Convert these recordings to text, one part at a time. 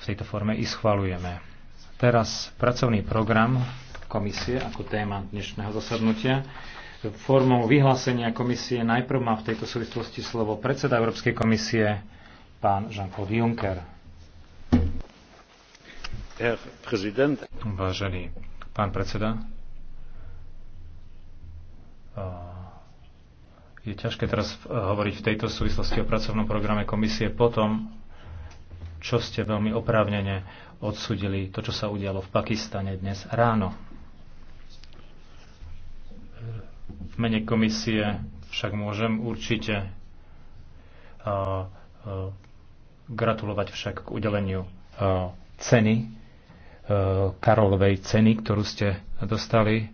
v tejto forme i schvalujeme. Teraz pracovný program komisie ako téma dnešného zasadnutia. Formou vyhlásenia komisie najprv má v tejto súvislosti slovo predseda Európskej komisie, pán Jean-Claude Juncker. Vážený pán predseda, je ťažké teraz e, hovoriť v tejto súvislosti o pracovnom programe komisie potom, čo ste veľmi oprávnene odsudili to, čo sa udialo v Pakistane dnes ráno. V mene komisie však môžem určite uh, uh, gratulovať však k udeleniu uh, ceny, Karolovej ceny, ktorú ste dostali.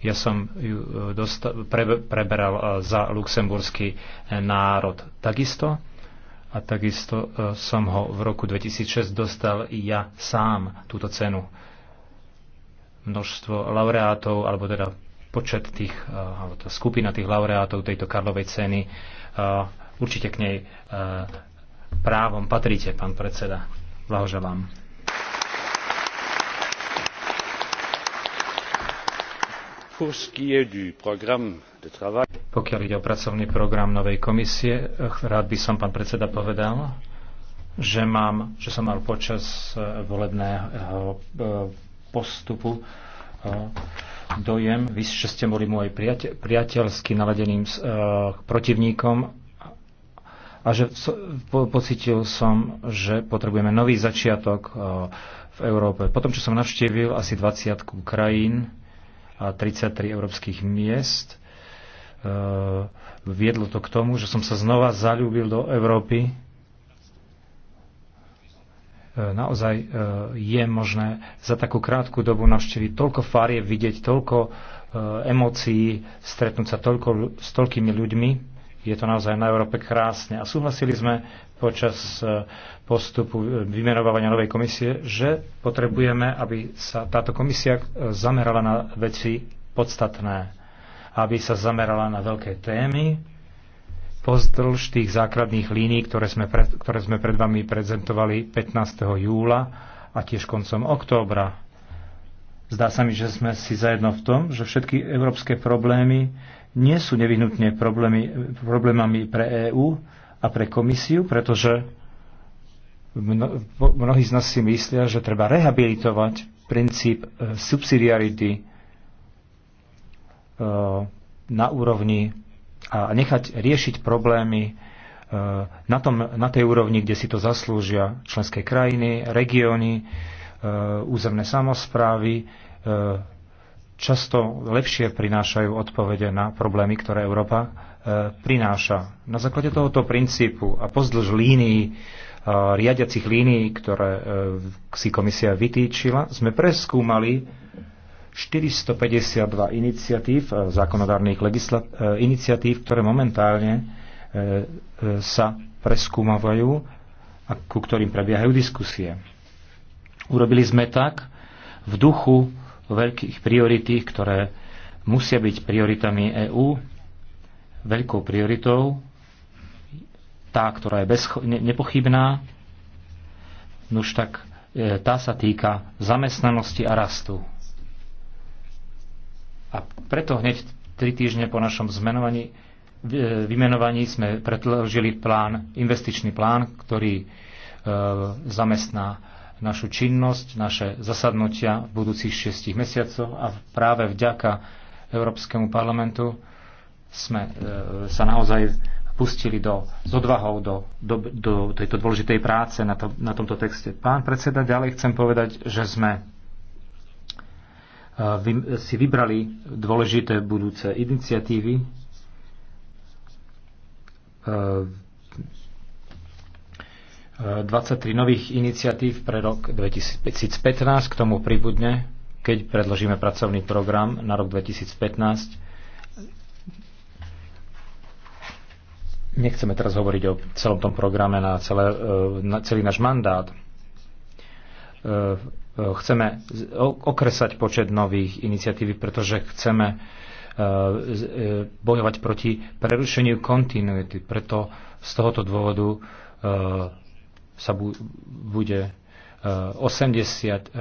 Ja som ju e, dosta- pre- preberal za luxemburský e, národ. Takisto a takisto e, som ho v roku 2006 dostal i ja sám túto cenu. Množstvo laureátov, alebo teda počet tých, e, alebo tá skupina tých laureátov tejto Karlovej ceny, e, určite k nej právom patríte, pán predseda. Blahoželám. Pokiaľ ide o pracovný program novej komisie, rád by som, pán predseda, povedal, že, mám, že som mal počas eh, volebného eh, postupu eh, dojem, vy že ste boli môj priateľsky naladeným protivníkom a že pocitil som, že potrebujeme nový začiatok v Európe. Potom, čo som navštívil asi 20 krajín, a 33 európskych miest. E, viedlo to k tomu, že som sa znova zalúbil do Európy. E, naozaj e, je možné za takú krátku dobu navštíviť toľko farie, vidieť toľko emócií, stretnúť sa toľko, s toľkými ľuďmi. Je to naozaj na Európe krásne. A súhlasili sme počas postupu e, vymenovávania novej komisie, že potrebujeme, aby sa táto komisia e, zamerala na veci podstatné, aby sa zamerala na veľké témy pozdĺž tých základných línií, ktoré sme, pred, ktoré sme pred vami prezentovali 15. júla a tiež koncom októbra. Zdá sa mi, že sme si zajedno v tom, že všetky európske problémy nie sú nevyhnutne problémy, problémami pre EÚ a pre komisiu, pretože Mnohí z nás si myslia, že treba rehabilitovať princíp e, subsidiarity e, na úrovni a nechať riešiť problémy e, na, tom, na tej úrovni, kde si to zaslúžia členské krajiny, regióny, územné samozprávy. Často lepšie prinášajú odpovede na problémy, ktoré Európa prináša. Na základe tohoto princípu a pozdĺž línii riadiacich línií, ktoré e, si komisia vytýčila, sme preskúmali 452 iniciatív, e, zákonodárnych legislat- e, iniciatív, ktoré momentálne sa preskúmavajú a ku ktorým prebiehajú diskusie. Urobili sme tak v duchu veľkých priorití, ktoré musia byť prioritami EÚ, veľkou prioritou tá, ktorá je bez, ne- nepochybná, nuž tak e, tá sa týka zamestnanosti a rastu. A preto hneď tri týždne po našom zmenovaní, e, vymenovaní sme predložili plán, investičný plán, ktorý e, zamestná našu činnosť, naše zasadnutia v budúcich šiestich mesiacoch a práve vďaka Európskemu parlamentu sme e, sa naozaj pustili do, s odvahou do, do, do tejto dôležitej práce na, to, na tomto texte. Pán predseda, ďalej chcem povedať, že sme e, vy, si vybrali dôležité budúce iniciatívy. Uh, e, 23 e, nových iniciatív pre rok 2015, k tomu pribudne, keď predložíme pracovný program na rok 2015, Nechceme teraz hovoriť o celom tom programe na, celé, e, na celý náš mandát. E, e, chceme okresať počet nových iniciatív, pretože chceme bojovať proti prerušeniu kontinuity. Preto z tohoto dôvodu sa bude 80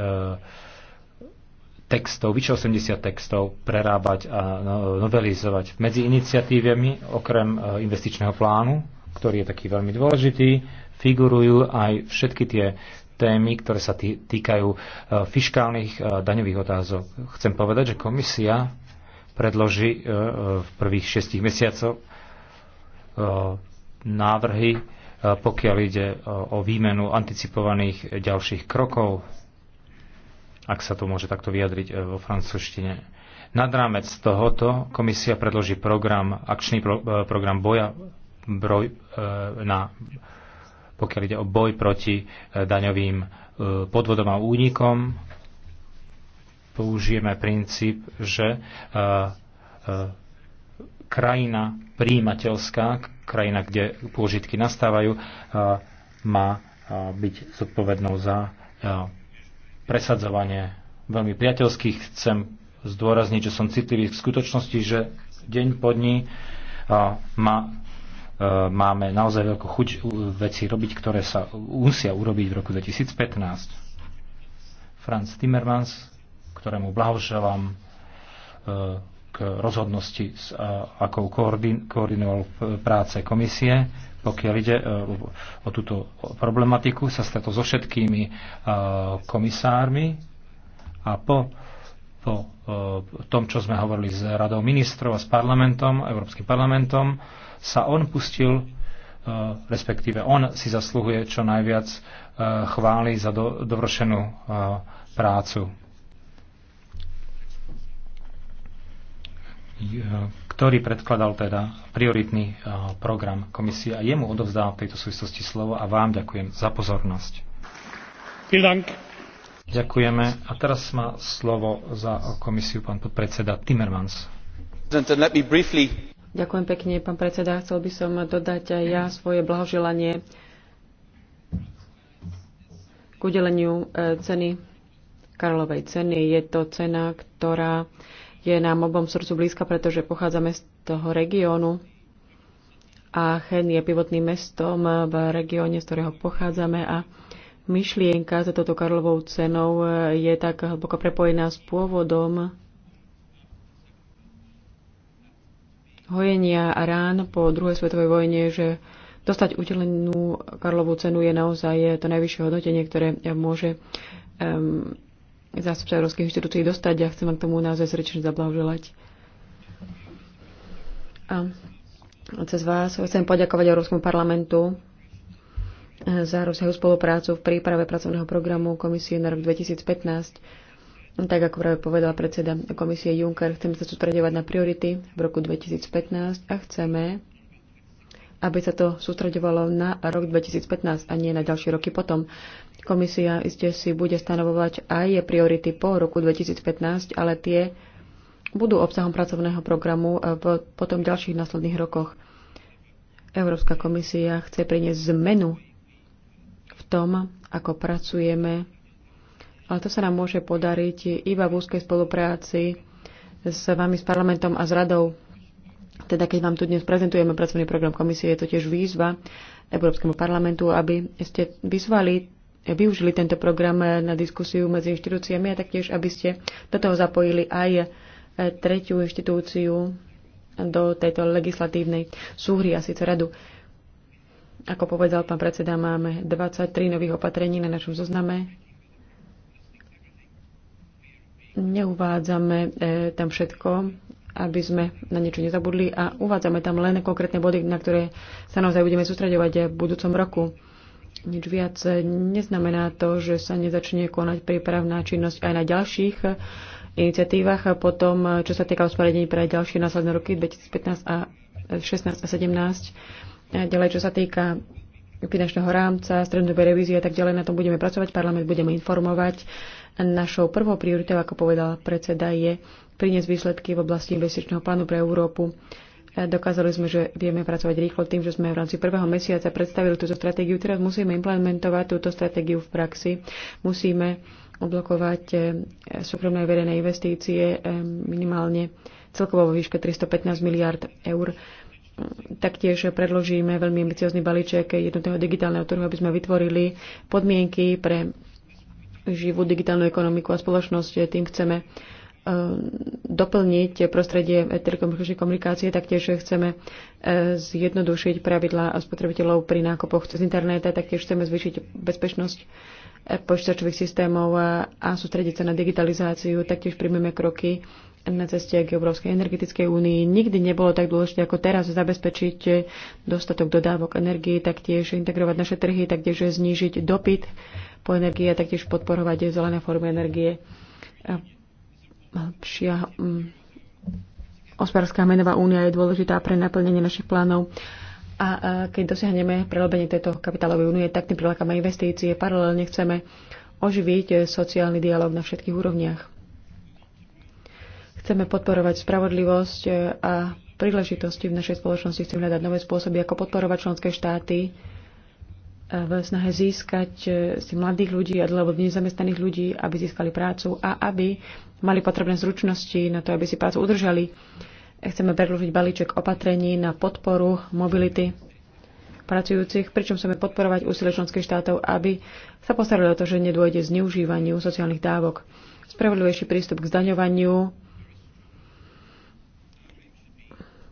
textov, vyše 80 textov prerábať a no, novelizovať. Medzi iniciatívami, okrem e, investičného plánu, ktorý je taký veľmi dôležitý, figurujú aj všetky tie témy, ktoré sa týkajú e, fiškálnych e, daňových otázok. Chcem povedať, že komisia predloží v prvých šestich mesiacoch návrhy, pokiaľ ide o výmenu anticipovaných ďalších krokov ak sa to môže takto vyjadriť e, vo francúzštine. Nad rámec tohoto komisia predloží program, akčný pro, e, program boja broj, e, na, pokiaľ ide o boj proti daňovým podvodom a únikom. Použijeme princíp, že krajina príjimateľská, krajina, kde pôžitky nastávajú, má byť zodpovednou za presadzovanie. Veľmi priateľských chcem zdôrazniť, že som citlivý v skutočnosti, že deň po a, ma, e, máme naozaj veľkú chuť veci robiť, ktoré sa musia urobiť v roku 2015. Franz Timmermans, ktorému blahoželám e, k rozhodnosti, ako koordinoval práce komisie, pokiaľ ide e, o túto problematiku, sa stretol so všetkými e, komisármi a po, po e, tom, čo sme hovorili s radou ministrov a s parlamentom, Európskym parlamentom, sa on pustil, respektíve on si zasluhuje čo najviac chváli za do, dovršenú prácu ktorý predkladal teda prioritný eh, program komisie a jemu odovzdávam v tejto súvislosti slovo a vám ďakujem za pozornosť. Ďakujeme. A teraz má slovo za komisiu pán podpredseda Timmermans. Ďakujem pekne, pán predseda. Chcel by som dodať aj ja svoje blahoželanie k udeleniu eh, ceny Karlovej ceny. Je to cena, ktorá je nám obom srdcu blízka, pretože pochádzame z toho regiónu. Aachen je pivotným mestom v regióne, z ktorého pochádzame a myšlienka za toto Karlovou cenou je tak hlboko prepojená s pôvodom hojenia a rán po druhej svetovej vojne, že dostať udelenú Karlovú cenu je naozaj to najvyššie hodnotenie, ktoré môže um, zástupca Európskej inštitúcie dostať a ja chcem vám k tomu naozaj srdečne zablahoželať. A cez vás chcem poďakovať Európskemu parlamentu za rozsiahlu spoluprácu v príprave pracovného programu komisie na rok 2015. Tak ako práve povedala predseda komisie Juncker, chceme sa sústredovať na priority v roku 2015 a chceme, aby sa to sústredovalo na rok 2015 a nie na ďalšie roky potom. Komisia iste si bude stanovovať aj priority po roku 2015, ale tie budú obsahom pracovného programu v potom ďalších následných rokoch. Európska komisia chce priniesť zmenu v tom, ako pracujeme, ale to sa nám môže podariť iba v úzkej spolupráci s vami, s parlamentom a s radou. Teda keď vám tu dnes prezentujeme pracovný program komisie, je to tiež výzva Európskemu parlamentu, aby ste vyzvali využili tento program na diskusiu medzi inštitúciami a taktiež, aby ste do toho zapojili aj e, tretiu inštitúciu do tejto legislatívnej súhry, a síce radu. Ako povedal pán predseda, máme 23 nových opatrení na našom zozname. Neuvádzame e, tam všetko, aby sme na niečo nezabudli a uvádzame tam len konkrétne body, na ktoré sa naozaj budeme sústredovať v budúcom roku nič viac. Neznamená to, že sa nezačne konať prípravná činnosť aj na ďalších iniciatívach a potom, čo sa týka usporiadení pre ďalšie následné roky 2015 a 16 a 17. A ďalej, čo sa týka finančného rámca, strednodobej revízie a tak ďalej, na tom budeme pracovať, parlament budeme informovať. Našou prvou prioritou, ako povedal predseda, je priniesť výsledky v oblasti investičného plánu pre Európu. Dokázali sme, že vieme pracovať rýchlo tým, že sme v rámci prvého mesiaca predstavili túto stratégiu. Teraz musíme implementovať túto stratégiu v praxi. Musíme oblokovať eh, súkromné verejné investície eh, minimálne celkovo vo výške 315 miliard eur. Taktiež predložíme veľmi ambiciózny balíček jednotného digitálneho trhu, aby sme vytvorili podmienky pre živú digitálnu ekonomiku a spoločnosť. Tým chceme E, doplniť prostredie telekomunikačnej komunikácie, taktiež chceme e, zjednodušiť pravidlá spotrebiteľov pri nákupoch cez internet a taktiež chceme zvýšiť bezpečnosť e, počítačových systémov a sústrediť sa na digitalizáciu. Taktiež príjmeme kroky na ceste k Európskej energetickej únii. Nikdy nebolo tak dôležité ako teraz zabezpečiť dostatok dodávok energii, taktiež integrovať naše trhy, taktiež znížiť dopyt po energii a taktiež podporovať zelené formy energie. Hĺbšia mm, hospodárska menová únia je dôležitá pre naplnenie našich plánov. A keď dosiahneme prelobenie tejto kapitálovej únie, tak tým prilákame investície. Paralelne chceme oživiť sociálny dialog na všetkých úrovniach. Chceme podporovať spravodlivosť e, a príležitosti v našej spoločnosti. Chceme hľadať nové spôsoby, ako podporovať členské štáty e, v snahe získať e, si mladých ľudí a dlhodobo nezamestnaných ľudí, aby získali prácu a aby mali potrebné zručnosti na to, aby si prácu udržali. Chceme predložiť balíček opatrení na podporu mobility pracujúcich, pričom chceme podporovať úsilie členských štátov, aby sa postarali o to, že nedôjde zneužívaniu sociálnych dávok. Spravodlivejší prístup k zdaňovaniu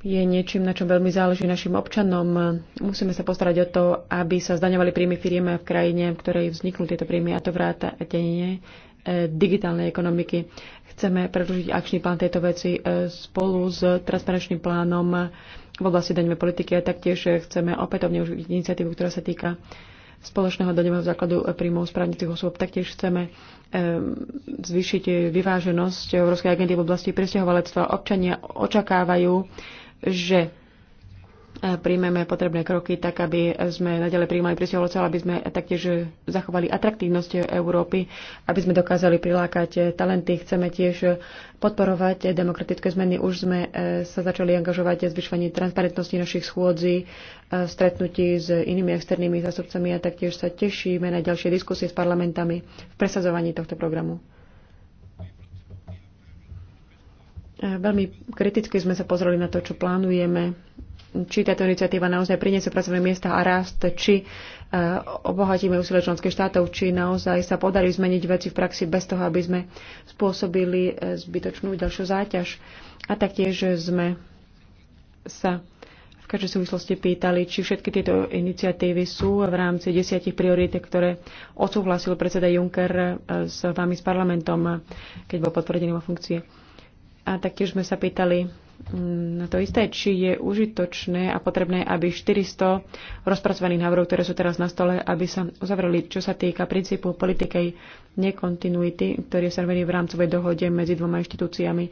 je niečím, na čom veľmi záleží našim občanom. Musíme sa postarať o to, aby sa zdaňovali príjmy firiem v krajine, v ktorej vzniknú tieto príjmy, a to tenie eh, digitálnej ekonomiky. Chceme predložiť akčný plán tejto veci e, spolu s transparenčným plánom v oblasti daňovej politiky a taktiež chceme opätovne už iniciatívu, ktorá sa týka spoločného daňového základu e, príjmov správnických osôb. Taktiež chceme e, zvýšiť vyváženosť Európskej agendy v oblasti presťahovalectva. Občania očakávajú, že príjmeme potrebné kroky tak, aby sme nadalej príjmali prisťahovalcov, aby sme taktiež zachovali atraktívnosť Európy, aby sme dokázali prilákať talenty. Chceme tiež podporovať demokratické zmeny. Už sme e, sa začali angažovať v zvyšovaní transparentnosti našich schôdzí, e, stretnutí s inými externými zástupcami a taktiež sa tešíme na ďalšie diskusie s parlamentami v presazovaní tohto programu. E, veľmi kriticky sme sa pozreli na to, čo plánujeme či táto iniciatíva naozaj priniesie pracovné miesta a rast, či e, obohatíme úsilie členských štátov, či naozaj sa podarí zmeniť veci v praxi bez toho, aby sme spôsobili e, zbytočnú ďalšiu záťaž. A taktiež sme sa v každej súvislosti pýtali, či všetky tieto iniciatívy sú v rámci desiatich priorít, ktoré odsúhlasil predseda Juncker e, s vami s parlamentom, keď bol potvrdený vo funkcie. A taktiež sme sa pýtali, na to isté, či je užitočné a potrebné, aby 400 rozpracovaných návrhov, ktoré sú teraz na stole, aby sa uzavreli, čo sa týka princípu politikej nekontinuity, ktorý je servený v rámcovej dohode medzi dvoma inštitúciami.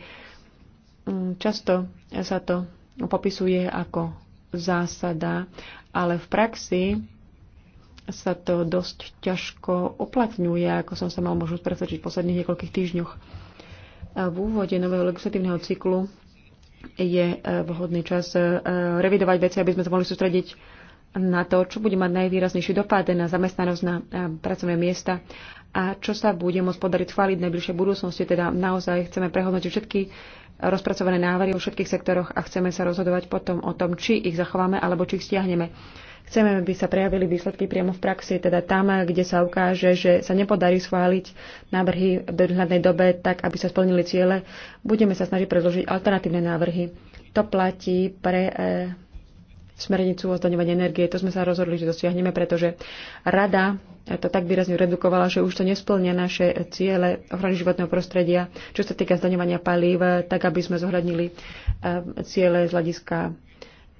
Mm, často sa to popisuje ako zásada, ale v praxi sa to dosť ťažko uplatňuje, ako som sa mal možnosť presvedčiť v posledných niekoľkých týždňoch. V úvode nového legislatívneho cyklu je e, vhodný čas e, e, revidovať veci, aby sme sa mohli sústrediť na to, čo bude mať najvýraznejší dopad na zamestnanosť na pracovné miesta a čo sa bude môcť podariť chváliť v najbližšej budúcnosti. Teda naozaj chceme prehodnotiť všetky rozpracované návrhy vo všetkých sektoroch a chceme sa rozhodovať potom o tom, či ich zachováme alebo či ich stiahneme. Chceme, aby sa prejavili výsledky priamo v praxi, teda tam, kde sa ukáže, že sa nepodarí schváliť návrhy v dohľadnej dobe tak, aby sa splnili ciele, budeme sa snažiť predložiť alternatívne návrhy. To platí pre e, smernicu o zdaňovaní energie. To sme sa rozhodli, že dosiahneme, pretože rada to tak výrazne redukovala, že už to nesplňa naše ciele ochrany životného prostredia, čo sa týka zdaňovania palív, tak aby sme zohľadnili e, ciele z hľadiska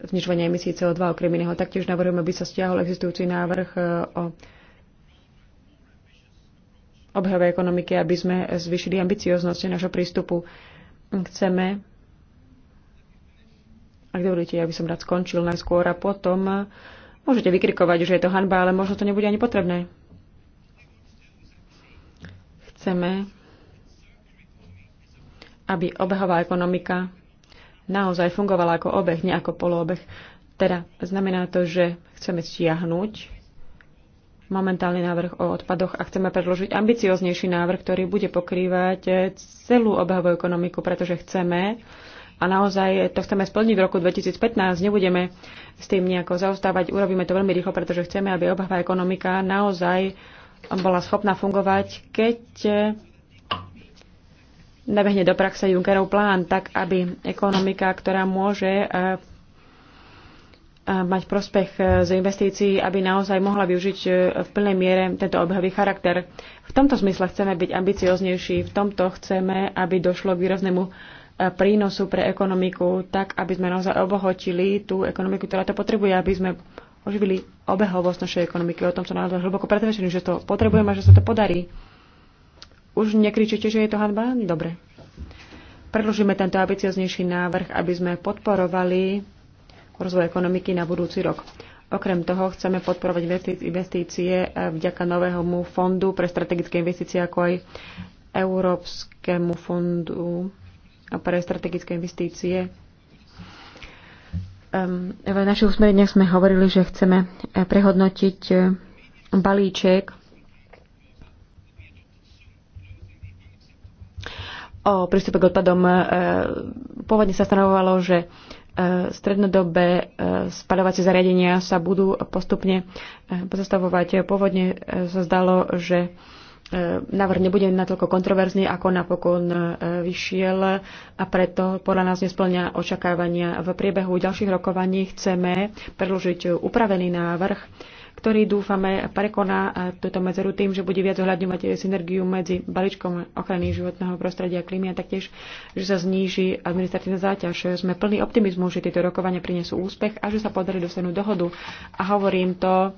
znižovania emisí CO2 okrem iného. Taktiež navrhujeme, aby sa stiahol existujúci návrh e, o obhave ekonomiky, aby sme zvýšili ambicioznosť našho prístupu. Chceme, ak dovolíte, aby som rád skončil najskôr a potom e, môžete vykrikovať, že je to hanba, ale možno to nebude ani potrebné. Chceme, aby obehová ekonomika naozaj fungovala ako obeh, nie ako poloobeh. Teda znamená to, že chceme stiahnuť momentálny návrh o odpadoch a chceme predložiť ambicioznejší návrh, ktorý bude pokrývať eh, celú obehovú ekonomiku, pretože chceme a naozaj to chceme splniť v roku 2015. Nebudeme s tým nejako zaostávať, urobíme to veľmi rýchlo, pretože chceme, aby obehová ekonomika naozaj bola schopná fungovať, keď eh, nabehne do praxe Junckerov plán, tak aby ekonomika, ktorá môže eh, eh, mať prospech eh, z investícií, aby naozaj mohla využiť v plnej miere tento obehový charakter. V tomto zmysle chceme byť ambicioznejší, v tomto chceme, aby došlo k výraznému prínosu pre ekonomiku, tak aby sme naozaj obohotili tú ekonomiku, ktorá to potrebuje, aby sme oživili obehovosť našej ekonomiky. O tom som naozaj hlboko presvedčený, že to potrebujeme a že sa to podarí. Už nekričíte, že je to hanba? Dobre. Predložíme tento ambicioznejší návrh, aby sme podporovali rozvoj ekonomiky na budúci rok. Okrem toho chceme podporovať investície eh, vďaka novému fondu pre strategické investície, ako aj Európskemu fondu eh, pre strategické investície. Ehm, v našich usmereniach sme hovorili, že chceme eh, prehodnotiť balíček o prístupe k odpadom e, pôvodne sa stanovovalo, že e, strednodobé e, spaľovacie zariadenia sa budú postupne pozastavovať. Pôvodne sa zdalo, že návrh nebude natoľko kontroverzný, ako napokon vyšiel a preto podľa nás nesplňa očakávania. V priebehu ďalších rokovaní chceme predložiť upravený návrh, ktorý dúfame prekoná eh, túto medzeru tým, že bude viac ohľadňovať eh, synergiu medzi balíčkom ochrany životného prostredia a klímy a taktiež, že sa zníži administratívna záťaž. Sme plní optimizmu, že tieto rokovania prinesú úspech a že sa podarí dosiahnuť dohodu. A hovorím to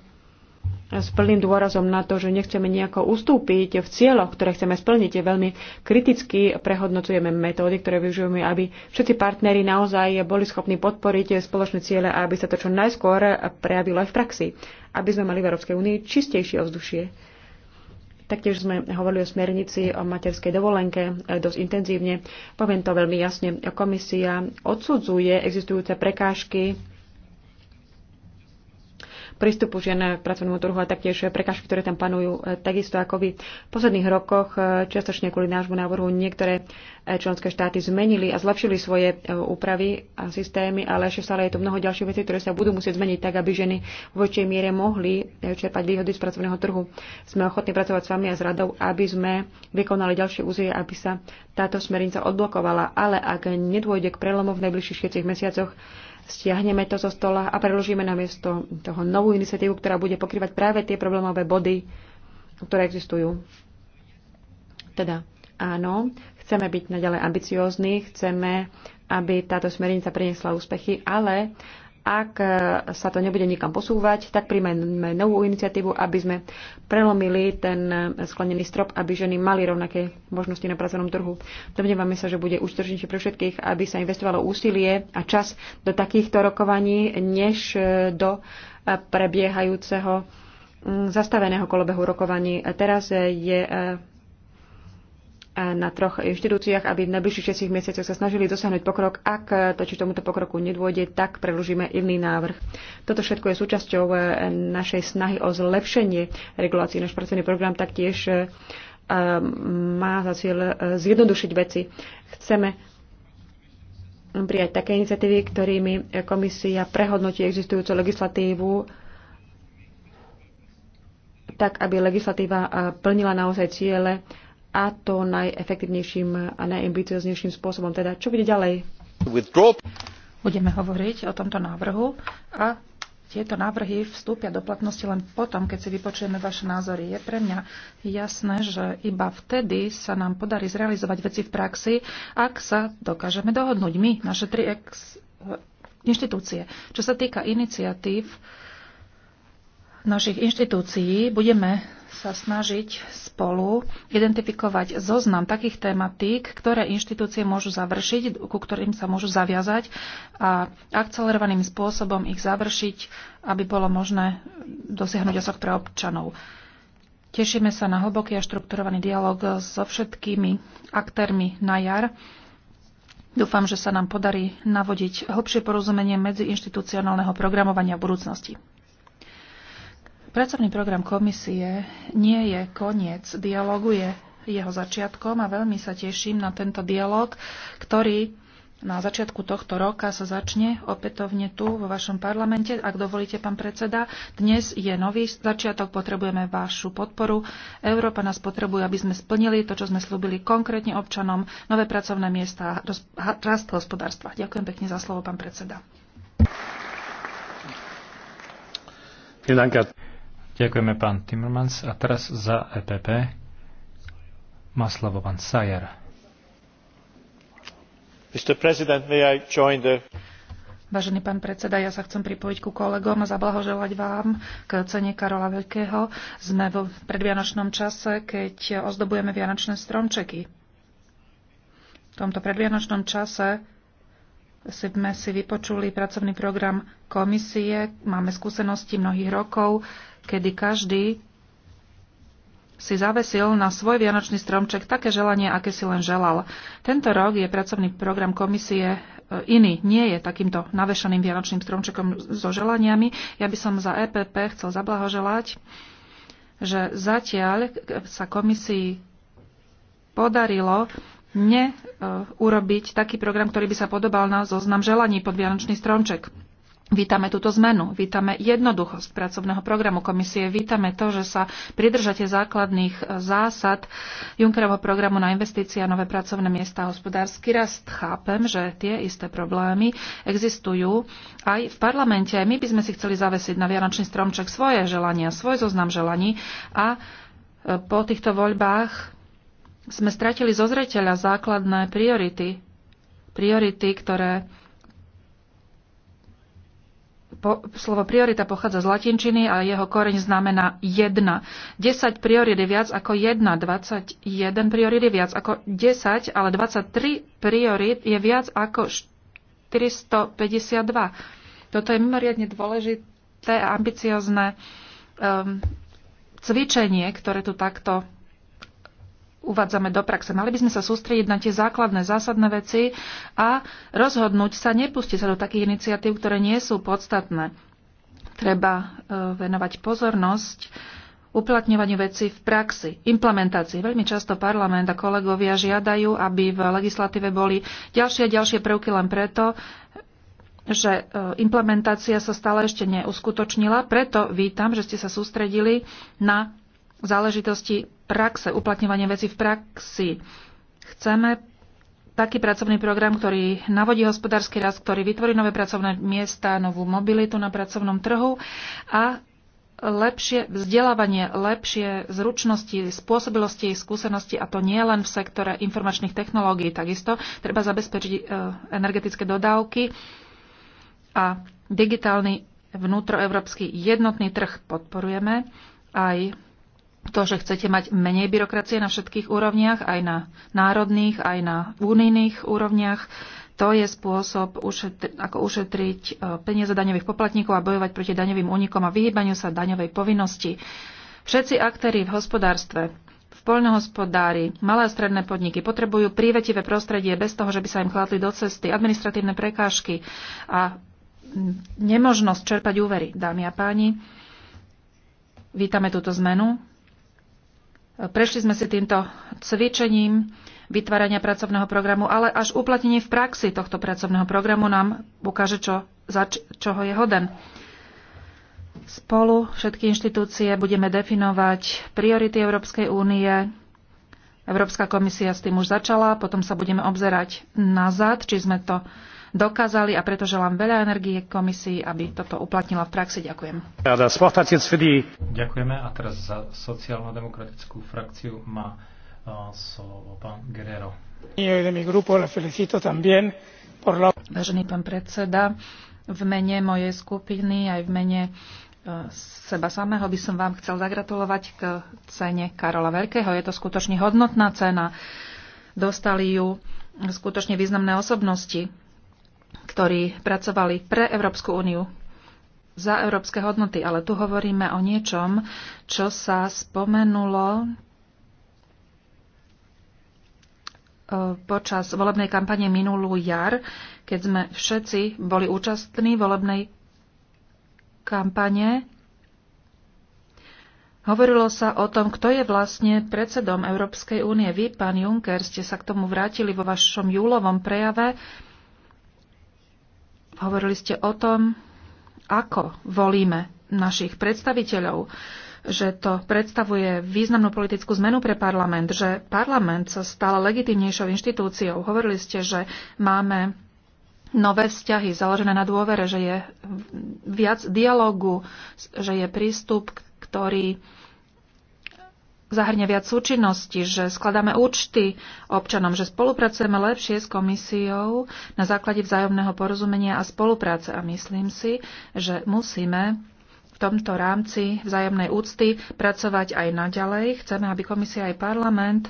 s plným dôrazom na to, že nechceme nejako ustúpiť v cieľoch, ktoré chceme splniť. Veľmi kriticky prehodnocujeme metódy, ktoré využívame, aby všetci partneri naozaj boli schopní podporiť spoločné ciele a aby sa to čo najskôr prejavilo aj v praxi. Aby sme mali v Európskej únii čistejšie ovzdušie. Taktiež sme hovorili o smernici o materskej dovolenke e, dosť intenzívne. Poviem to veľmi jasne. Komisia odsudzuje existujúce prekážky prístupu žien k pracovnému trhu a taktiež prekážky, ktoré tam panujú. E, takisto ako by v posledných rokoch e, čiastočne kvôli nášmu návrhu niektoré e, členské štáty zmenili a zlepšili svoje úpravy a systémy, ale ešte stále je tu mnoho ďalších vecí, ktoré sa budú musieť zmeniť tak, aby ženy v väčšej miere mohli čerpať výhody z pracovného trhu. Sme ochotní pracovať s vami a s radou, aby sme vykonali ďalšie úzie, aby sa táto smernica odblokovala, ale ak nedôjde k prelomu v najbližších 6 mesiacoch, stiahneme to zo stola a preložíme na miesto toho novú iniciatívu, ktorá bude pokrývať práve tie problémové body, ktoré existujú. Teda áno, chceme byť naďalej ambiciózni, chceme, aby táto smernica priniesla úspechy, ale ak e, sa to nebude nikam posúvať, tak príjmeme novú iniciatívu, aby sme prelomili ten e, sklenený strop, aby ženy mali rovnaké možnosti na pracovnom trhu. Domnievame sa, že bude účtočnejšie pre všetkých, aby sa investovalo úsilie a čas do takýchto rokovaní, než e, do prebiehajúceho zastaveného kolobehu rokovaní. Teraz je na troch inštitúciách, aby v najbližších 6 mesiacoch sa snažili dosiahnuť pokrok. Ak či tomuto pokroku nedôjde, tak predložíme iný návrh. Toto všetko je súčasťou e, našej snahy o zlepšenie regulácií. Náš pracovný program taktiež e, má za cieľ e, zjednodušiť veci. Chceme prijať také iniciatívy, ktorými komisia prehodnotí existujúcu legislatívu tak, aby legislatíva plnila naozaj ciele a to najefektívnejším a najambicioznejším spôsobom. Teda, čo bude ďalej? Budeme hovoriť o tomto návrhu a tieto návrhy vstúpia do platnosti len potom, keď si vypočujeme vaše názory. Je pre mňa jasné, že iba vtedy sa nám podarí zrealizovať veci v praxi, ak sa dokážeme dohodnúť my, naše tri ex eh, inštitúcie. Čo sa týka iniciatív našich inštitúcií, budeme sa snažiť spolu identifikovať zoznam takých tematík, ktoré inštitúcie môžu završiť, ku ktorým sa môžu zaviazať a akcelerovaným spôsobom ich završiť, aby bolo možné dosiahnuť osok pre občanov. Tešíme sa na hlboký a štrukturovaný dialog so všetkými aktérmi na jar. Dúfam, že sa nám podarí navodiť hlbšie porozumenie medzi inštitucionálneho programovania v budúcnosti. Pracovný program komisie nie je koniec dialogu, je jeho začiatkom a veľmi sa teším na tento dialog, ktorý na začiatku tohto roka sa začne opätovne tu vo vašom parlamente. Ak dovolíte, pán predseda, dnes je nový začiatok, potrebujeme vašu podporu. Európa nás potrebuje, aby sme splnili to, čo sme slúbili konkrétne občanom, nové pracovné miesta, a rast hospodárstva. Ďakujem pekne za slovo, pán predseda. Ďakujem. Ďakujeme pán Timmermans a teraz za EPP má slovo pán Sajer. The... Vážený pán predseda, ja sa chcem pripojiť ku kolegom a zablahoželať vám k cene Karola Veľkého. Sme v predvianočnom čase, keď ozdobujeme vianočné stromčeky. V tomto predvianočnom čase sme si vypočuli pracovný program komisie. Máme skúsenosti mnohých rokov, kedy každý si zavesil na svoj vianočný stromček také želanie, aké si len želal. Tento rok je pracovný program komisie e, iný, nie je takýmto navešaným vianočným stromčekom so želaniami. Ja by som za EPP chcel zablahoželať, že zatiaľ sa komisii podarilo neurobiť e, taký program, ktorý by sa podobal na zoznam želaní pod Vianočný stromček. Vítame túto zmenu, vítame jednoduchosť pracovného programu komisie, vítame to, že sa pridržate základných e, zásad Junckerovho programu na investície a nové pracovné miesta a hospodársky rast. Chápem, že tie isté problémy existujú aj v parlamente. My by sme si chceli zavesiť na Vianočný stromček svoje želania, svoj zoznam želaní a e, po týchto voľbách sme stratili zo zreteľa základné priority. Priority, ktoré po, slovo priorita pochádza z latinčiny a jeho koreň znamená jedna. 10 priorit je viac ako 1, 21 priorit je viac ako 10, ale 23 priorit je viac ako 452. Toto je mimoriadne dôležité a ambiciozne um, cvičenie, ktoré tu takto uvádzame do praxe. Mali by sme sa sústrediť na tie základné, zásadné veci a rozhodnúť sa, nepustiť sa do takých iniciatív, ktoré nie sú podstatné. Treba e, venovať pozornosť uplatňovaniu veci v praxi, implementácii. Veľmi často parlament a kolegovia žiadajú, aby v legislatíve boli ďalšie a ďalšie prvky len preto, že e, implementácia sa stále ešte neuskutočnila. Preto vítam, že ste sa sústredili na záležitosti praxe, uplatňovanie veci v praxi. Chceme taký pracovný program, ktorý navodí hospodársky rast, ktorý vytvorí nové pracovné miesta, novú mobilitu na pracovnom trhu a lepšie vzdelávanie, lepšie zručnosti, spôsobilosti, skúsenosti a to nie len v sektore informačných technológií. Takisto treba zabezpečiť e, energetické dodávky a digitálny vnútroevropský jednotný trh podporujeme aj to, že chcete mať menej byrokracie na všetkých úrovniach, aj na národných, aj na unijných úrovniach, to je spôsob, ako ušetriť e, peniaze daňových poplatníkov a bojovať proti daňovým únikom a vyhýbaniu sa daňovej povinnosti. Všetci aktéri v hospodárstve, v poľnohospodári, malé a stredné podniky potrebujú prívetivé prostredie bez toho, že by sa im chladli do cesty, administratívne prekážky a nemožnosť čerpať úvery. Dámy a páni, vítame túto zmenu Prešli sme si týmto cvičením vytvárania pracovného programu, ale až uplatnenie v praxi tohto pracovného programu nám ukáže, čo, za čoho je hoden. Spolu všetky inštitúcie budeme definovať priority Európskej únie. Európska komisia s tým už začala, potom sa budeme obzerať nazad, či sme to dokázali a preto želám veľa energie komisii, aby toto uplatnila v praxi. Ďakujem. Ďakujeme a teraz za sociálno-demokratickú frakciu má uh, slovo pán Guerrero. Vážený pán predseda, v mene mojej skupiny aj v mene uh, seba samého by som vám chcel zagratulovať k cene Karola Veľkého. Je to skutočne hodnotná cena. Dostali ju skutočne významné osobnosti ktorí pracovali pre Európsku úniu, za európske hodnoty. Ale tu hovoríme o niečom, čo sa spomenulo e, počas volebnej kampane minulú jar, keď sme všetci boli účastní volebnej kampane. Hovorilo sa o tom, kto je vlastne predsedom Európskej únie. Vy, pán Juncker, ste sa k tomu vrátili vo vašom júlovom prejave. Hovorili ste o tom, ako volíme našich predstaviteľov, že to predstavuje významnú politickú zmenu pre parlament, že parlament sa stal legitimnejšou inštitúciou. Hovorili ste, že máme nové vzťahy založené na dôvere, že je viac dialogu, že je prístup, ktorý zahrňa viac súčinnosti, že skladáme účty občanom, že spolupracujeme lepšie s komisiou na základe vzájomného porozumenia a spolupráce. A myslím si, že musíme v tomto rámci vzájomnej úcty pracovať aj naďalej. Chceme, aby komisia aj parlament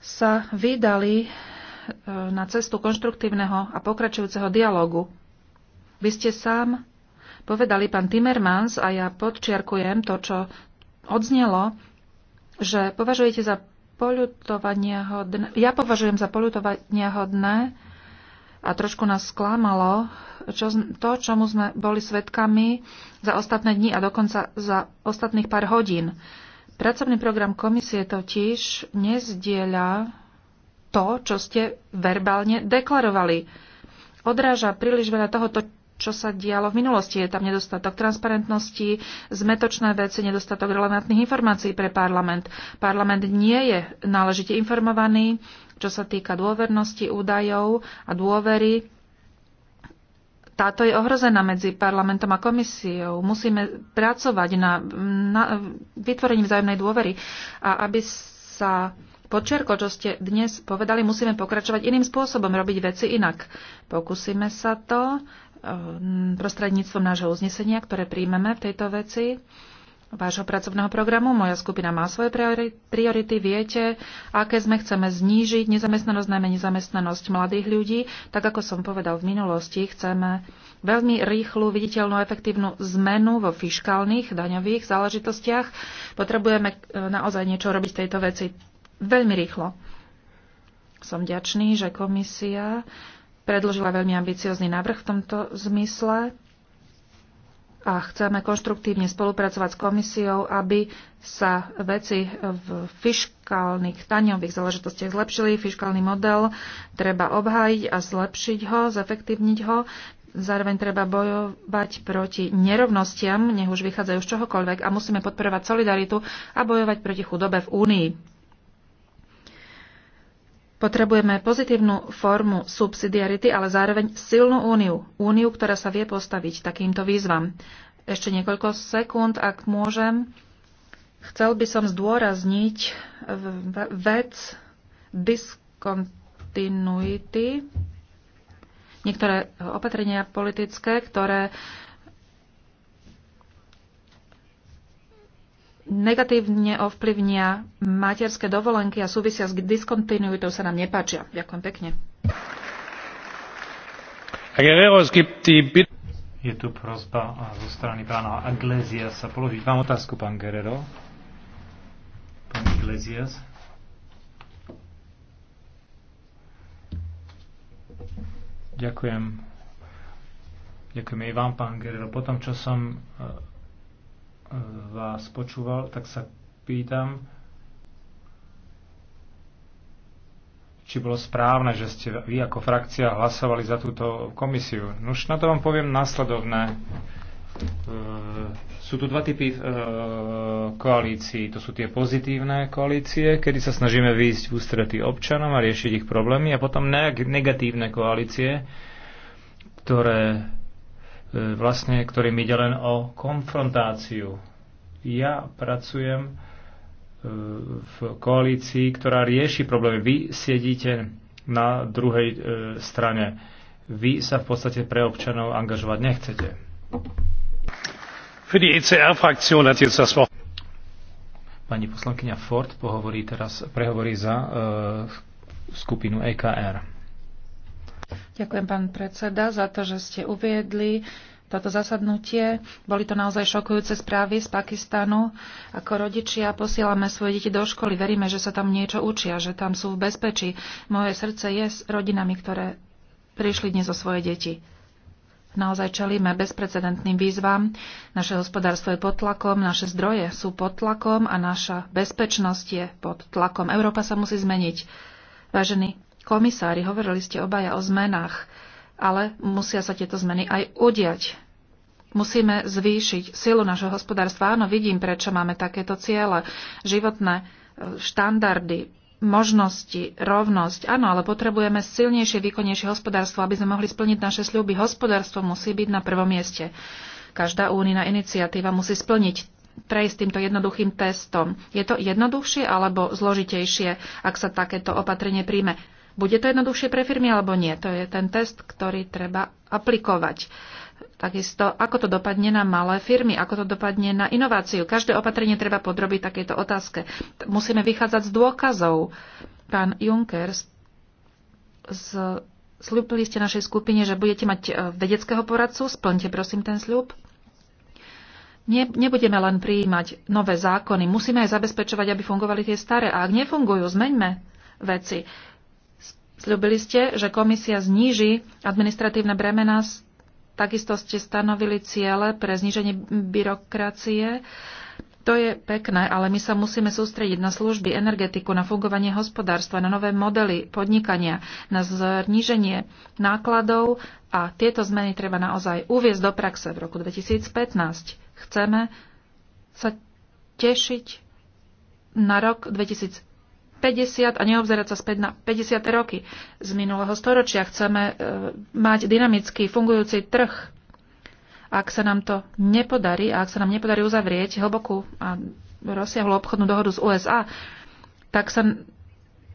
sa vydali e, na cestu konštruktívneho a pokračujúceho dialogu. Vy ste sám povedali pán Timmermans a ja podčiarkujem to, čo odznelo, že považujete za poľutovania hodné, ja považujem za poľutovania hodné a trošku nás sklamalo čo, to, čomu sme boli svedkami za ostatné dni a dokonca za ostatných pár hodín. Pracovný program komisie totiž nezdieľa to, čo ste verbálne deklarovali. Odráža príliš veľa toho, čo sa dialo v minulosti. Je tam nedostatok transparentnosti, zmetočné veci, nedostatok relevantných informácií pre parlament. Parlament nie je náležite informovaný, čo sa týka dôvernosti údajov a dôvery. Táto je ohrozená medzi parlamentom a komisiou. Musíme pracovať na, na vytvorení vzájomnej dôvery. A aby sa Počerko, čo ste dnes povedali, musíme pokračovať iným spôsobom, robiť veci inak. Pokúsime sa to. Eh, prostredníctvom nášho uznesenia, ktoré príjmeme v tejto veci, vášho pracovného programu. Moja skupina má svoje priority. Viete, aké sme chceme znížiť nezamestnanosť, najmä nezamestnanosť mladých ľudí. Tak ako som povedal v minulosti, chceme veľmi rýchlu, viditeľnú, efektívnu zmenu vo fiškálnych, daňových záležitostiach. Potrebujeme eh, naozaj niečo robiť v tejto veci veľmi rýchlo. Som ďačný, že komisia predložila veľmi ambiciózny návrh v tomto zmysle a chceme konštruktívne spolupracovať s komisiou, aby sa veci v fiškálnych taňových záležitostiach zlepšili. Fiškálny model treba obhájiť a zlepšiť ho, zefektívniť ho. Zároveň treba bojovať proti nerovnostiam, nech už vychádzajú z čohokoľvek a musíme podporovať solidaritu a bojovať proti chudobe v Únii. Potrebujeme pozitívnu formu subsidiarity, ale zároveň silnú úniu. Úniu, ktorá sa vie postaviť takýmto výzvam. Ešte niekoľko sekúnd, ak môžem. Chcel by som zdôrazniť vec diskontinuity. Niektoré opatrenia politické, ktoré negatívne ovplyvnia materské dovolenky a súvisia s diskontinuitou, sa nám nepáčia. Ďakujem pekne. Je tu prozba zo strany pána Iglesias sa položiť vám otázku, pán Guerrero. Pán Iglesias. Ďakujem. Ďakujem aj vám, pán Guerrero. Potom, čo som e, vás počúval, tak sa pýtam, či bolo správne, že ste vy ako frakcia hlasovali za túto komisiu. No už na to vám poviem následovné. E, sú tu dva typy e, koalícií. To sú tie pozitívne koalície, kedy sa snažíme výjsť v ústretí občanom a riešiť ich problémy a potom negatívne koalície, ktoré E, vlastne, ktorým ide len o konfrontáciu. Ja pracujem e, v koalícii, ktorá rieši problémy. Vy sedíte na druhej e, strane. Vy sa v podstate pre občanov angažovať nechcete. Für die ECR-Fraktion hat jetzt das Wort. Pani poslankyňa Ford pohovorí teraz, prehovorí za uh, skupinu EKR. Ďakujem, pán predseda, za to, že ste uviedli toto zasadnutie. Boli to naozaj šokujúce správy z Pakistanu. Ako rodičia posielame svoje deti do školy, veríme, že sa tam niečo učia, že tam sú v bezpečí. Moje srdce je s rodinami, ktoré prišli dnes o svoje deti. Naozaj čelíme bezprecedentným výzvam. Naše hospodárstvo je pod tlakom, naše zdroje sú pod tlakom a naša bezpečnosť je pod tlakom. Európa sa musí zmeniť. Vážení komisári, hovorili ste obaja o zmenách, ale musia sa tieto zmeny aj udiať. Musíme zvýšiť silu našho hospodárstva. Áno, vidím, prečo máme takéto ciele. Životné e, štandardy, možnosti, rovnosť. Áno, ale potrebujeme silnejšie, výkonnejšie hospodárstvo, aby sme mohli splniť naše sľuby. Hospodárstvo musí byť na prvom mieste. Každá únina iniciatíva musí splniť prejsť týmto jednoduchým testom. Je to jednoduchšie alebo zložitejšie, ak sa takéto opatrenie príjme? Bude to jednoduchšie pre firmy alebo nie? To je ten test, ktorý treba aplikovať. Takisto, ako to dopadne na malé firmy, ako to dopadne na inováciu. Každé opatrenie treba podrobiť takejto otázke. Musíme vychádzať z dôkazov. Pán Juncker, z, slúbili ste našej skupine, že budete mať e, vedeckého poradcu. Splňte prosím ten sľub. Nie, nebudeme len prijímať nové zákony, musíme aj zabezpečovať, aby fungovali tie staré. A ak nefungujú, zmeňme veci. Sľubili ste, že komisia zníži administratívne bremena, takisto ste stanovili ciele pre zníženie byrokracie. To je pekné, ale my sa musíme sústrediť na služby, energetiku, na fungovanie hospodárstva, na nové modely podnikania, na zníženie nákladov a tieto zmeny treba naozaj uviezť do praxe v roku 2015. Chceme sa tešiť na rok 2015 50 a neobzerať sa späť na 50 roky z minulého storočia. Chceme e, mať dynamický, fungujúci trh. Ak sa nám to nepodarí a ak sa nám nepodarí uzavrieť hlbokú a rozsiahlu obchodnú dohodu z USA, tak sa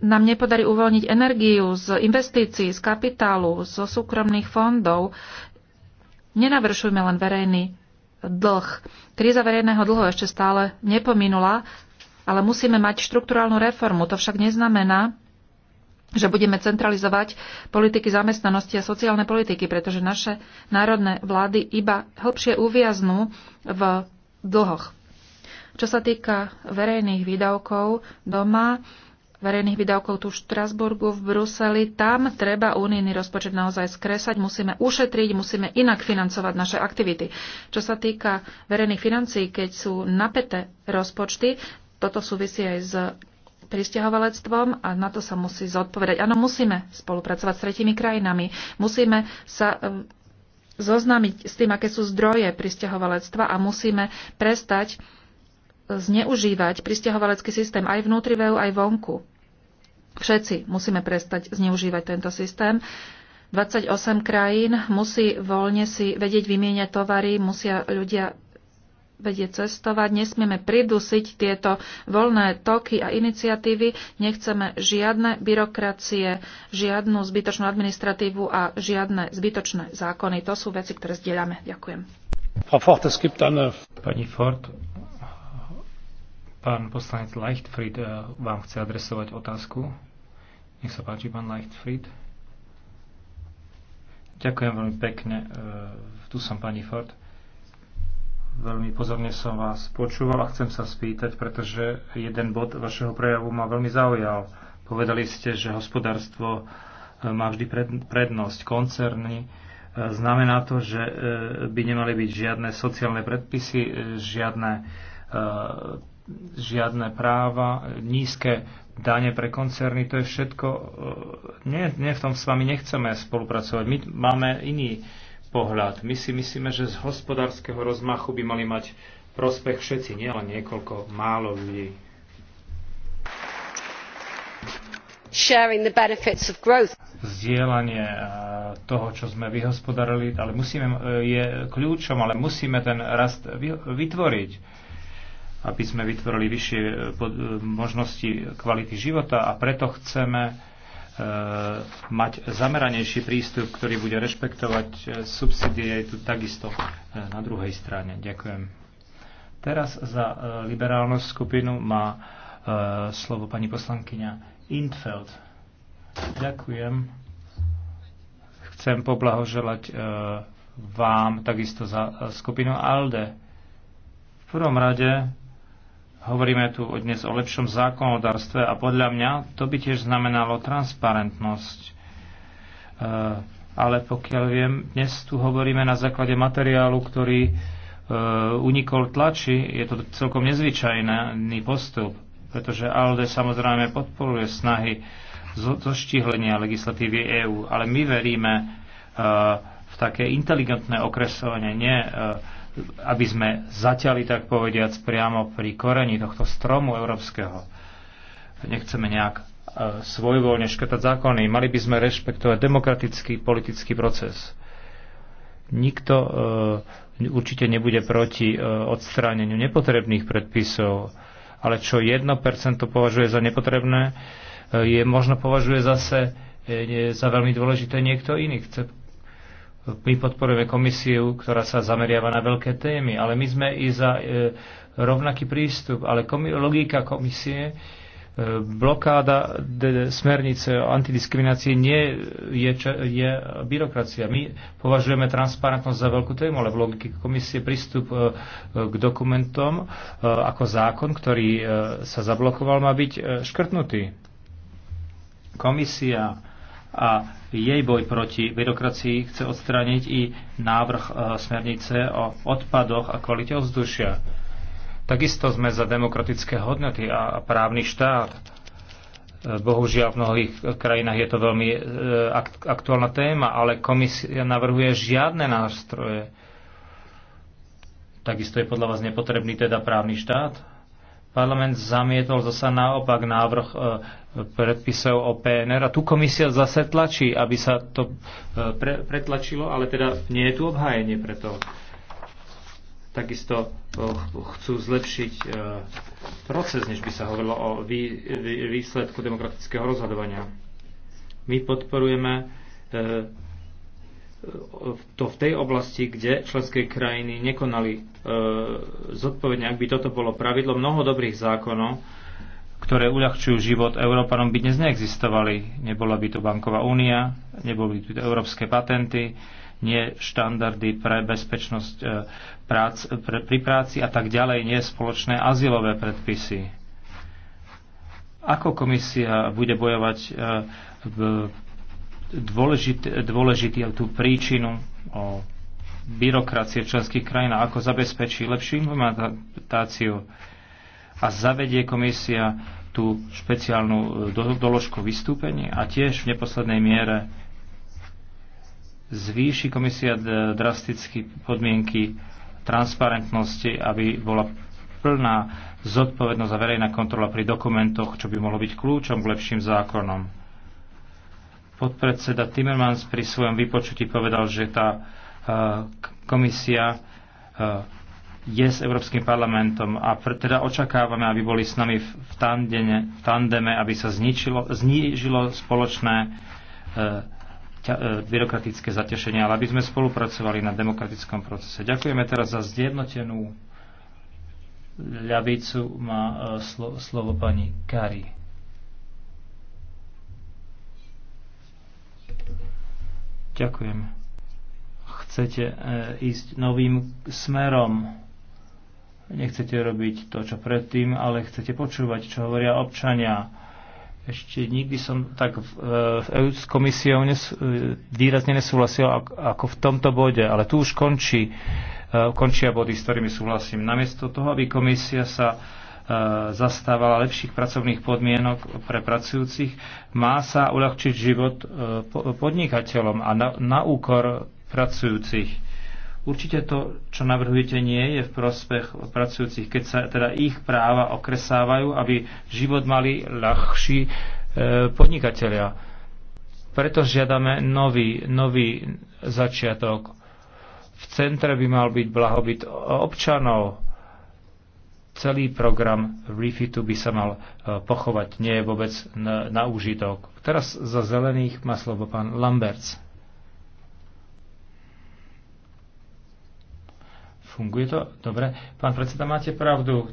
nám nepodarí uvoľniť energiu z investícií, z kapitálu, zo súkromných fondov. Nenavršujme len verejný dlh. Kríza verejného dlhu ešte stále nepominula ale musíme mať štrukturálnu reformu. To však neznamená, že budeme centralizovať politiky zamestnanosti a sociálne politiky, pretože naše národné vlády iba hlbšie uviaznú v dlhoch. Čo sa týka verejných výdavkov doma, verejných výdavkov tu v Štrasburgu, v Bruseli, tam treba unijný rozpočet naozaj skresať, musíme ušetriť, musíme inak financovať naše aktivity. Čo sa týka verejných financií, keď sú napäté rozpočty, toto súvisí aj s pristahovalectvom a na to sa musí zodpovedať. Áno, musíme spolupracovať s tretimi krajinami. Musíme sa e, zoznámiť s tým, aké sú zdroje pristahovalectva a musíme prestať e, zneužívať pristahovalecký systém aj vnútri VEU, aj vonku. Všetci musíme prestať zneužívať tento systém. 28 krajín musí voľne si vedieť vymieňať tovary, musia ľudia vedie cestovať, nesmieme pridusiť tieto voľné toky a iniciatívy, nechceme žiadne byrokracie, žiadnu zbytočnú administratívu a žiadne zbytočné zákony. To sú veci, ktoré zdieľame. Ďakujem. Pani Ford, pán poslanec Leichtfried eh, vám chce adresovať otázku. Nech sa páči, pán Leichtfried. Ďakujem veľmi pekne. Eh, tu som pani Ford Veľmi pozorne som vás počúval a chcem sa spýtať, pretože jeden bod vašeho prejavu ma veľmi zaujal. Povedali ste, že hospodárstvo e, má vždy prednosť. Koncerny e, znamená to, že e, by nemali byť žiadne sociálne predpisy, žiadne, žiadne práva, nízke dane pre koncerny, to je všetko... Nie, nie v tom s vami nechceme spolupracovať. My máme iný pohľad. My si myslíme, že z hospodárskeho rozmachu by mali mať prospech všetci, nielen niekoľko málo ľudí. Zdieľanie eh, toho, čo sme vyhospodarili, ale musíme, eh, je kľúčom, ale musíme ten rast vytvoriť, aby sme vytvorili vyššie eh, možnosti kvality života a preto chceme E, mať zameranejší prístup, ktorý bude rešpektovať e, tu takisto e, na druhej strane. Ďakujem. Teraz za liberálnu skupinu má slovo pani poslankyňa Intfeld. Ďakujem. Chcem poblahoželať vám takisto za skupinu ALDE. V prvom rade Hovoríme tu dnes o lepšom zákonodárstve a podľa mňa to by tiež znamenalo transparentnosť. E, ale pokiaľ viem, dnes tu hovoríme na základe materiálu, ktorý e, unikol tlači. Je to celkom nezvyčajný postup, pretože ALDE samozrejme podporuje snahy zoštihlenia legislatívy EÚ, ale my veríme e, v také inteligentné okresovanie, nie e, aby sme zaťali, tak povediac, priamo pri koreni tohto stromu európskeho. Nechceme nejak e, svojvoľne škrtať zákony. Mali by sme rešpektovať demokratický politický proces. Nikto e, určite nebude proti e, odstráneniu nepotrebných predpisov, ale čo 1% považuje za nepotrebné, e, je možno považuje zase e, e za veľmi dôležité niekto iný. Chce my podporujeme komisiu, ktorá sa zameriava na veľké témy, ale my sme i za e, rovnaký prístup. Ale komi- logika komisie, e, blokáda smernice o antidiskriminácii nie je, je byrokracia. My považujeme transparentnosť za veľkú tému, ale v logike komisie prístup e, k dokumentom ako zákon, ktorý sa zablokoval, má byť škrtnutý. Komisia a jej boj proti byrokracii chce odstrániť i návrh e, smernice o odpadoch a kvalite ovzdušia. Takisto sme za demokratické hodnoty a právny štát. E, bohužiaľ v mnohých krajinách je to veľmi e, aktuálna téma, ale komisia navrhuje žiadne nástroje. Takisto je podľa vás nepotrebný teda právny štát? Parlament zamietol zasa naopak návrh e, predpisov o PNR a tu komisia zase tlačí, aby sa to e, pre, pretlačilo, ale teda nie je tu obhájenie preto. Takisto e, chcú zlepšiť proces, než by sa hovorilo o výsledku demokratického rozhodovania. My podporujeme to v tej oblasti, kde členské krajiny nekonali e, zodpovedne, ak by toto bolo pravidlo, mnoho dobrých zákonov, ktoré uľahčujú život Európanom, by dnes neexistovali. Nebola by tu banková únia, neboli by tu európske patenty, nie štandardy pre bezpečnosť e, prác, pre, pri práci a tak ďalej, nie spoločné azylové predpisy. Ako komisia bude bojovať e, v, dôležitý, dôležitý tú príčinu o byrokracie v členských krajinách, ako zabezpečí lepšiu implementáciu a zavedie komisia tú špeciálnu do, doložku vystúpení a tiež v neposlednej miere zvýši komisia drasticky podmienky transparentnosti, aby bola plná zodpovednosť a verejná kontrola pri dokumentoch, čo by mohlo byť kľúčom k lepším zákonom Podpredseda Timmermans pri svojom vypočutí povedal, že tá e, komisia e, je s Európskym parlamentom a pr- teda očakávame, aby boli s nami v, v, tandene, v tandeme, aby sa zničilo, znížilo spoločné e, ťa, byrokratické zatešenie, ale aby sme spolupracovali na demokratickom procese. Ďakujeme teraz za zjednotenú ľavicu. Má slo, slovo pani Kari. Ďakujem. Chcete e, ísť novým smerom. Nechcete robiť to, čo predtým, ale chcete počúvať, čo hovoria občania. Ešte nikdy som tak v, e, e s komisiou nes, e, výrazne nesúhlasil ako v tomto bode, ale tu už končí, končia body, s ktorými súhlasím. Namiesto toho, aby komisia sa E, zastávala lepších pracovných podmienok pre pracujúcich, má sa uľahčiť život e, podnikateľom a na, na úkor pracujúcich. Určite to, čo navrhujete, nie je v prospech pracujúcich, keď sa teda ich práva okresávajú, aby život mali ľahší e, podnikatelia. Preto žiadame nový, nový začiatok. V centre by mal byť blahobyt občanov, celý program refitu by sa mal e, pochovať, nie je vôbec na, na úžitok. Teraz za zelených má slovo pán Lamberts. Funguje to? Dobre. Pán predseda, máte pravdu.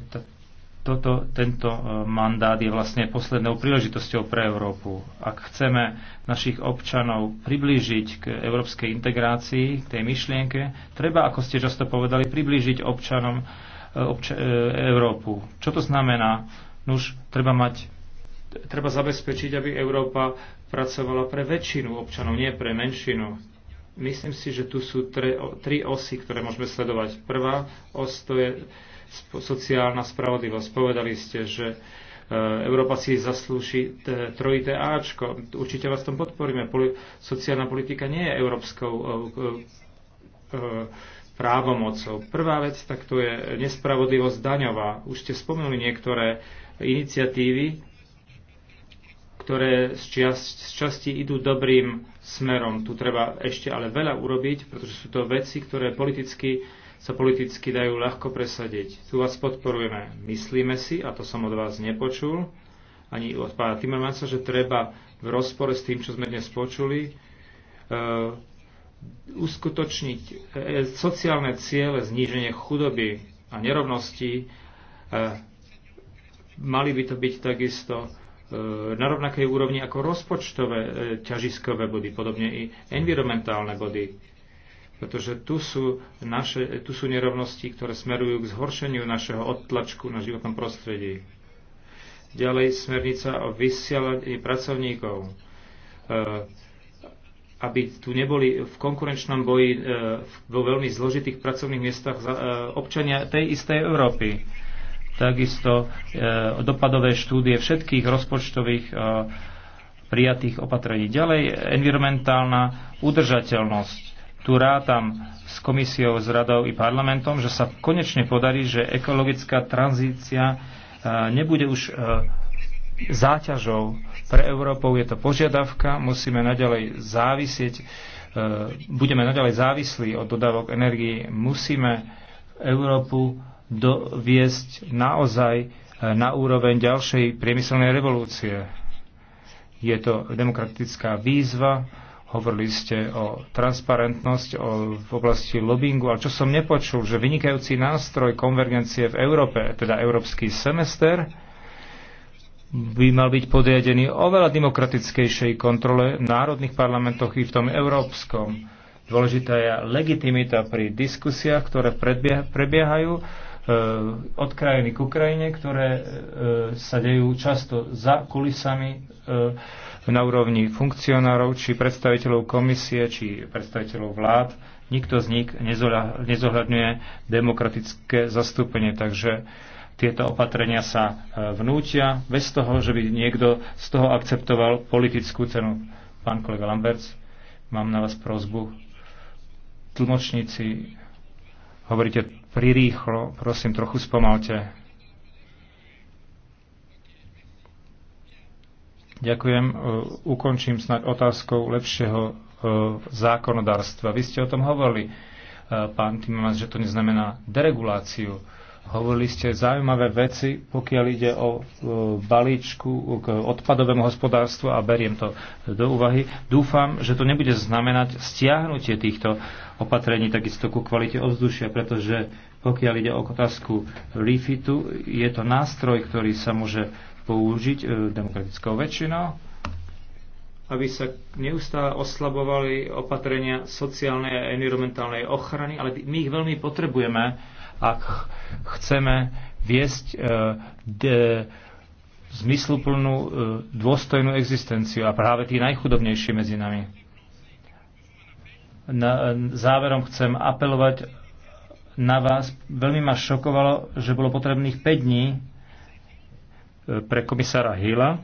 Toto, tento e, mandát je vlastne poslednou príležitosťou pre Európu. Ak chceme našich občanov priblížiť k európskej integrácii, k tej myšlienke, treba, ako ste často povedali, priblížiť občanom uh, obča- e, Európu. Čo to znamená? Nuž, treba mať treba zabezpečiť, aby Európa pracovala pre väčšinu občanov, nie pre menšinu. Myslím si, že tu sú tre, tri osy, ktoré môžeme sledovať. Prvá os to je sociálna spravodlivosť. Povedali ste, že e, Európa si zaslúži trojité Ačko. Určite vás tom podporíme. Poli- sociálna politika nie je európskou e, e, právomocou. Prvá vec, tak to je nespravodlivosť daňová. Už ste spomenuli niektoré iniciatívy, ktoré z, čiast, z časti idú dobrým smerom. Tu treba ešte ale veľa urobiť, pretože sú to veci, ktoré politicky, sa politicky dajú ľahko presadiť. Tu vás podporujeme. Myslíme si, a to som od vás nepočul, ani od pána Timmermansa, že treba v rozpore s tým, čo sme dnes počuli, eh, uskutočniť e, e, sociálne ciele, zníženie chudoby a nerovností, e, mali by to byť takisto na rovnakej úrovni ako rozpočtové ťažiskové body, podobne i environmentálne body. Pretože tu sú, naše, tu sú nerovnosti, ktoré smerujú k zhoršeniu našeho odtlačku na životnom prostredí. Ďalej smernica o vysielaní pracovníkov aby tu neboli v konkurenčnom boji e, vo veľmi zložitých pracovných miestach e, občania tej istej Európy. Takisto e, dopadové štúdie všetkých rozpočtových prijatých opatrení. Ďalej environmentálna udržateľnosť. Tu rátam s komisiou, s radou i parlamentom, že sa konečne podarí, že ekologická tranzícia nebude už záťažou pre Európou je to požiadavka, musíme naďalej závisieť, e, budeme naďalej závislí od dodávok energii, musíme Európu doviesť naozaj e, na úroveň ďalšej priemyselnej revolúcie. Je to demokratická výzva, hovorili ste o transparentnosť o, v oblasti lobbyingu, ale čo som nepočul, že vynikajúci nástroj konvergencie v Európe, teda európsky semester, by mal byť podriadený oveľa demokratickejšej kontrole v národných parlamentoch i v tom európskom. Dôležitá je legitimita pri diskusiách, ktoré prebiehajú e, od krajiny k Ukrajine, ktoré e, sa dejú často za kulisami e, na úrovni funkcionárov, či predstaviteľov komisie, či predstaviteľov vlád. Nikto z nich nezohľadňuje demokratické zastúpenie, takže tieto opatrenia sa e, vnútia bez toho, že by niekto z toho akceptoval politickú cenu. Pán kolega Lamberts, mám na vás prozbu. Tlmočníci, hovoríte prirýchlo, prosím, trochu spomalte. Ďakujem. E, ukončím snad otázkou lepšieho e, zákonodárstva. Vy ste o tom hovorili, pán Timmermans, že to neznamená dereguláciu Hovorili ste zaujímavé veci, pokiaľ ide o e, balíčku k odpadovému hospodárstvu a beriem to do úvahy. Dúfam, že to nebude znamenať stiahnutie týchto opatrení takisto ku kvalite ovzdušia, pretože pokiaľ ide o otázku refitu, je to nástroj, ktorý sa môže použiť e, demokratickou väčšinou, aby sa neustále oslabovali opatrenia sociálnej a environmentálnej ochrany, ale my ich veľmi potrebujeme, ak chceme viesť e, de, zmysluplnú, e, dôstojnú existenciu a práve tí najchudobnejší medzi nami. Na, záverom chcem apelovať na vás. Veľmi ma šokovalo, že bolo potrebných 5 dní e, pre komisára Hila,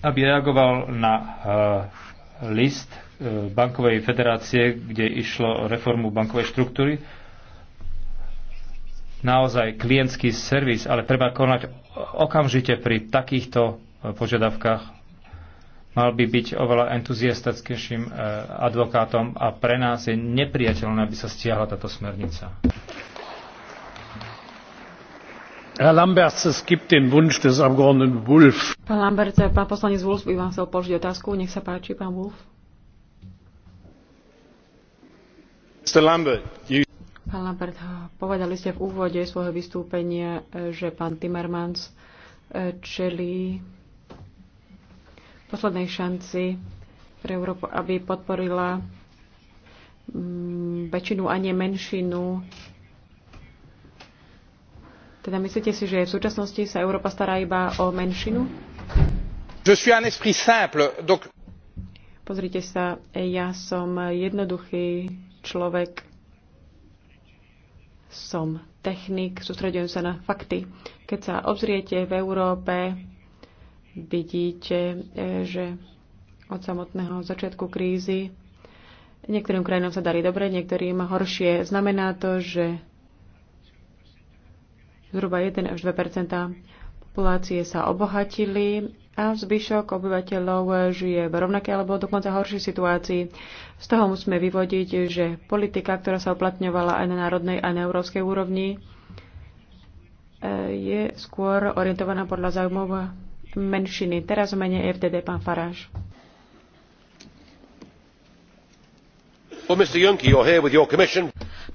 aby reagoval na list Bankovej federácie, kde išlo reformu bankovej štruktúry, naozaj klientský servis, ale treba konať okamžite pri takýchto e, požiadavkách. Mal by byť oveľa entuziastickejším e, advokátom a pre nás je nepriateľné, aby sa stiahla táto smernica. Herr Lamberts, es gibt den Wunsch des Abgeordneten Wulff. Pán Lamberts, eh, pán poslanec Wulff by vám chcel položiť otázku. Nech sa páči, pán Wulff. Mr. Lambert, you Pán Lambert, povedali ste v úvode svojho vystúpenia, že pán Timmermans eh, čelí poslednej šanci pre Európu, aby podporila mm, väčšinu a nie menšinu. Teda myslíte si, že v súčasnosti sa Európa stará iba o menšinu? Je suis un esprit simple, donc... Pozrite sa, ja som jednoduchý človek, som technik, sústredujem sa na fakty. Keď sa obzriete v Európe, vidíte, e, že od samotného začiatku krízy niektorým krajinám sa darí dobre, niektorým horšie. Znamená to, že zhruba 1 až 2 populácie sa obohatili a zvyšok obyvateľov žije v rovnakej alebo dokonca horšej situácii. Z toho musíme vyvodiť, že politika, ktorá sa uplatňovala aj na národnej, aj na európskej úrovni, e, je skôr orientovaná podľa záujmov menšiny. Teraz mene FDD, pán Faráš.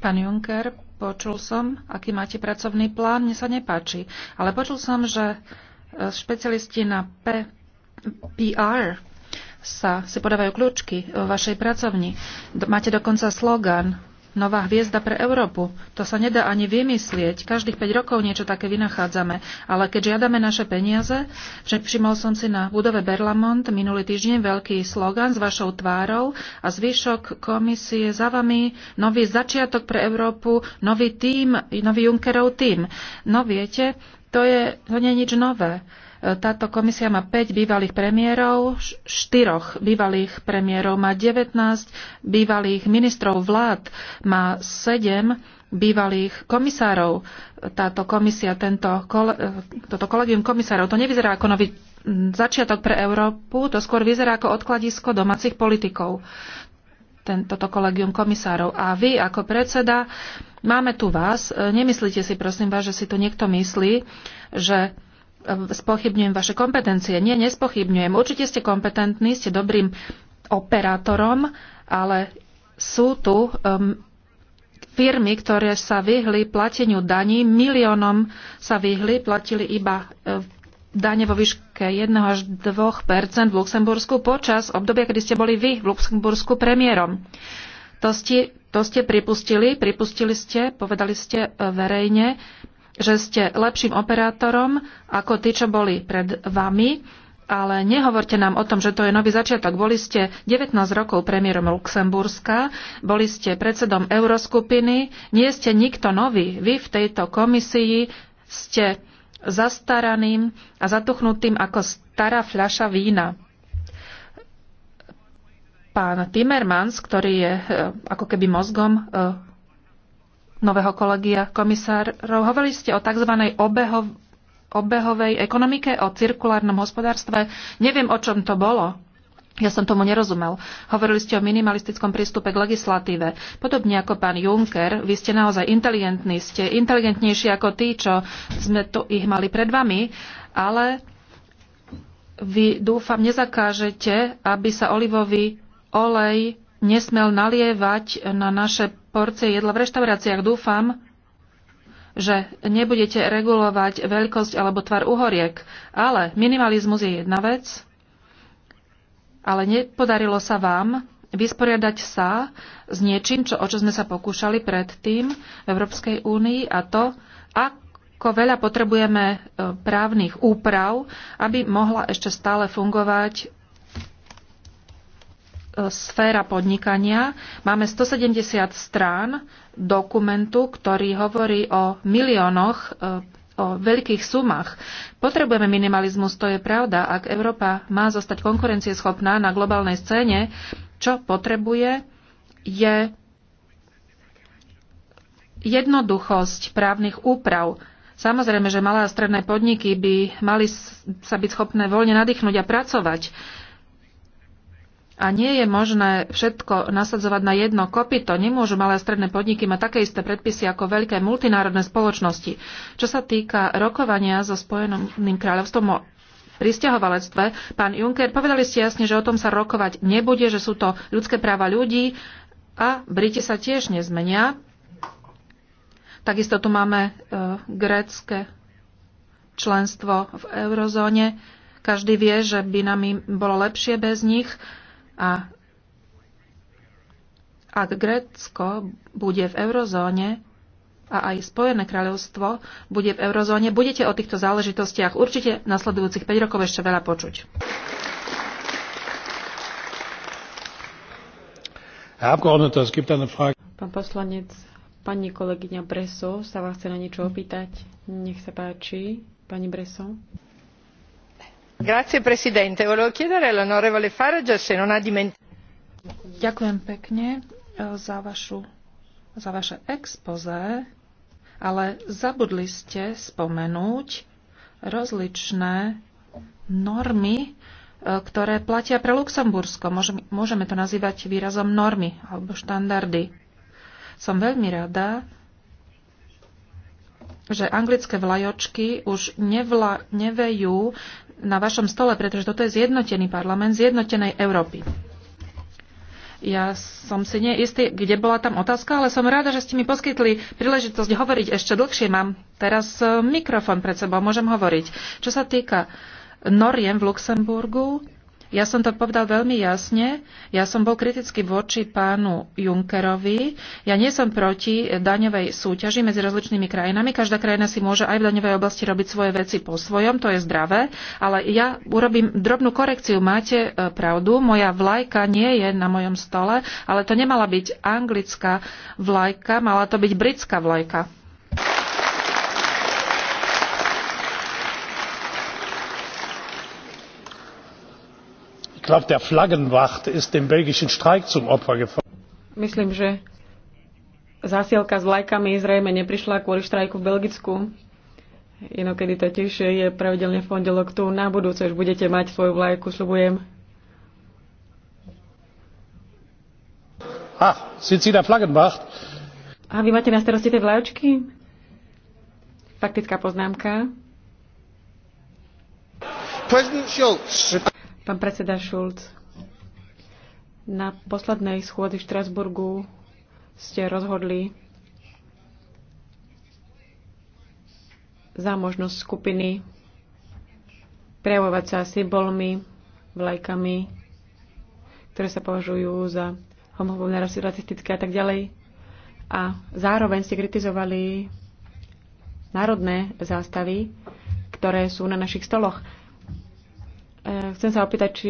Pán Juncker, počul som, aký máte pracovný plán, mne sa nepáči. Ale počul som, že Špecialisti na P, PR sa si podávajú kľúčky v vašej pracovni. Máte dokonca slogan Nová hviezda pre Európu. To sa nedá ani vymyslieť. Každých 5 rokov niečo také vynachádzame. Ale keď žiadame naše peniaze, všimol som si na budove Berlamont minulý týždeň veľký slogan s vašou tvárou a zvyšok komisie za vami nový začiatok pre Európu, nový tým, nový Junckerov tým. No viete, to, je, to nie je nič nové. E, táto komisia má 5 bývalých premiérov, 4 bývalých premiérov, má 19 bývalých ministrov vlád, má 7 bývalých komisárov. Táto komisia, tento, kole, e, toto kolegium komisárov, to nevyzerá ako nový začiatok pre Európu, to skôr vyzerá ako odkladisko domácich politikov, tento, kolegium komisárov. A vy ako predseda Máme tu vás. E, nemyslíte si, prosím vás, že si tu niekto myslí, že e, spochybňujem vaše kompetencie. Nie, nespochybňujem. Určite ste kompetentní, ste dobrým operátorom, ale sú tu um, firmy, ktoré sa vyhli plateniu daní, miliónom sa vyhli, platili iba uh, dane vo výške 1 až 2 v Luxembursku počas obdobia, kedy ste boli vy v Luxembursku premiérom. To ste, to ste pripustili, pripustili ste, povedali ste e, verejne, že ste lepším operátorom ako tí, čo boli pred vami, ale nehovorte nám o tom, že to je nový začiatok. Boli ste 19 rokov premiérom Luxemburska, boli ste predsedom Euroskupiny, nie ste nikto nový. Vy v tejto komisii ste zastaraným a zatuchnutým ako stará fľaša vína pán Timmermans, ktorý je e, ako keby mozgom e, nového kolegia komisárov. Hovorili ste o tzv. Obehov, obehovej ekonomike, o cirkulárnom hospodárstve. Neviem, o čom to bolo. Ja som tomu nerozumel. Hovorili ste o minimalistickom prístupe k legislatíve. Podobne ako pán Juncker, vy ste naozaj inteligentní, ste inteligentnejší ako tí, čo sme tu ich mali pred vami, ale vy dúfam nezakážete, aby sa olivový olej nesmel nalievať na naše porcie jedla v reštauráciách. Dúfam, že nebudete regulovať veľkosť alebo tvar uhoriek, ale minimalizmus je jedna vec, ale nepodarilo sa vám vysporiadať sa s niečím, čo, o čo sme sa pokúšali predtým v Európskej únii a to, ako veľa potrebujeme e, právnych úprav, aby mohla ešte stále fungovať sféra podnikania. Máme 170 strán dokumentu, ktorý hovorí o miliónoch, e, o veľkých sumách. Potrebujeme minimalizmus, to je pravda. Ak Európa má zostať konkurencieschopná na globálnej scéne, čo potrebuje, je jednoduchosť právnych úprav. Samozrejme, že malé a stredné podniky by mali sa byť schopné voľne nadýchnuť a pracovať a nie je možné všetko nasadzovať na jedno kopito. Nemôžu malé a stredné podniky mať také isté predpisy ako veľké multinárodné spoločnosti. Čo sa týka rokovania so Spojeným kráľovstvom pristahovalectve, pán Juncker, povedali ste jasne, že o tom sa rokovať nebude, že sú to ľudské práva ľudí a Briti sa tiež nezmenia. Takisto tu máme e, grécke členstvo v eurozóne. Každý vie, že by nám bolo lepšie bez nich. A ak Grécko bude v eurozóne a aj Spojené kráľovstvo bude v eurozóne, budete o týchto záležitostiach určite nasledujúcich 5 rokov ešte veľa počuť. Pán poslanec, pani kolegyňa Breso sa vás chce na niečo opýtať. Nech sa páči, pani Breso. Grazie, presidente. Volevo chiedere all'onorevole Farage se non ha dimenticato. Ďakujem pekne eh, za vaše expoze, ale zabudli ste spomenúť rozličné normy, eh, ktoré platia pre Luxembursko. Môžeme to nazývať výrazom normy alebo štandardy. Som veľmi rada, že anglické vlajočky už nevla, nevejú na vašom stole, pretože toto je zjednotený parlament zjednotenej Európy. Ja som si neistý, kde bola tam otázka, ale som rada, že ste mi poskytli príležitosť hovoriť ešte dlhšie. Mám teraz eh, mikrofón pred sebou, môžem hovoriť. Čo sa týka noriem v Luxemburgu, ja som to povedal veľmi jasne. Ja som bol kriticky voči pánu Junckerovi. Ja nie som proti daňovej súťaži medzi rozličnými krajinami. Každá krajina si môže aj v daňovej oblasti robiť svoje veci po svojom, to je zdravé. Ale ja urobím drobnú korekciu. Máte e, pravdu, moja vlajka nie je na mojom stole, ale to nemala byť anglická vlajka, mala to byť britská vlajka. glaube der flaggenwacht ist dem belgischen streik zum opfer gefallen. myslím že zásielka s vlajkami zrejme neprišla kvôli štrajku v belgicku. Inokedy totiž je pravidelne v pondelok tu. Na budúce už budete mať svoju vlajku, slubujem. Ach, sind Sie der Flaggenwacht? A vy máte na starosti tie vlajočky? Faktická poznámka. President Schultz. Pán predseda Šulc, na poslednej schôdzi v Štrasburgu ste rozhodli za možnosť skupiny prejavovať sa symbolmi, vlajkami, ktoré sa považujú za homofóbne, rasistické a tak ďalej. A zároveň ste kritizovali národné zástavy, ktoré sú na našich stoloch. E, chcem sa opýtať, či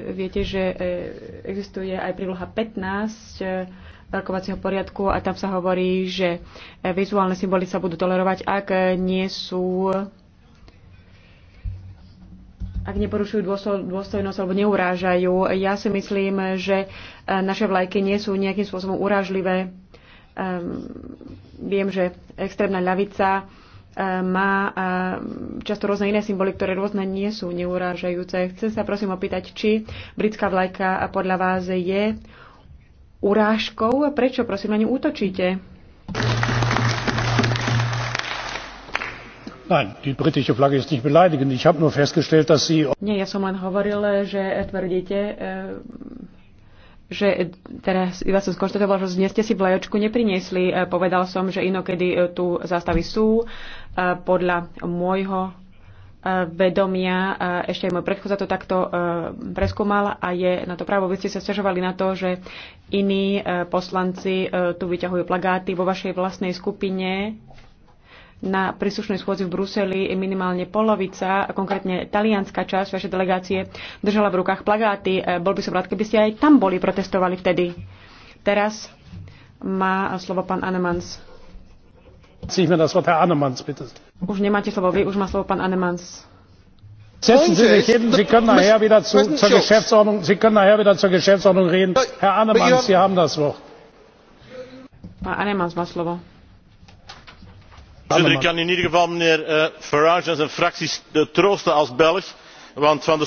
viete, že e, existuje aj príloha 15 e, rokovacieho poriadku a tam sa hovorí, že vizuálne symboly sa budú tolerovať, ak nie sú ak neporušujú dôstojnosť alebo neurážajú. Ja si myslím, že naše vlajky nie sú nejakým spôsobom urážlivé. Ehm, viem, že extrémna ľavica má často rôzne iné symboly, ktoré rôzne nie sú neurážajúce. Chcem sa prosím opýtať, či britská vlajka podľa vás je urážkou a prečo prosím na ňu útočíte? Nein, die britische Flagge ist nicht beleidigend. Ich habe nur festgestellt, dass Sie... Nie, ja som len hovoril, že tvrdíte, e, že teraz iba som skonštatoval, že dnes ste si vlajočku nepriniesli. E, povedal som, že inokedy e, tu zástavy sú podľa môjho e, vedomia, e, ešte aj môj predchodca to takto e, preskúmal a je na to právo. Vy ste sa stiažovali na to, že iní poslanci tu vyťahujú plagáty vo vašej vlastnej skupine. Na príslušnej schôdzi v Bruseli minimálne polovica, konkrétne talianská časť vašej delegácie, držala v rukách plagáty. Bol by som rád, keby ste aj tam boli, protestovali vtedy. Teraz má slovo pán Anemans. Už nemáte slovo vy, už má slovo pán Setzen Sie sich hin, Sie können nachher wieder zu, zur Geschäftsordnung, Sie können nachher wieder zur Geschäftsordnung reden. Herr Annemans, Sie haben das Wort. Voorzitter, ik kan in ieder geval meneer eh, Farage en zijn fracties eh, troosten als Belg, want van de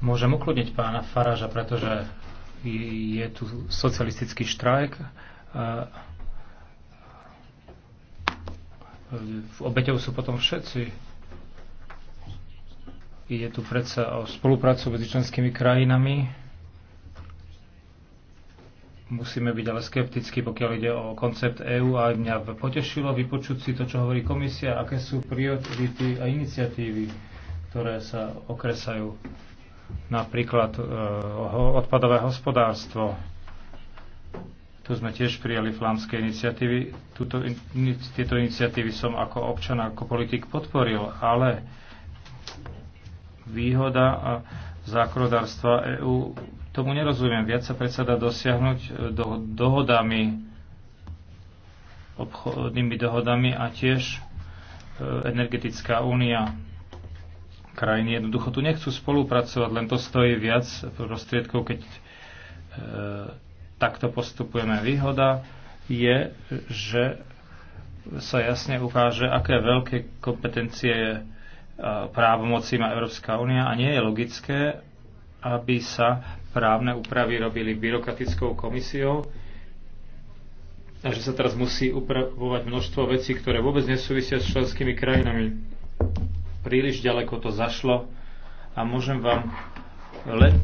Môžem ukludniť pána Faraža, pretože je tu socialistický štrajk. Eh, v obeťou sú potom všetci. Ide tu predsa o spoluprácu medzi členskými krajinami. Musíme byť ale skeptickí, pokiaľ ide o koncept EÚ a aj mňa potešilo vypočuť si to, čo hovorí komisia, aké sú priority a iniciatívy, ktoré sa okresajú. Napríklad e, odpadové hospodárstvo, tu sme tiež prijali flámske iniciatívy. Tuto, in, tieto iniciatívy som ako občan, ako politik podporil, ale výhoda a zákonodárstva EÚ, tomu nerozumiem. Viac sa predsa dá dosiahnuť e, do, dohodami, obchodnými dohodami a tiež e, energetická únia. Krajiny jednoducho tu nechcú spolupracovať, len to stojí viac prostriedkov, keď e, takto postupujeme. Výhoda je, že sa jasne ukáže, aké veľké kompetencie e, právomoci má Európska únia a nie je logické, aby sa právne úpravy robili byrokratickou komisiou a že sa teraz musí upravovať množstvo vecí, ktoré vôbec nesúvisia s členskými krajinami. Príliš ďaleko to zašlo a môžem vám len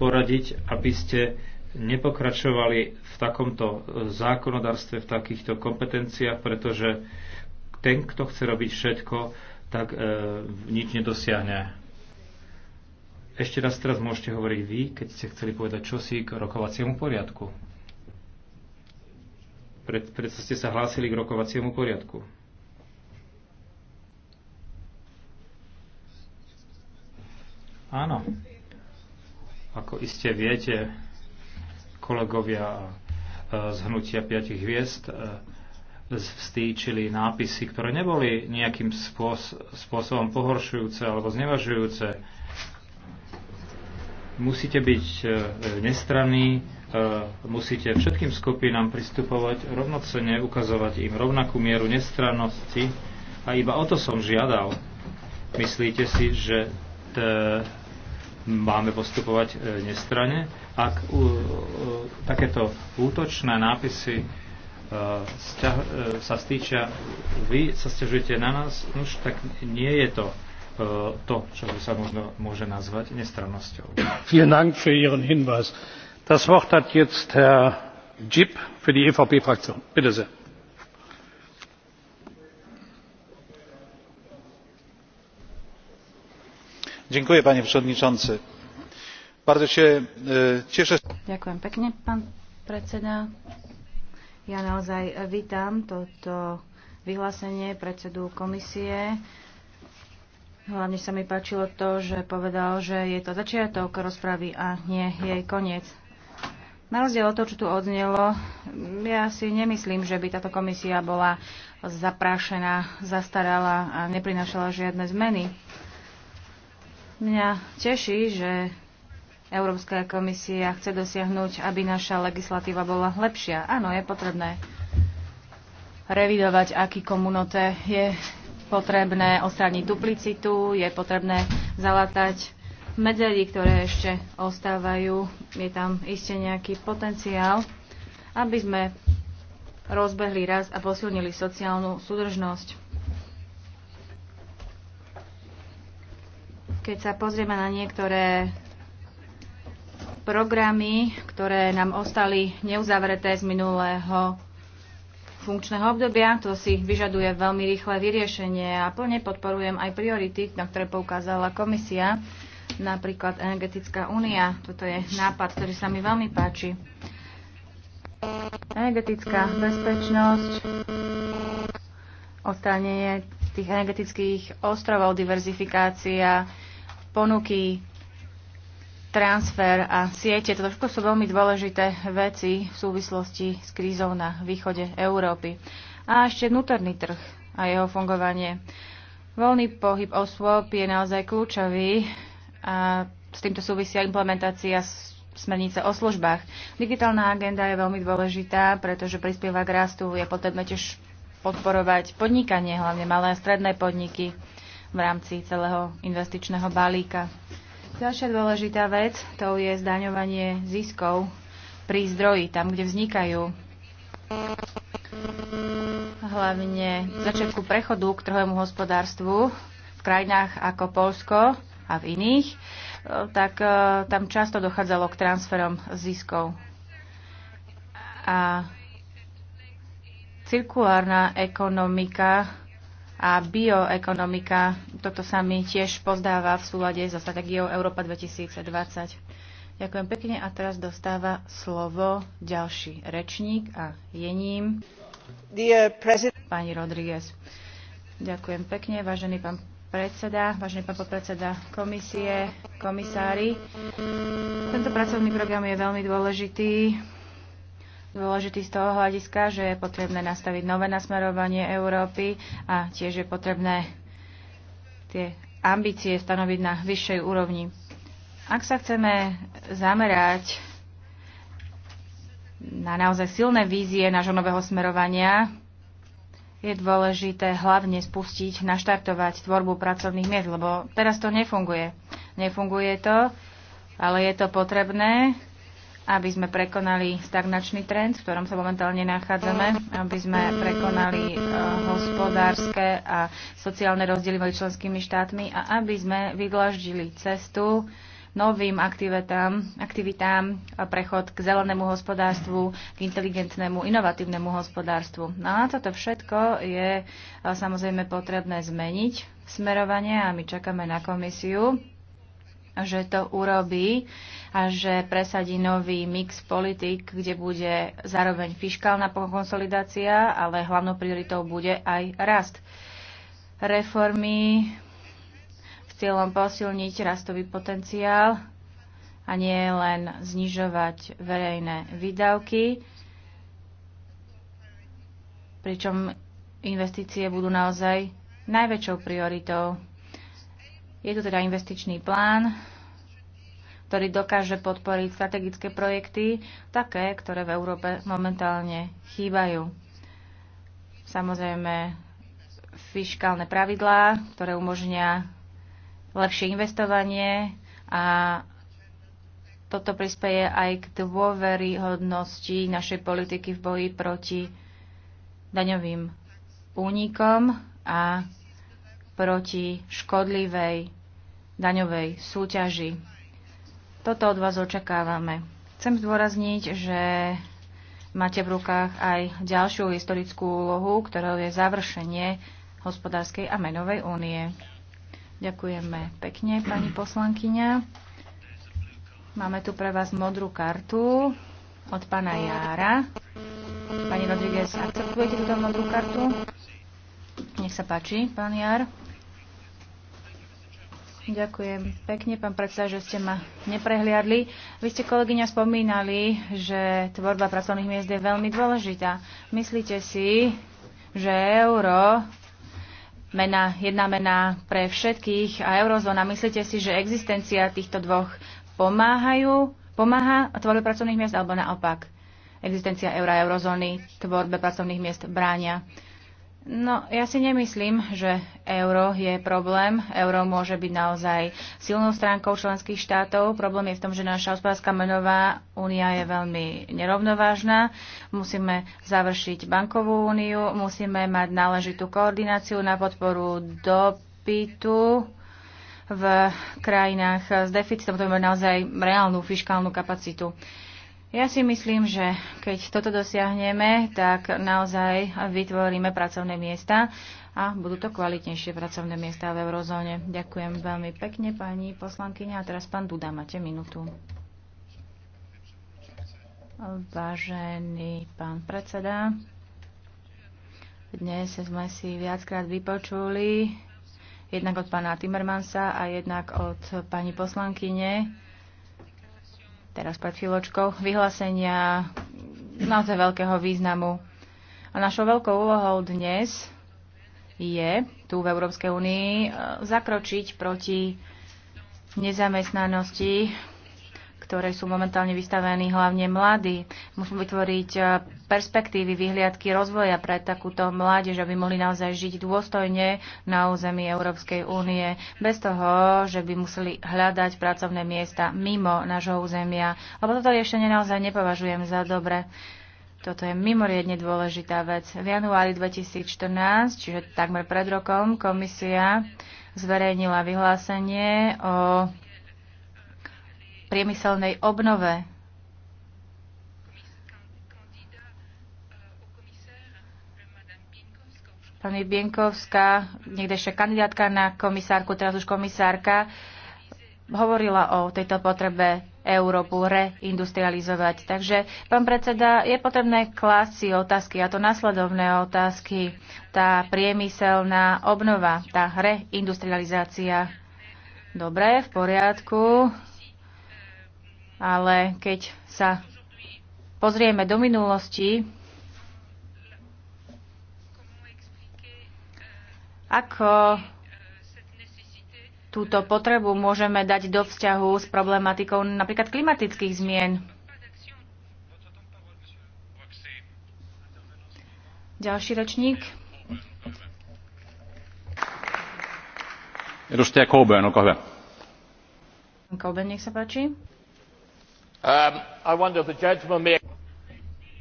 poradiť, aby ste nepokračovali v takomto e, zákonodarstve, v takýchto kompetenciách, pretože ten, kto chce robiť všetko, tak e, nič nedosiahne. Ešte raz teraz môžete hovoriť vy, keď ste chceli povedať čosi k rokovaciemu poriadku. Pred, predsa ste sa hlásili k rokovaciemu poriadku. Áno. Ako iste viete, kolegovia e, z hnutia 5 hviezd e, vstýčili nápisy, ktoré neboli nejakým spôsobom pohoršujúce alebo znevažujúce. Musíte byť e, nestranní, musíte všetkým skupinám pristupovať rovnocene, ukazovať im rovnakú mieru nestrannosti a iba o to som žiadal. Myslíte si, že máme postupovať e, nestrane. Ak u, u, e, takéto útočné nápisy e, e, sa stýčia, vy sa stiažujete na nás, už tak nie je to e, to, čo sa možno môže nazvať nestrannosťou. Vielen Dank für Ihren Hinweis. Das Wort hat jetzt Herr Jip für die EVP-Fraktion. Bitte sehr. panie przewodniczący! bardzo się e, cieszę Ďakujem pekne, pán predseda. Ja naozaj vítam toto vyhlásenie predsedu komisie. Hlavne sa mi páčilo to, že povedal, že je to začiatok rozpravy a nie jej koniec. Na rozdiel od toho, čo tu odznelo, ja si nemyslím, že by táto komisia bola zaprášená, zastarala a neprinašala žiadne zmeny. Mňa teší, že Európska komisia chce dosiahnuť, aby naša legislatíva bola lepšia. Áno, je potrebné revidovať, aký komunote je potrebné ostrániť duplicitu, je potrebné zalatať medzery, ktoré ešte ostávajú. Je tam iste nejaký potenciál, aby sme rozbehli raz a posilnili sociálnu súdržnosť. Keď sa pozrieme na niektoré programy, ktoré nám ostali neuzavreté z minulého funkčného obdobia. To si vyžaduje veľmi rýchle vyriešenie a plne podporujem aj priority, na ktoré poukázala komisia, napríklad Energetická únia. Toto je nápad, ktorý sa mi veľmi páči. Energetická bezpečnosť, odstranenie tých energetických ostrovov, diverzifikácia, ponuky, transfer a siete. To všetko sú veľmi dôležité veci v súvislosti s krízou na východe Európy. A ešte vnútorný trh a jeho fungovanie. Voľný pohyb osôb je naozaj kľúčový a s týmto súvisia implementácia smernice o službách. Digitálna agenda je veľmi dôležitá, pretože prispieva k rastu. Je potrebné tiež podporovať podnikanie, hlavne malé a stredné podniky v rámci celého investičného balíka. Ďalšia dôležitá vec to je zdaňovanie ziskov pri zdroji, tam, kde vznikajú hlavne v začiatku prechodu k trhovému hospodárstvu v krajinách ako Polsko a v iných, tak e, tam často dochádzalo k transferom ziskov. A cirkulárna ekonomika a bioekonomika. Toto sa mi tiež pozdáva v súlade so strategiou Európa 2020. Ďakujem pekne a teraz dostáva slovo ďalší rečník a je ním pani Rodriguez. Ďakujem pekne, vážený pán predseda, vážený pán podpredseda komisie, komisári. Tento pracovný program je veľmi dôležitý dôležitý z toho hľadiska, že je potrebné nastaviť nové nasmerovanie Európy a tiež je potrebné tie ambície stanoviť na vyššej úrovni. Ak sa chceme zamerať na naozaj silné vízie nášho nového smerovania, je dôležité hlavne spustiť, naštartovať tvorbu pracovných miest, lebo teraz to nefunguje. Nefunguje to, ale je to potrebné aby sme prekonali stagnačný trend, v ktorom sa momentálne nachádzame, aby sme prekonali uh, hospodárske a sociálne rozdiely medzi členskými štátmi a aby sme vydlaždili cestu novým aktivitám, aktivitám e, a prechod k zelenému hospodárstvu, k inteligentnému, inovatívnemu hospodárstvu. No a toto všetko je e, samozrejme potrebné zmeniť smerovanie a my čakáme na komisiu že to urobí a že presadí nový mix politik, kde bude zároveň fiskálna konsolidácia, ale hlavnou prioritou bude aj rast. Reformy s cieľom posilniť rastový potenciál a nie len znižovať verejné výdavky, pričom investície budú naozaj najväčšou prioritou je tu teda investičný plán, ktorý dokáže podporiť strategické projekty, také, ktoré v Európe momentálne chýbajú. Samozrejme, fiskálne pravidlá, ktoré umožnia lepšie investovanie a toto prispieje aj k dôveryhodnosti našej politiky v boji proti daňovým únikom a proti škodlivej daňovej súťaži. Toto od vás očakávame. Chcem zdôrazniť, že máte v rukách aj ďalšiu historickú úlohu, ktorou je završenie hospodárskej a menovej únie. Ďakujeme pekne, pani poslankyňa. Máme tu pre vás modrú kartu od pána Jára. Pani Rodriguez, akceptujete túto modrú kartu? Nech sa páči, pán Jár. Ďakujem pekne, pán predseda, že ste ma neprehliadli. Vy ste, kolegyňa, spomínali, že tvorba pracovných miest je veľmi dôležitá. Myslíte si, že euro, mena, jedna mena pre všetkých a eurozóna, myslíte si, že existencia týchto dvoch pomáhajú, pomáha tvorbe pracovných miest alebo naopak? Existencia eura a eurozóny tvorbe pracovných miest bránia. No, ja si nemyslím, že euro je problém. Euro môže byť naozaj silnou stránkou členských štátov. Problém je v tom, že naša hospodárska menová únia je veľmi nerovnovážna. Musíme završiť bankovú úniu, musíme mať náležitú koordináciu na podporu dopytu v krajinách s deficitom, to je naozaj reálnu fiskálnu kapacitu. Ja si myslím, že keď toto dosiahneme, tak naozaj vytvoríme pracovné miesta a budú to kvalitnejšie pracovné miesta v eurozóne. Ďakujem veľmi pekne, pani poslankyňa. A teraz pán Duda, máte minútu. Vážený pán predseda, dnes sme si viackrát vypočuli jednak od pána Timmermansa a jednak od pani poslankyne teraz pred chvíľočkou, vyhlásenia naozaj veľkého významu. A našou veľkou úlohou dnes je tu v Európskej únii e, zakročiť proti nezamestnanosti, ktoré sú momentálne vystavení hlavne mladí. Musíme vytvoriť e, perspektívy, vyhliadky rozvoja pre takúto mládež, aby mohli naozaj žiť dôstojne na území Európskej únie, bez toho, že by museli hľadať pracovné miesta mimo nášho územia. Lebo toto riešenie naozaj nepovažujem za dobre. Toto je mimoriadne dôležitá vec. V januári 2014, čiže takmer pred rokom, komisia zverejnila vyhlásenie o priemyselnej obnove. Pani Bienkovská, niekdejšia kandidátka na komisárku, teraz už komisárka, hovorila o tejto potrebe Európu reindustrializovať. Takže, pán predseda, je potrebné klásť si otázky, a to následovné otázky. Tá priemyselná obnova, tá reindustrializácia. Dobre, v poriadku ale keď sa pozrieme do minulosti, ako túto potrebu môžeme dať do vzťahu s problematikou napríklad klimatických zmien. Ďalší rečník. Edustaja Coburn, olkaa hyvä. Coburn, nech sa páči. Um,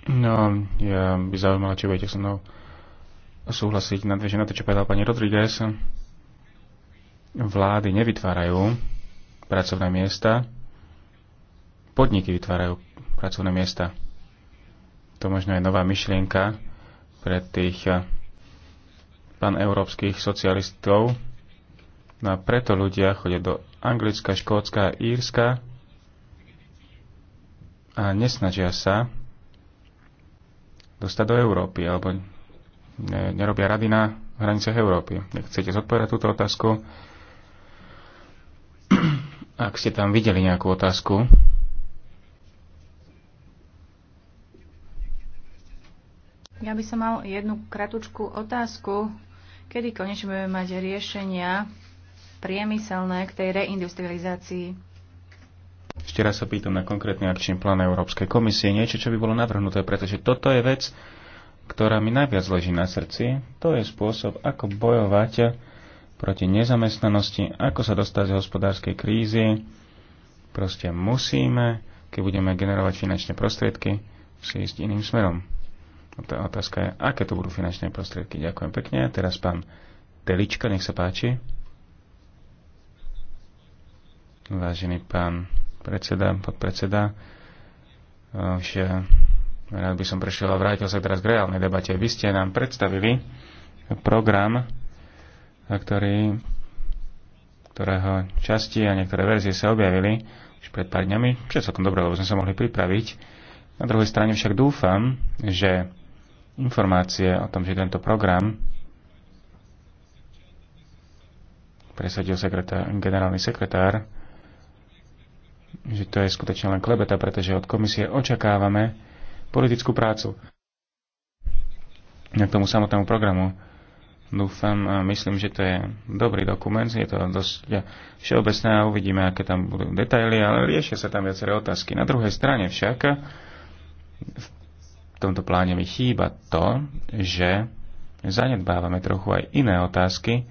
no, ja by zaujímalo, či budete so mnou súhlasiť nadvieže na to, čo povedal pani Rodriguez. Vlády nevytvárajú pracovné miesta, podniky vytvárajú pracovné miesta. To možno je nová myšlienka pre tých eh, paneurópskych socialistov. No a preto ľudia chodia do Anglicka, Škótska a Írska, a nesnažia sa dostať do Európy alebo nerobia rady na hranicách Európy. Ak chcete zodpovedať túto otázku, ak ste tam videli nejakú otázku, Ja by som mal jednu kratučku otázku. Kedy konečne budeme mať riešenia priemyselné k tej reindustrializácii? Ešte raz sa pýtam na konkrétny akčný plán Európskej komisie, niečo, čo by bolo navrhnuté, pretože toto je vec, ktorá mi najviac leží na srdci. To je spôsob, ako bojovať proti nezamestnanosti, ako sa dostať z hospodárskej krízy. Proste musíme, keď budeme generovať finančné prostriedky, si ísť iným smerom. Tá otázka je, aké to budú finančné prostriedky. Ďakujem pekne. Teraz pán Telička, nech sa páči. Vážený pán predseda, podpredseda. že ehm, rád by som prešiel a vrátil sa teraz k reálnej debate. Vy ste nám predstavili program, eh, ktorý, ktorého časti a niektoré verzie sa objavili už pred pár dňami, čo je celkom dobré, lebo sme sa mohli pripraviť. Na druhej strane však dúfam, že informácie o tom, že tento program presadil sekretár, generálny sekretár že to je skutočne len klebeta, pretože od komisie očakávame politickú prácu. K tomu samotnému programu dúfam a myslím, že to je dobrý dokument, je to dosť všeobecné a uvidíme, aké tam budú detaily, ale riešia sa tam viaceré otázky. Na druhej strane však v tomto pláne mi chýba to, že zanedbávame trochu aj iné otázky,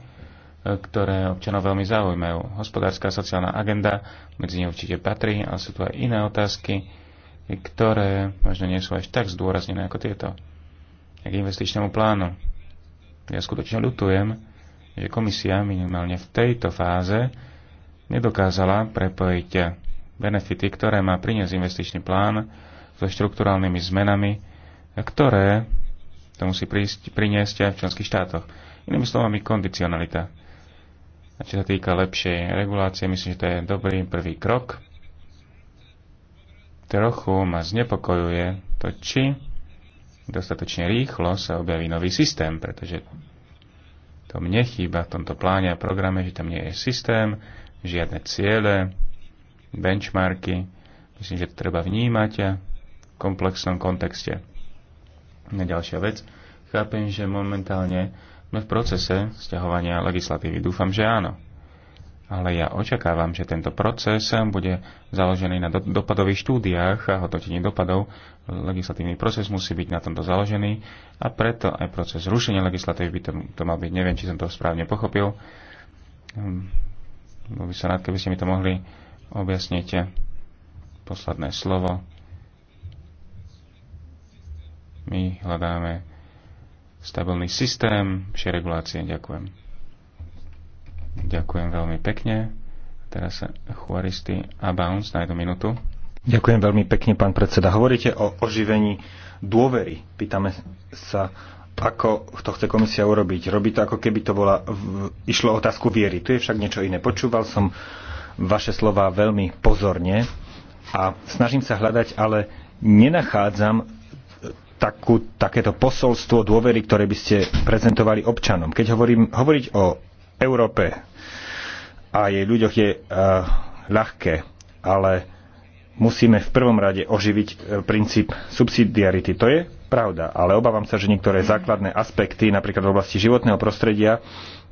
ktoré občanov veľmi zaujímajú. Hospodárska a sociálna agenda medzi ne určite patrí, ale sú tu aj iné otázky, ktoré možno nie sú až tak zdôraznené ako tieto. K investičnému plánu. Ja skutočne ľutujem, že komisia minimálne v tejto fáze nedokázala prepojiť benefity, ktoré má priniesť investičný plán so štruktúralnými zmenami, ktoré to musí prísť, priniesť aj v členských štátoch. Inými slovami, kondicionalita čo sa týka lepšej regulácie, myslím, že to je dobrý prvý krok. Trochu ma znepokojuje to, či dostatočne rýchlo sa objaví nový systém, pretože to mne chýba v tomto pláne a programe, že tam nie je systém, žiadne ciele, benchmarky. Myslím, že to treba vnímať v komplexnom kontexte. Na ďalšia vec. Chápem, že momentálne sme v procese stiahovania legislatívy. Dúfam, že áno. Ale ja očakávam, že tento proces bude založený na do- dopadových štúdiách a hodnotení dopadov. Legislatívny proces musí byť na tomto založený a preto aj proces rušenia legislatívy by to, to mal byť. Neviem, či som to správne pochopil. Hm, Bol by sa rád, keby ste mi to mohli objasniť. Posledné slovo. My hľadáme stabilný systém, vše regulácie. Ďakujem. Ďakujem veľmi pekne. Teraz Juaristi a Bounce na jednu minútu. Ďakujem veľmi pekne, pán predseda. Hovoríte o oživení dôvery. Pýtame sa, ako to chce komisia urobiť. Robí to, ako keby to bola, v, išlo o otázku viery. Tu je však niečo iné. Počúval som vaše slova veľmi pozorne a snažím sa hľadať, ale nenachádzam takú, takéto posolstvo dôvery, ktoré by ste prezentovali občanom. Keď hovorím, hovoriť o Európe a jej ľuďoch je uh, ľahké, ale musíme v prvom rade oživiť eh, princíp subsidiarity. To je pravda, ale obávam sa, že niektoré mhm. základné aspekty, napríklad v oblasti životného prostredia,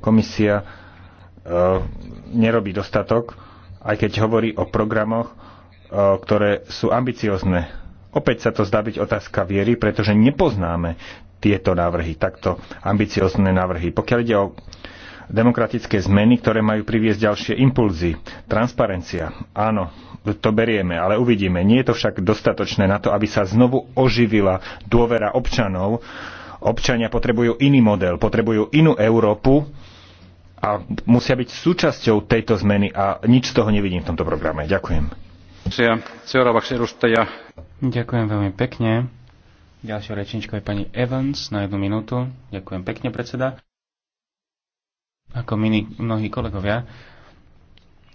komisia uh, nerobí dostatok, aj keď hovorí o programoch, uh, ktoré sú ambiciozne Opäť sa to zdá byť otázka viery, pretože nepoznáme tieto návrhy, takto ambiciozne návrhy. Pokiaľ ide o demokratické zmeny, ktoré majú priviesť ďalšie impulzy. Transparencia, áno, to berieme, ale uvidíme. Nie je to však dostatočné na to, aby sa znovu oživila dôvera občanov. Občania potrebujú iný model, potrebujú inú Európu a musia byť súčasťou tejto zmeny a nič z toho nevidím v tomto programe. Ďakujem. Ďakujem veľmi pekne. Ďalšia rečničkou je pani Evans na jednu minútu. Ďakujem pekne, predseda. Ako mini, mnohí kolegovia,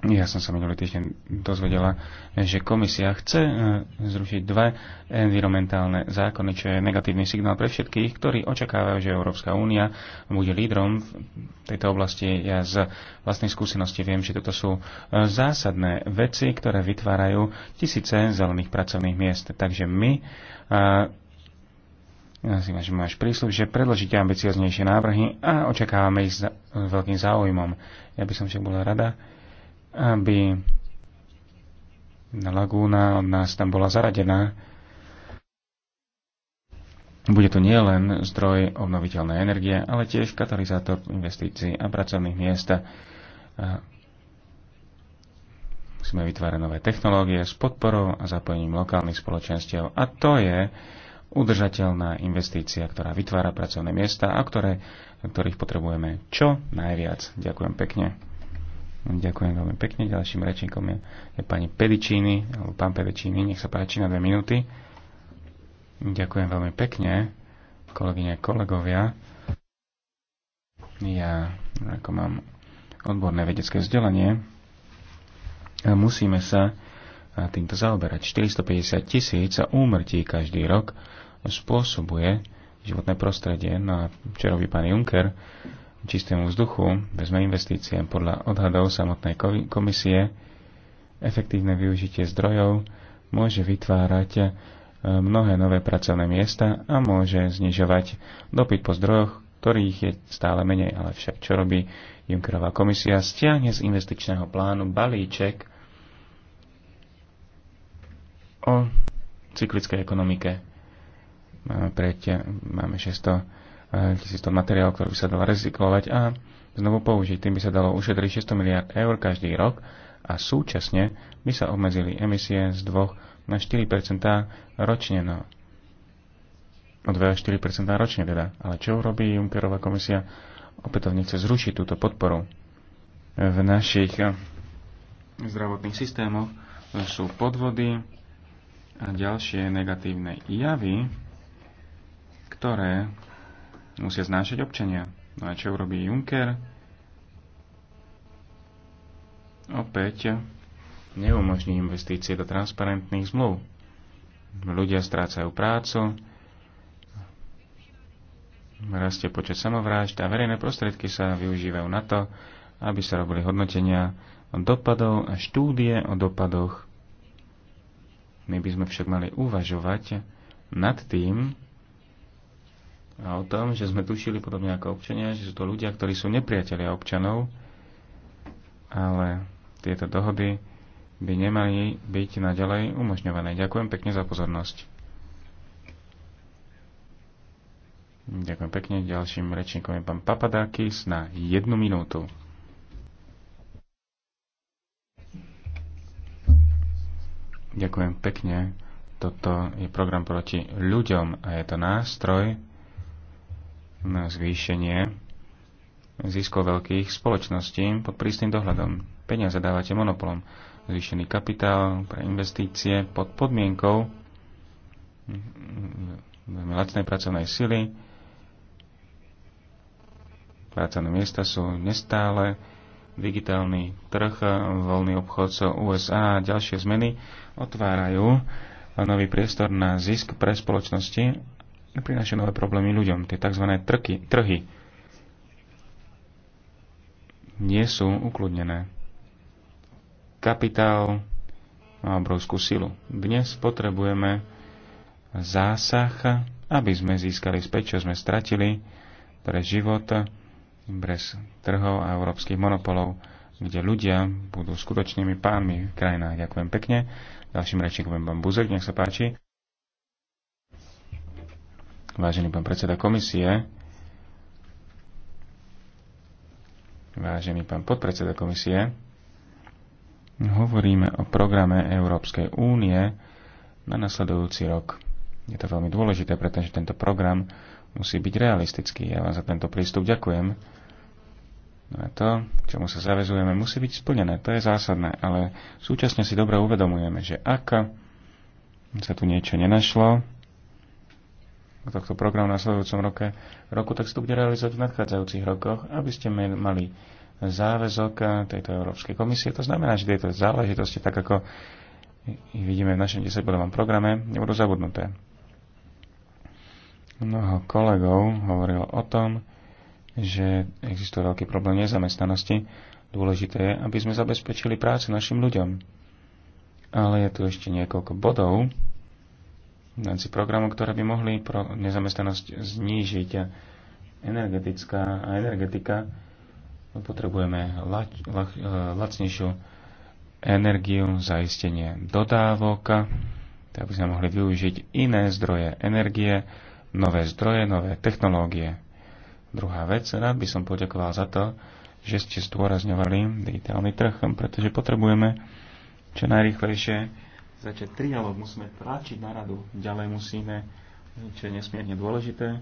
ja som sa minulý týždeň dozvedela, že komisia chce e, zrušiť dve environmentálne zákony, čo je negatívny signál pre všetkých, ktorí očakávajú, že Európska únia bude lídrom v tejto oblasti. Ja z vlastnej skúsenosti viem, že toto sú e, zásadné veci, ktoré vytvárajú tisíce zelených pracovných miest. Takže my e, ja si máš prísľub, že predložíte ambicioznejšie návrhy a očakávame ich s veľkým záujmom. Ja by som však bola rada, aby lagúna od nás tam bola zaradená. Bude to nielen zdroj obnoviteľnej energie, ale tiež katalizátor investícií a pracovných miest. Musíme vytvárať nové technológie s podporou a zapojením lokálnych spoločenstiev. A to je udržateľná investícia, ktorá vytvára pracovné miesta a ktoré, ktorých potrebujeme čo najviac. Ďakujem pekne. Ďakujem veľmi pekne. Ďalším rečníkom je, je pani Pedičíny, alebo pán Pedičíny, nech sa páči na dve minúty. Ďakujem veľmi pekne, kolegyne, kolegovia. Ja, ako mám odborné vedecké vzdelanie, musíme sa týmto zaoberať. 450 tisíc úmrtí každý rok spôsobuje životné prostredie. No a včerový pán Juncker čistému vzduchu vezme investície. Podľa odhadov samotnej komisie efektívne využitie zdrojov môže vytvárať e, mnohé nové pracovné miesta a môže znižovať dopyt po zdrojoch, ktorých je stále menej. Ale však čo robí Junckerová komisia? Stiahne z investičného plánu balíček o cyklickej ekonomike. Máme, preť, máme 600 tisíc materiál, ktorý by sa dal recyklovať a znovu použiť. Tým by sa dalo ušetriť 600 miliard eur každý rok a súčasne by sa obmedzili emisie z 2 na 4 ročne. No. O 2 až 4 ročne teda. Ale čo urobí Junckerová komisia? Opätovne chce zrušiť túto podporu. V našich zdravotných systémoch sú podvody a ďalšie negatívne javy, ktoré musia znášať občania. No a čo urobí Juncker? Opäť neumožní investície do transparentných zmluv. Ľudia strácajú prácu, rastie počet samovrážd a verejné prostriedky sa využívajú na to, aby sa robili hodnotenia o dopadov a štúdie o dopadoch. My by sme však mali uvažovať nad tým, a o tom, že sme tušili podobne ako občania, že sú to ľudia, ktorí sú nepriatelia občanov, ale tieto dohody by nemali byť naďalej umožňované. Ďakujem pekne za pozornosť. Ďakujem pekne. Ďalším rečníkom je pán Papadákis na jednu minútu. Ďakujem pekne. Toto je program proti ľuďom a je to nástroj, na zvýšenie ziskov veľkých spoločností pod prísnym dohľadom. Peniaze dávate monopolom. Zvýšený kapitál pre investície pod podmienkou veľmi lacnej pracovnej sily. Pracovné miesta sú nestále. Digitálny trh, voľný obchod so USA a ďalšie zmeny otvárajú nový priestor na zisk pre spoločnosti prináša nové problémy ľuďom. Tie tzv. Trky, trhy nie sú ukludnené. Kapitál má obrovskú silu. Dnes potrebujeme zásah, aby sme získali späť, čo sme stratili pre život, bez trhov a európskych monopolov, kde ľudia budú skutočnými pánmi v krajinách. Ďakujem pekne. Ďalším rečníkom je Buzek, nech sa páči vážený pán predseda komisie, vážený pán podpredseda komisie, hovoríme o programe Európskej únie na nasledujúci rok. Je to veľmi dôležité, pretože tento program musí byť realistický. Ja vám za tento prístup ďakujem. No a to, čomu sa zavezujeme, musí byť splnené. To je zásadné, ale súčasne si dobre uvedomujeme, že ak sa tu niečo nenašlo, tohto programu na nasledujúcom roke, roku, tak sa to bude realizovať v nadchádzajúcich rokoch, aby ste mali záväzok tejto Európskej komisie. To znamená, že tieto záležitosti, tak ako ich vidíme v našom 10-bodovom programe, nebudú zabudnuté. Mnoho kolegov hovorilo o tom, že existuje veľký problém nezamestnanosti. Dôležité je, aby sme zabezpečili prácu našim ľuďom. Ale je tu ešte niekoľko bodov, v rámci ktoré by mohli pro nezamestnanosť znížiť. Energetická a energetika no, potrebujeme lač, la, e, lacnejšiu energiu, zaistenie dodávok, tak aby sme mohli využiť iné zdroje energie, nové zdroje, nové technológie. Druhá vec, rád by som poďakoval za to, že ste stôrazňovali digitálny trh, pretože potrebujeme čo najrychlejšie začať trialog, musíme tlačiť na radu, ďalej musíme, čo je nesmierne dôležité, e,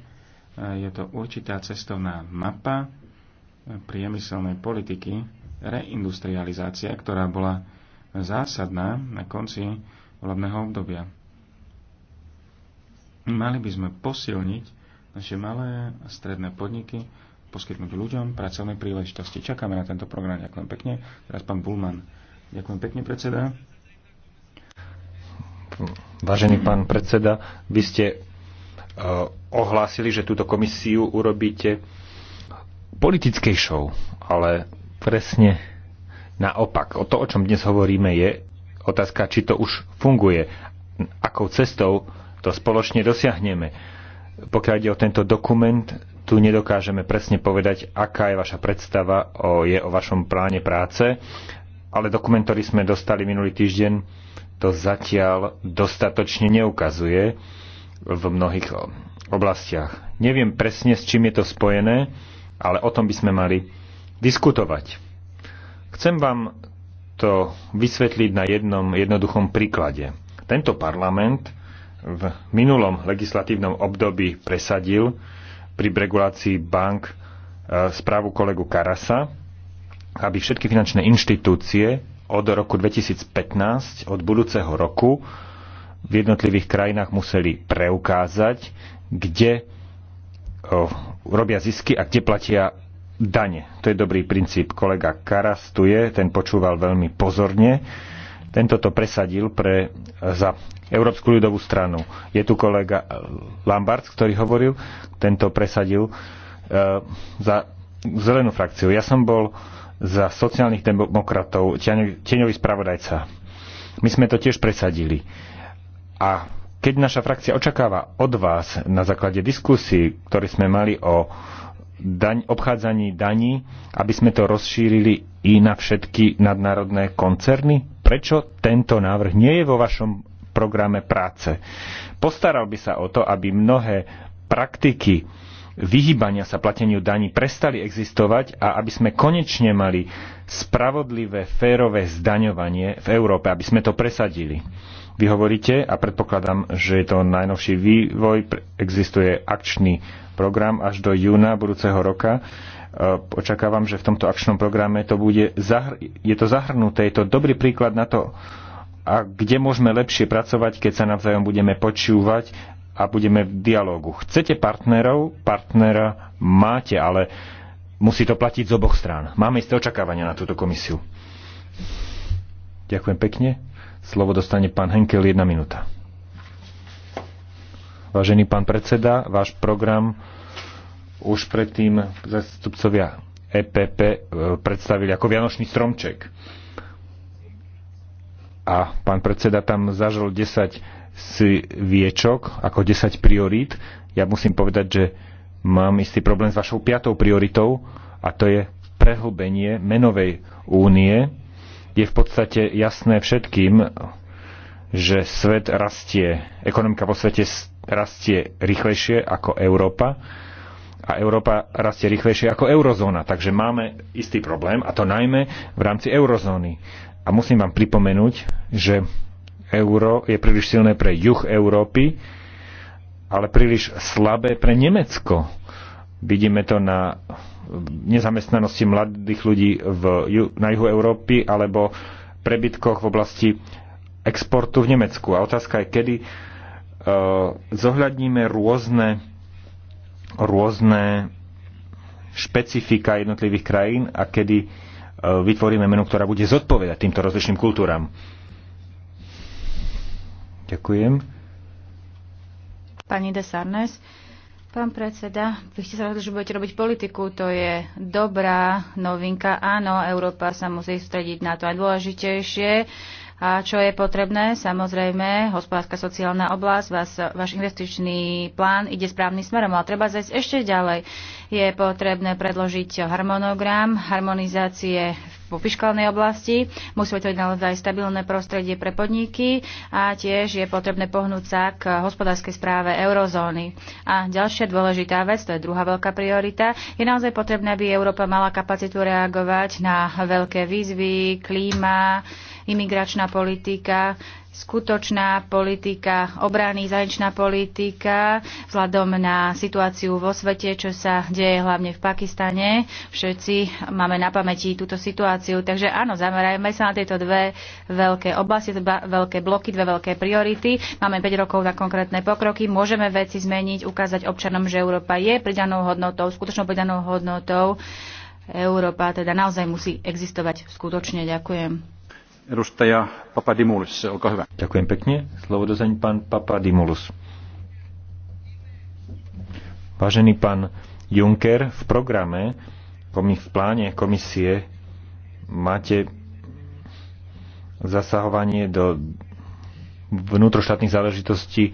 je to určitá cestovná mapa e, priemyselnej politiky, reindustrializácia, ktorá bola zásadná na konci volebného obdobia. Mali by sme posilniť naše malé a stredné podniky, poskytnúť ľuďom pracovné príležitosti. Čakáme na tento program. Ďakujem pekne. Teraz pán Bulman. Ďakujem pekne, predseda. Vážený pán predseda, vy ste e, ohlásili, že túto komisiu urobíte politickejšou, ale presne naopak. O to, o čom dnes hovoríme, je otázka, či to už funguje, akou cestou to spoločne dosiahneme. Pokiaľ ide o tento dokument, tu nedokážeme presne povedať, aká je vaša predstava o, je o vašom pláne práce, ale dokument, ktorý sme dostali minulý týždeň, to zatiaľ dostatočne neukazuje v mnohých oblastiach. Neviem presne, s čím je to spojené, ale o tom by sme mali diskutovať. Chcem vám to vysvetliť na jednom jednoduchom príklade. Tento parlament v minulom legislatívnom období presadil pri regulácii bank e, správu kolegu Karasa, aby všetky finančné inštitúcie od roku 2015, od budúceho roku, v jednotlivých krajinách museli preukázať, kde oh, robia zisky a kde platia dane. To je dobrý princíp. Kolega Karas tu je, ten počúval veľmi pozorne. Tento to presadil pre, za Európsku ľudovú stranu. Je tu kolega Lambert, ktorý hovoril, tento presadil e, za zelenú frakciu. Ja som bol za sociálnych demokratov, tieňový spravodajca. My sme to tiež presadili. A keď naša frakcia očakáva od vás na základe diskusí, ktoré sme mali o daň, obchádzaní daní, aby sme to rozšírili i na všetky nadnárodné koncerny, prečo tento návrh nie je vo vašom programe práce? Postaral by sa o to, aby mnohé praktiky vyhýbania sa plateniu daní prestali existovať a aby sme konečne mali spravodlivé, férové zdaňovanie v Európe, aby sme to presadili. Vy hovoríte, a predpokladám, že je to najnovší vývoj, existuje akčný program až do júna budúceho roka. E, očakávam, že v tomto akčnom programe to bude zahr- je to zahrnuté. Je to dobrý príklad na to, a kde môžeme lepšie pracovať, keď sa navzájom budeme počúvať a budeme v dialógu. Chcete partnerov, partnera máte, ale musí to platiť z oboch strán. Máme isté očakávania na túto komisiu. Ďakujem pekne. Slovo dostane pán Henkel, jedna minúta. Vážený pán predseda, váš program už predtým zastupcovia EPP e, predstavili ako Vianočný stromček. A pán predseda tam zažil 10 sviečok ako 10 priorít. Ja musím povedať, že mám istý problém s vašou piatou prioritou a to je prehlbenie menovej únie. Je v podstate jasné všetkým, že svet rastie, ekonomika vo svete rastie rýchlejšie ako Európa a Európa rastie rýchlejšie ako eurozóna. Takže máme istý problém a to najmä v rámci eurozóny. A musím vám pripomenúť, že euro je príliš silné pre juh Európy, ale príliš slabé pre Nemecko. Vidíme to na nezamestnanosti mladých ľudí v, na juhu Európy alebo prebytkoch v oblasti exportu v Nemecku. A otázka je, kedy uh, zohľadníme rôzne, rôzne špecifika jednotlivých krajín a kedy uh, vytvoríme menu, ktorá bude zodpovedať týmto rozličným kultúram. Ďakujem. Pani Sarnes, pán predseda, vy ste sa rozhodli, že budete robiť politiku, to je dobrá novinka. Áno, Európa sa musí strediť na to aj dôležitejšie. A čo je potrebné? Samozrejme, hospodárska sociálna oblasť, vás, váš investičný plán ide správnym smerom, ale treba zajsť ešte ďalej. Je potrebné predložiť harmonogram harmonizácie vo fiskálnej oblasti. musí to naozaj stabilné prostredie pre podniky a tiež je potrebné pohnúť sa k hospodárskej správe eurozóny. A ďalšia dôležitá vec, to je druhá veľká priorita, je naozaj potrebné, aby Európa mala kapacitu reagovať na veľké výzvy, klíma, imigračná politika, skutočná politika, obrany, zahraničná politika, vzhľadom na situáciu vo svete, čo sa deje hlavne v Pakistane. Všetci máme na pamäti túto situáciu. Takže áno, zamerajme sa na tieto dve veľké oblasti, dva veľké bloky, dve veľké priority. Máme 5 rokov na konkrétne pokroky. Môžeme veci zmeniť, ukázať občanom, že Európa je pridanou hodnotou, skutočnou pridanou hodnotou. Európa teda naozaj musí existovať skutočne. Ďakujem. Edustaja Papadimoulis, olkaa hyvä. Ďakujem pekne. Slovo dozaň pán Papadimoulis. Vážený pán Juncker, v programe, v pláne komisie máte zasahovanie do vnútroštátnych záležitostí e,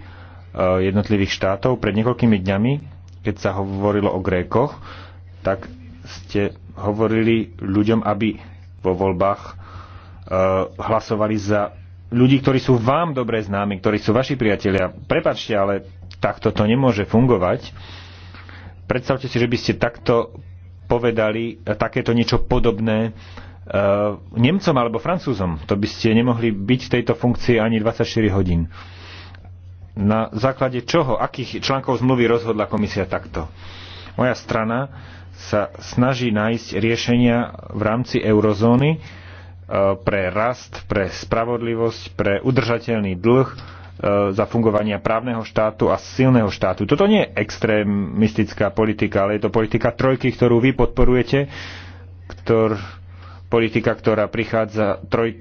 jednotlivých štátov. Pred niekoľkými dňami, keď sa hovorilo o Grékoch, tak ste hovorili ľuďom, aby vo voľbách Eh, hlasovali za ľudí, ktorí sú vám dobre známi, ktorí sú vaši priatelia. Prepačte, ale takto to nemôže fungovať. Predstavte si, že by ste takto povedali takéto niečo podobné uh, Nemcom alebo Francúzom. To by ste nemohli byť v tejto funkcii ani 24 hodín. Na základe čoho, akých článkov zmluvy rozhodla komisia takto? Moja strana sa snaží nájsť riešenia v rámci eurozóny, pre rast, pre spravodlivosť, pre udržateľný dlh, e, za fungovania právneho štátu a silného štátu. Toto nie je extrémistická politika, ale je to politika trojky, ktorú vy podporujete, ktor, politika, ktorá prichádza, trojky,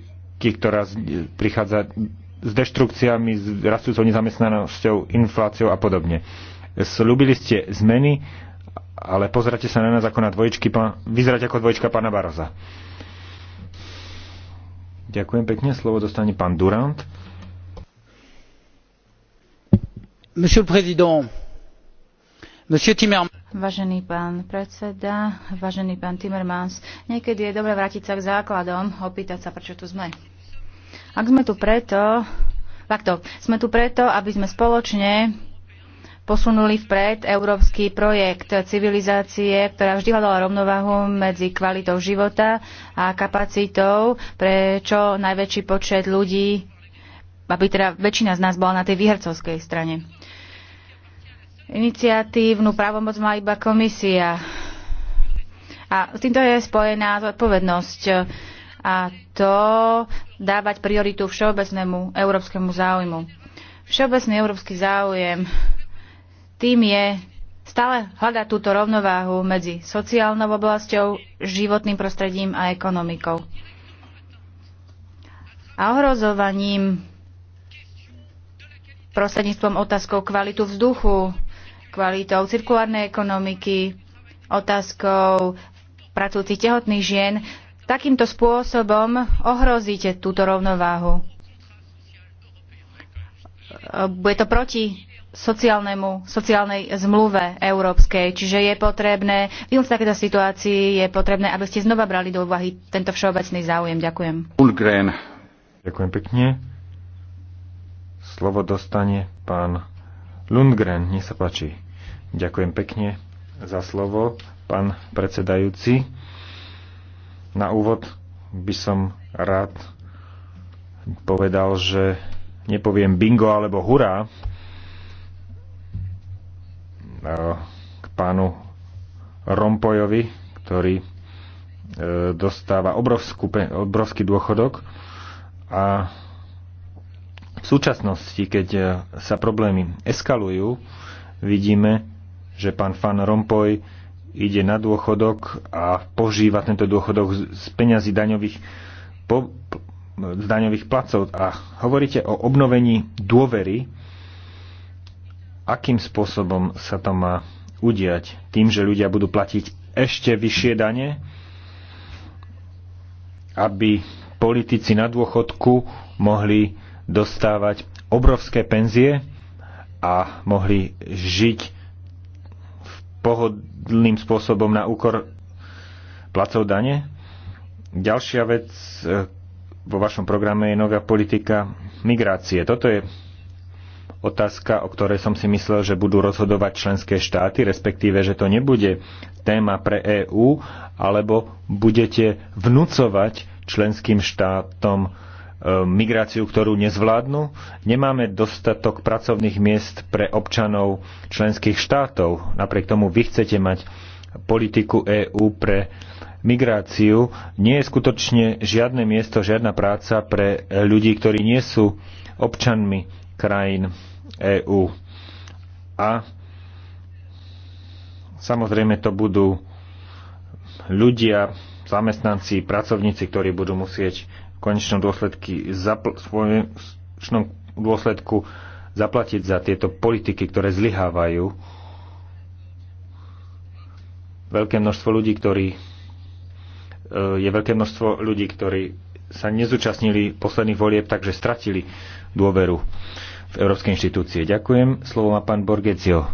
ktorá z, prichádza s deštrukciami, s rastúcou nezamestnanosťou, infláciou a podobne. Sľubili ste zmeny, ale pozrite sa na nás ako na dvojičky, vyzerať ako dvojička pána Baroza. Ďakujem pekne. Slovo dostane pán Durant. Monsieur le Président, Monsieur Timmermans. Vážený pán predseda, vážený pán Timmermans, niekedy je dobré vrátiť sa k základom, opýtať sa, prečo tu sme. Ak sme tu preto, takto, sme tu preto, aby sme spoločne posunuli vpred európsky projekt civilizácie, ktorá vždy hľadala rovnováhu medzi kvalitou života a kapacitou pre čo najväčší počet ľudí, aby teda väčšina z nás bola na tej výhercovskej strane. Iniciatívnu právomoc má iba komisia. A s týmto je spojená zodpovednosť a to dávať prioritu všeobecnému európskemu záujmu. Všeobecný európsky záujem tým je stále hľadať túto rovnováhu medzi sociálnou oblasťou, životným prostredím a ekonomikou. A ohrozovaním prostredníctvom otázkou kvalitu vzduchu, kvalitou cirkulárnej ekonomiky, otázkou pracujúcich tehotných žien, takýmto spôsobom ohrozíte túto rovnováhu. Bude to proti sociálnemu, sociálnej zmluve európskej. Čiže je potrebné, v takéto situácii je potrebné, aby ste znova brali do úvahy tento všeobecný záujem. Ďakujem. Ulgren. Ďakujem pekne. Slovo dostane pán Lundgren, nech sa páči. Ďakujem pekne za slovo, pán predsedajúci. Na úvod by som rád povedal, že nepoviem bingo alebo hurá, E, k pánu Rompojovi, ktorý e, dostáva obrovskú, obrovský dôchodok a v súčasnosti, keď e, sa problémy eskalujú, vidíme, že pán Fan Rompoj ide na dôchodok a požíva tento dôchodok z peňazí daňových, po, z daňových placov. A hovoríte o obnovení dôvery akým spôsobom sa to má udiať? Tým, že ľudia budú platiť ešte vyššie dane, aby politici na dôchodku mohli dostávať obrovské penzie a mohli žiť v pohodlným spôsobom na úkor placov dane. Ďalšia vec e, vo vašom programe je nová politika migrácie. Toto je otázka, o ktorej som si myslel, že budú rozhodovať členské štáty, respektíve, že to nebude téma pre EÚ, alebo budete vnúcovať členským štátom e, migráciu, ktorú nezvládnu. Nemáme dostatok pracovných miest pre občanov členských štátov. Napriek tomu vy chcete mať politiku EÚ pre migráciu. Nie je skutočne žiadne miesto, žiadna práca pre ľudí, ktorí nie sú občanmi krajín EÚ. A samozrejme to budú ľudia, zamestnanci, pracovníci, ktorí budú musieť v konečnom dôsledku, zapl- konečnom dôsledku zaplatiť za tieto politiky, ktoré zlyhávajú. Veľké množstvo ľudí, ktorí e, je veľké množstvo ľudí, ktorí sa nezúčastnili posledných volieb, takže stratili dôveru v európske inštitúcie. Ďakujem. Slovo má pán Borgecio.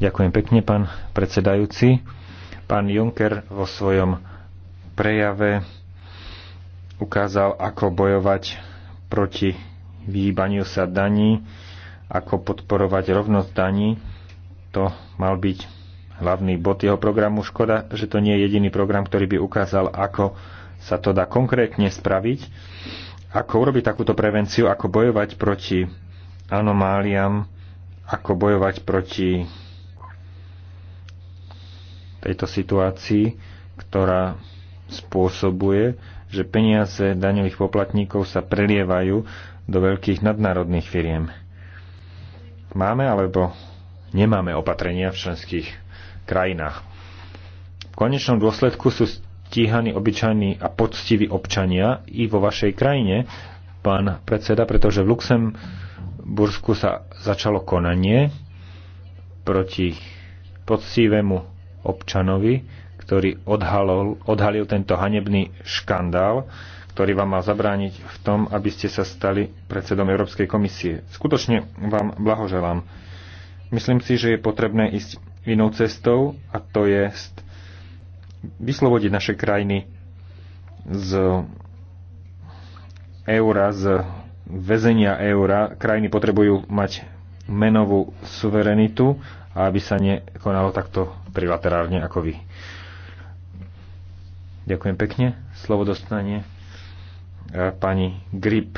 Ďakujem pekne, pán predsedajúci. Pán Juncker vo svojom prejave ukázal, ako bojovať proti vyhýbaniu sa daní, ako podporovať rovnosť daní. To mal byť hlavný bod jeho programu. Škoda, že to nie je jediný program, ktorý by ukázal, ako sa to dá konkrétne spraviť, ako urobiť takúto prevenciu, ako bojovať proti anomáliám, ako bojovať proti tejto situácii, ktorá spôsobuje, že peniaze daňových poplatníkov sa prelievajú do veľkých nadnárodných firiem. Máme alebo nemáme opatrenia v členských krajinách. V konečnom dôsledku sú stíhaní obyčajní a poctiví občania i vo vašej krajine, pán predseda, pretože v Luxembursku sa začalo konanie proti poctivému občanovi, ktorý odhalol, odhalil tento hanebný škandál, ktorý vám mal zabrániť v tom, aby ste sa stali predsedom Európskej komisie. Skutočne vám blahoželám. Myslím si, že je potrebné ísť inou cestou a to je vyslobodiť naše krajiny z eura, z väzenia eura. Krajiny potrebujú mať menovú suverenitu a aby sa nekonalo takto trilaterálne ako vy. Ďakujem pekne. Slovo dostane e, pani Grip.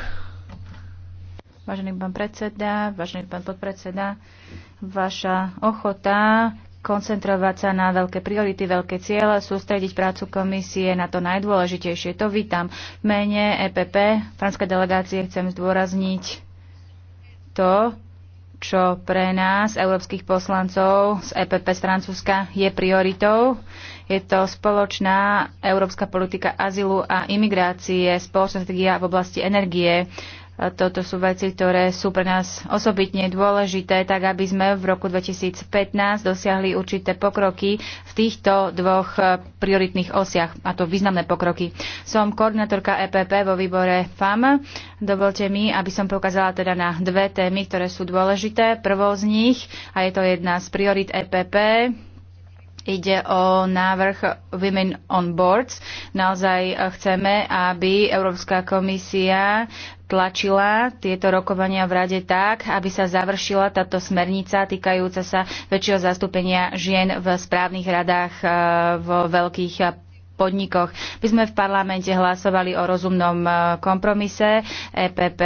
Vážený pán predseda, vážený pán podpredseda, vaša ochota koncentrovať sa na veľké priority, veľké ciele, sústrediť prácu komisie na to najdôležitejšie. To vítam. V mene EPP, franskej delegácie, chcem zdôrazniť to, čo pre nás, európskych poslancov z EPP z Francúzska, je prioritou. Je to spoločná európska politika azylu a imigrácie, spoločná strategia v oblasti energie, toto sú veci, ktoré sú pre nás osobitne dôležité, tak aby sme v roku 2015 dosiahli určité pokroky v týchto dvoch eh, prioritných osiach, a to významné pokroky. Som koordinátorka EPP vo výbore FAM. Dovolte mi, aby som poukázala teda na dve témy, ktoré sú dôležité. Prvou z nich, a je to jedna z priorit EPP, Ide o návrh Women on Boards. Naozaj eh, chceme, aby Európska komisia tlačila tieto rokovania v rade tak, aby sa završila táto smernica týkajúca sa väčšieho zastúpenia žien v správnych radách eh, v veľkých podnikoch. My sme v parlamente hlasovali o rozumnom e, kompromise. EPP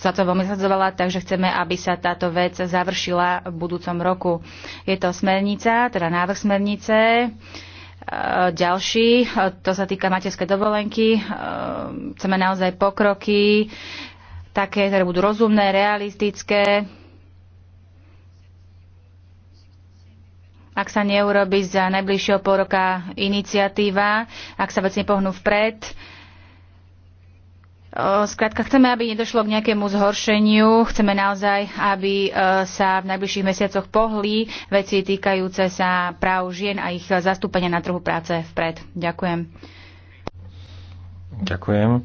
sa e, to veľmi zhadzovala, takže chceme, aby sa táto vec završila v budúcom roku. Je to smernica, teda návrh smernice e, ďalší, to sa týka materskej dovolenky. Chceme naozaj pokroky, také, ktoré budú rozumné, realistické, ak sa neurobi za najbližšieho pol roka iniciatíva, ak sa vec nepohnú vpred. Skrátka, chceme, aby nedošlo k nejakému zhoršeniu, chceme naozaj, aby e, sa v najbližších mesiacoch pohli veci týkajúce sa práv žien a ich zastúpenia na trhu práce vpred. Ďakujem. Ďakujem.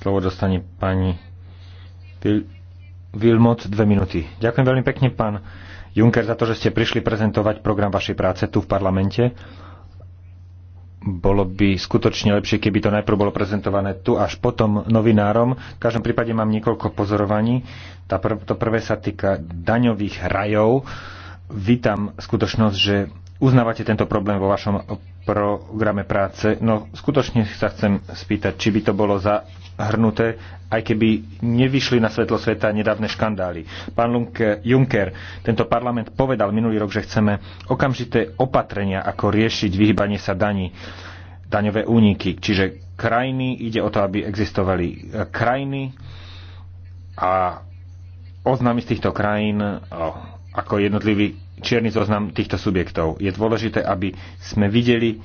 Slovo dostane pani Vil- Vilmot dve minúty. Ďakujem veľmi pekne, pán Juncker, za to, že ste prišli prezentovať program vašej práce tu v parlamente. Bolo by skutočne lepšie, keby to najprv bolo prezentované tu, až potom novinárom. V každom prípade mám niekoľko pozorovaní. Tá pr- to prvé sa týka daňových rajov. Vítam skutočnosť, že uznávate tento problém vo vašom programe práce. No skutočne sa chcem spýtať, či by to bolo za hrnuté, aj keby nevyšli na svetlo sveta nedávne škandály. Pán Juncker, tento parlament povedal minulý rok, že chceme okamžité opatrenia, ako riešiť vyhýbanie sa daní, daňové úniky. Čiže krajiny, ide o to, aby existovali e, krajiny a oznámy z týchto krajín e, ako jednotlivý čierny zoznam týchto subjektov. Je dôležité, aby sme videli,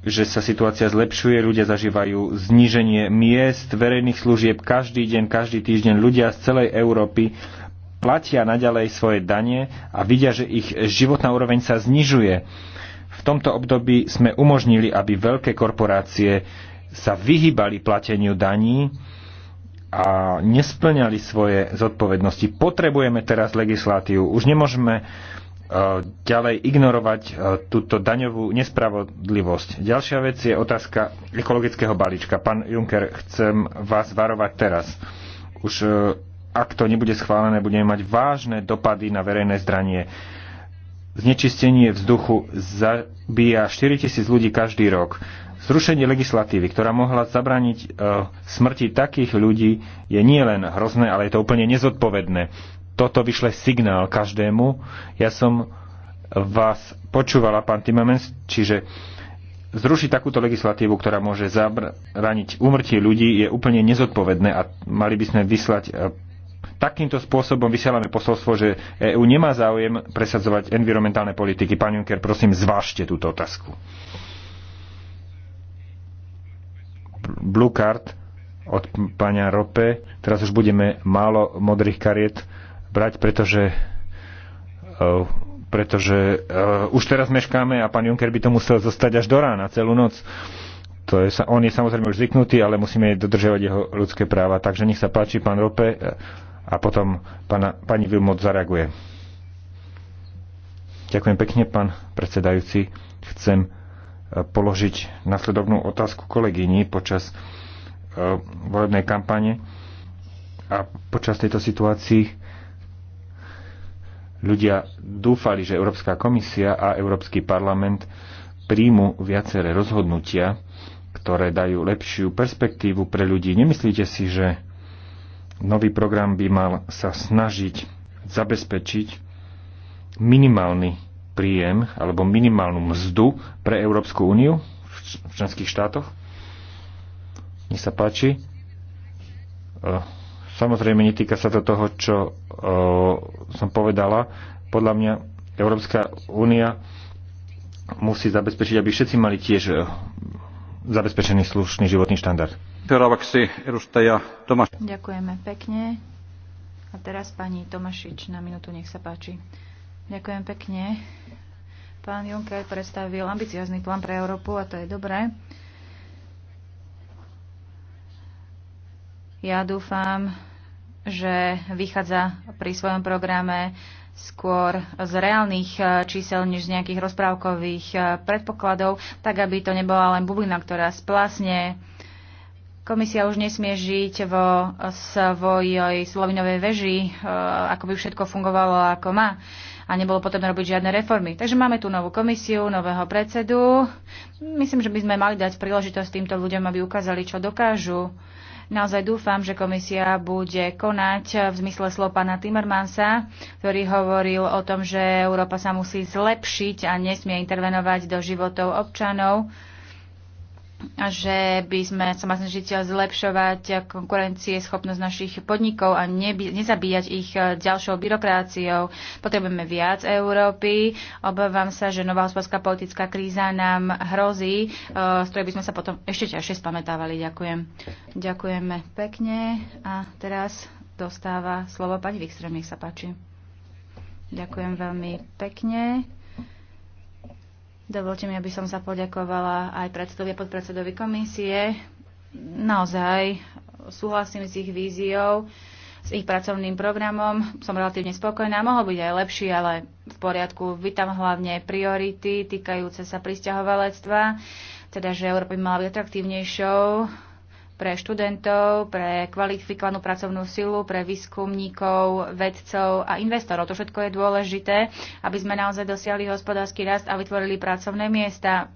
že sa situácia zlepšuje, ľudia zažívajú zníženie miest, verejných služieb každý deň, každý týždeň. Ľudia z celej Európy platia naďalej svoje dane a vidia, že ich životná úroveň sa znižuje. V tomto období sme umožnili, aby veľké korporácie sa vyhýbali plateniu daní a nesplňali svoje zodpovednosti. Potrebujeme teraz legislatívu. Už nemôžeme ďalej ignorovať e, túto daňovú nespravodlivosť. Ďalšia vec je otázka ekologického balíčka. Pán Juncker, chcem vás varovať teraz. Už e, ak to nebude schválené, budeme mať vážne dopady na verejné zdranie. Znečistenie vzduchu zabíja 4000 ľudí každý rok. Zrušenie legislatívy, ktorá mohla zabrániť e, smrti takých ľudí, je nielen hrozné, ale je to úplne nezodpovedné toto vyšle signál každému. Ja som vás počúvala, pán Timemens, čiže zrušiť takúto legislatívu, ktorá môže zabraniť úmrtie ľudí, je úplne nezodpovedné a mali by sme vyslať e, takýmto spôsobom vysielame posolstvo, že EÚ nemá záujem presadzovať environmentálne politiky. Pán Juncker, prosím, zvážte túto otázku. Blue card od pána Rope. Teraz už budeme málo modrých kariet brať, pretože, eh, pretože eh, už teraz meškáme a pán Juncker by to musel zostať až do rána, celú noc. To je, on je samozrejme už zvyknutý, ale musíme dodržiavať jeho ľudské práva. Takže nech sa páči, pán Rope, eh, a potom pana, pani Vilmot zareaguje. Ďakujem pekne, pán predsedajúci. Chcem položiť nasledovnú otázku kolegyni počas volebnej kampane a počas tejto situácii Ľudia dúfali, že Európska komisia a Európsky parlament príjmu viaceré rozhodnutia, ktoré dajú lepšiu perspektívu pre ľudí. Nemyslíte si, že nový program by mal sa snažiť zabezpečiť minimálny príjem alebo minimálnu mzdu pre Európsku úniu v členských štátoch? Nech sa páči. Eh, Samozrejme, netýka sa to toho, čo uh, som povedala. Podľa mňa Európska únia musí zabezpečiť, aby všetci mali tiež uh, zabezpečený slušný životný štandard. Ďakujeme pekne. A teraz pani Tomašič na minútu, nech sa páči. Ďakujem pekne. Pán Juncker predstavil ambiciozný plán pre Európu a to je dobré. Ja dúfam, že vychádza pri svojom programe skôr z reálnych eh, čísel než z nejakých rozprávkových eh, predpokladov, tak aby to nebola len bublina, ktorá splasne. Komisia už nesmie žiť vo svojej slovinovej veži, eh, ako by všetko fungovalo ako má a nebolo potrebné robiť žiadne reformy. Takže máme tu novú komisiu, nového predsedu. Myslím, že by sme mali dať príležitosť týmto ľuďom, aby ukázali, čo dokážu. Naozaj dúfam, že komisia bude konať v zmysle slov pána Timmermansa, ktorý hovoril o tom, že Európa sa musí zlepšiť a nesmie intervenovať do životov občanov že by sme sa mali snažiť zlepšovať konkurencie, schopnosť našich podnikov a neby, nezabíjať ich ďalšou byrokráciou. Potrebujeme viac Európy. Obávam sa, že nová hospodárska politická kríza nám hrozí, e, z ktorej by sme sa potom ešte ťažšie spamätávali. Ďakujem. Ďakujeme pekne. A teraz dostáva slovo pani Wikström, nech sa páči. Ďakujem veľmi pekne. Dovolte mi, aby som sa poďakovala aj predsedovi a podpredsedovi komisie. Naozaj súhlasím s ich víziou, s ich pracovným programom. Som relatívne spokojná. Mohol byť aj lepší, ale v poriadku. Vítam hlavne priority týkajúce sa pristahovalectva, teda že Európa by mala byť atraktívnejšou pre študentov, pre kvalifikovanú pracovnú silu, pre výskumníkov, vedcov a investorov. To všetko je dôležité, aby sme naozaj dosiahli hospodársky rast a vytvorili pracovné miesta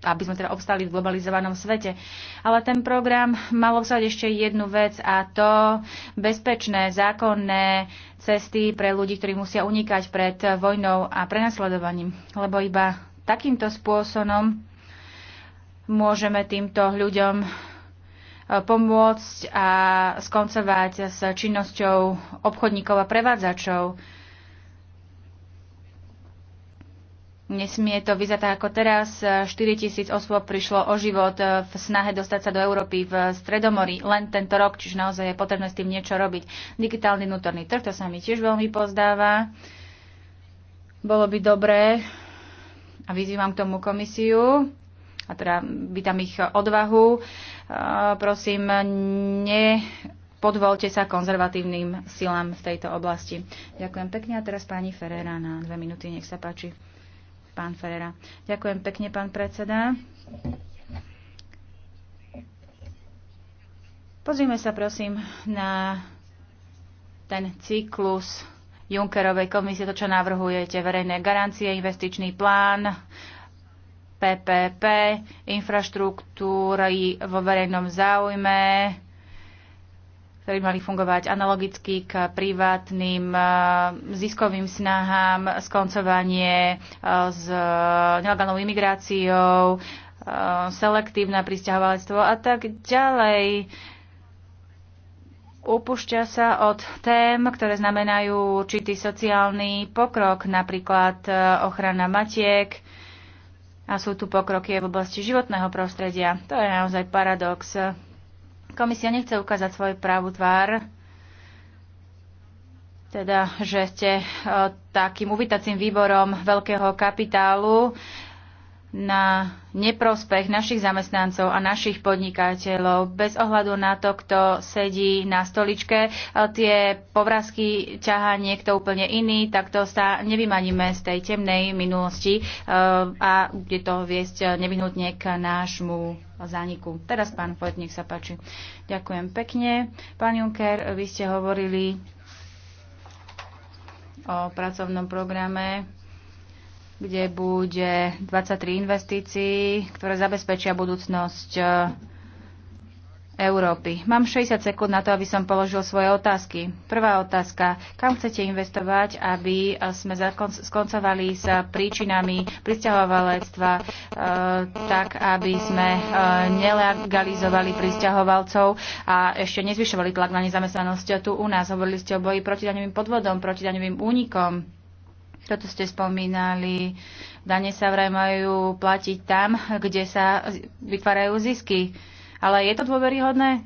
aby sme teda obstali v globalizovanom svete. Ale ten program mal obsahovať ešte jednu vec a to bezpečné, zákonné cesty pre ľudí, ktorí musia unikať pred vojnou a prenasledovaním. Lebo iba takýmto spôsobom môžeme týmto ľuďom E, pomôcť a skoncovať s činnosťou obchodníkov a prevádzačov. Nesmie to vyzať ako teraz. 4 tisíc osôb prišlo o život v snahe dostať sa do Európy v Stredomori len tento rok, čiže naozaj je potrebné s tým niečo robiť. Digitálny vnútorný trh, to sa mi tiež veľmi pozdáva. Bolo by dobré, a vyzývam k tomu komisiu, a teda vítam ich odvahu. Prosím, ne podvolte sa konzervatívnym silám v tejto oblasti. Ďakujem pekne a teraz pani Ferrera na dve minúty, nech sa páči. Pán Ferrera. Ďakujem pekne, pán predseda. Pozrime sa prosím na ten cyklus Junckerovej komisie, to, čo navrhujete, verejné garancie, investičný plán, PPP, infraštruktúry vo verejnom záujme, ktoré mali fungovať analogicky k privátnym e, ziskovým snahám, skoncovanie e, s e, nelegálnou imigráciou, selektívne pristahovalectvo a tak ďalej. Upúšťa sa od tém, ktoré znamenajú určitý sociálny pokrok, napríklad ochrana matiek, a sú tu pokroky v oblasti životného prostredia. To je naozaj paradox. Komisia nechce ukázať svoju právu tvár, teda, že ste eh, takým uvitacím výborom veľkého kapitálu, na neprospech našich zamestnancov a našich podnikateľov. Bez ohľadu na to, kto sedí na stoličke, tie povrazky ťahá niekto úplne iný, tak to sa nevymaníme z tej temnej minulosti e, a bude to viesť nevyhnutne k nášmu zániku. Teraz pán Poetník sa páči. Ďakujem pekne. Pán Juncker, vy ste hovorili o pracovnom programe kde bude 23 investícií, ktoré zabezpečia budúcnosť e, Európy. Mám 60 sekúnd na to, aby som položil svoje otázky. Prvá otázka. Kam chcete investovať, aby e, sme skoncovali s príčinami pristahovalectva e, tak, aby sme nelegalizovali pristahovalcov a ešte nezvyšovali tlak na nezamestnanosť tu u nás. Hovorili ste o boji proti daňovým podvodom, proti daňovým únikom toto ste spomínali. Dane sa vraj majú platiť tam, kde sa vytvárajú zisky. Ale je to dôveryhodné?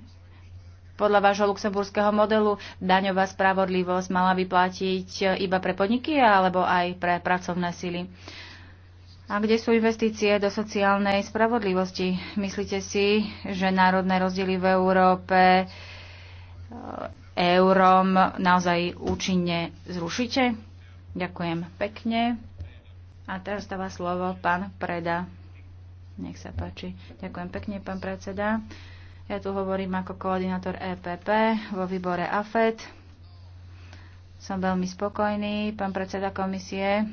Podľa vášho luxemburského modelu daňová spravodlivosť mala by platiť iba pre podniky alebo aj pre pracovné sily. A kde sú investície do sociálnej spravodlivosti? Myslíte si, že národné rozdiely v Európe eh, eurom naozaj účinne zrušíte? Ďakujem pekne. A teraz dáva slovo pán Preda. Nech sa páči. Ďakujem pekne, pán predseda. Ja tu hovorím ako koordinátor EPP vo výbore AFED. Som veľmi spokojný, pán predseda komisie,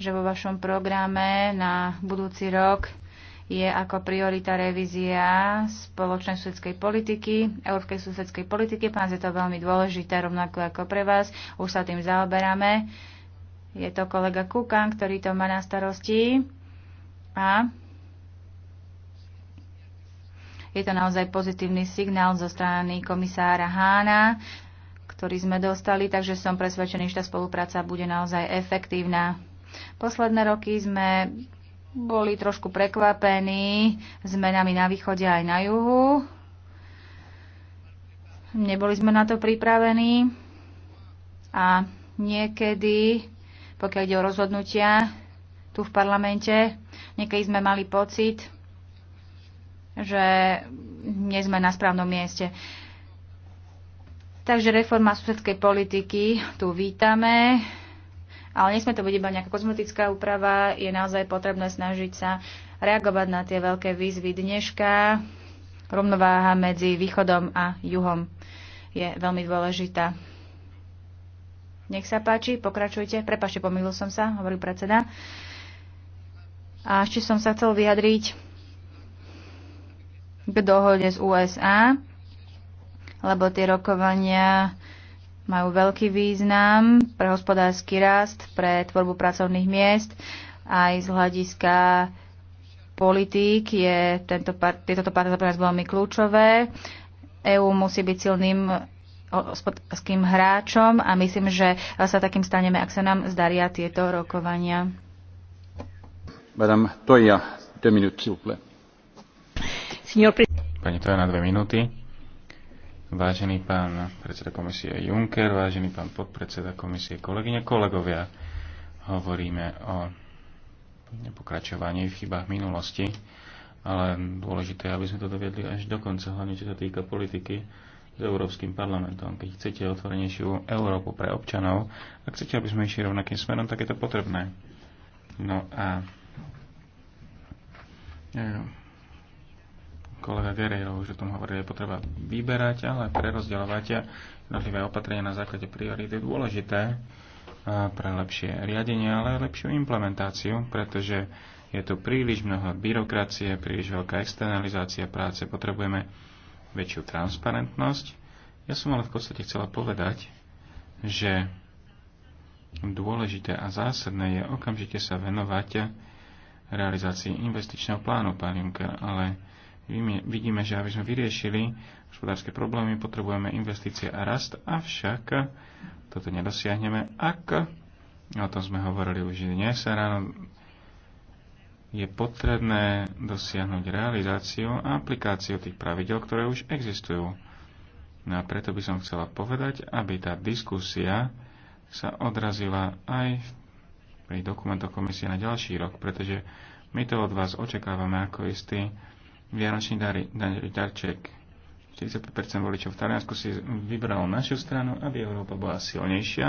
že vo vašom programe na budúci rok je ako priorita revízia spoločnej susedskej politiky, európskej susedskej politiky. Pán, je to veľmi dôležité, rovnako ako pre vás. Už sa tým zaoberáme. Je to kolega Kukan, ktorý to má na starosti. A je to naozaj pozitívny signál zo strany komisára Hána, ktorý sme dostali, takže som presvedčený, že tá spolupráca bude naozaj efektívna. Posledné roky sme boli trošku prekvapení zmenami na východe aj na juhu. Neboli sme na to pripravení a niekedy, pokiaľ ide o rozhodnutia tu v parlamente, niekedy sme mali pocit, že nie sme na správnom mieste. Takže reforma susedskej politiky tu vítame ale nesme to byť iba nejaká kozmetická úprava, je naozaj potrebné snažiť sa reagovať na tie veľké výzvy dneška. Rovnováha medzi východom a juhom je veľmi dôležitá. Nech sa páči, pokračujte. Prepašte, pomýlil som sa, hovorí predseda. A ešte som sa chcel vyjadriť k dohode z USA, lebo tie rokovania majú veľký význam pre hospodársky rast, pre tvorbu pracovných miest, aj z hľadiska politík je tento, je toto partnerstvo pre nás veľmi kľúčové. EÚ musí byť silným hospodárským hráčom a myslím, že sa takým staneme, ak sa nám zdaria tieto rokovania. Madame Toja, dve minúty, Pani Toja na dve minúty vážený pán predseda komisie Juncker, vážený pán podpredseda komisie, kolegyne, kolegovia. Hovoríme o nepokračovaní v chybách minulosti, ale dôležité je, aby sme to dovedli až do konca, hlavne čo sa týka politiky s Európskym parlamentom. Keď chcete otvorenejšiu Európu pre občanov a chcete, aby sme išli rovnakým smerom, tak je to potrebné. No a e, kolega Gerejov už o tom hovoril, je potreba vyberať, ale prerozdeľovať jednotlivé opatrenia na základe priority je dôležité pre lepšie riadenie, ale aj lepšiu implementáciu, pretože je tu príliš mnoho byrokracie, príliš veľká externalizácia práce, potrebujeme väčšiu transparentnosť. Ja som ale v podstate chcela povedať, že dôležité a zásadné je okamžite sa venovať realizácii investičného plánu, pán Juncker, ale Vidíme, že aby sme vyriešili hospodárske problémy, potrebujeme investície a rast, avšak toto nedosiahneme, ak, o tom sme hovorili už dnes ráno, je potrebné dosiahnuť realizáciu a aplikáciu tých pravidel, ktoré už existujú. No a preto by som chcela povedať, aby tá diskusia sa odrazila aj pri dokumentoch komisie na ďalší rok, pretože my to od vás očakávame ako istý Vianočný darček. 45% voličov v Taliansku si vybralo našu stranu, aby Európa bola silnejšia,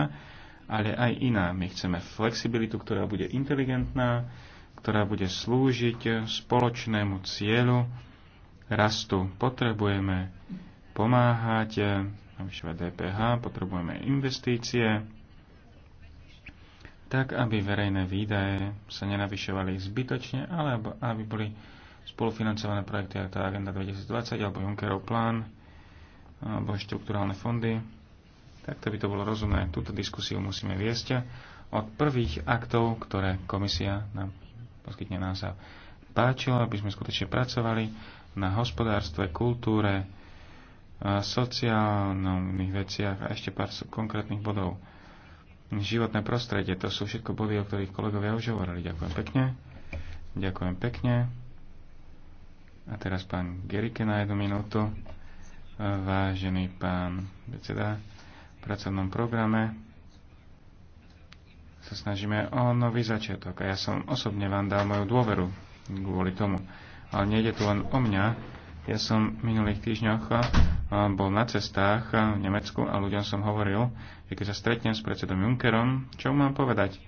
ale aj iná. My chceme flexibilitu, ktorá bude inteligentná, ktorá bude slúžiť spoločnému cieľu rastu. Potrebujeme pomáhať, navyšovať DPH, potrebujeme investície, tak aby verejné výdaje sa nenavyšovali zbytočne, alebo aby boli spolufinancované projekty ako tá Agenda 2020 alebo Junckerov plán alebo štruktúrálne fondy. Takto by to bolo rozumné. Túto diskusiu musíme viesť od prvých aktov, ktoré komisia nám poskytne nám sa páčilo, aby sme skutočne pracovali na hospodárstve, kultúre, sociálnych veciach a ešte pár konkrétnych bodov. Životné prostredie, to sú všetko body, o ktorých kolegovia už hovorili. Ďakujem pekne. Ďakujem pekne. A teraz pán Gerike na jednu minútu. Vážený pán predseda, v pracovnom programe sa snažíme o nový začiatok a ja som osobne vám dal moju dôveru kvôli tomu. Ale nejde tu len o mňa. Ja som v minulých týždňoch bol na cestách v Nemecku a ľuďom som hovoril, že keď sa stretnem s predsedom Junckerom, čo mám povedať?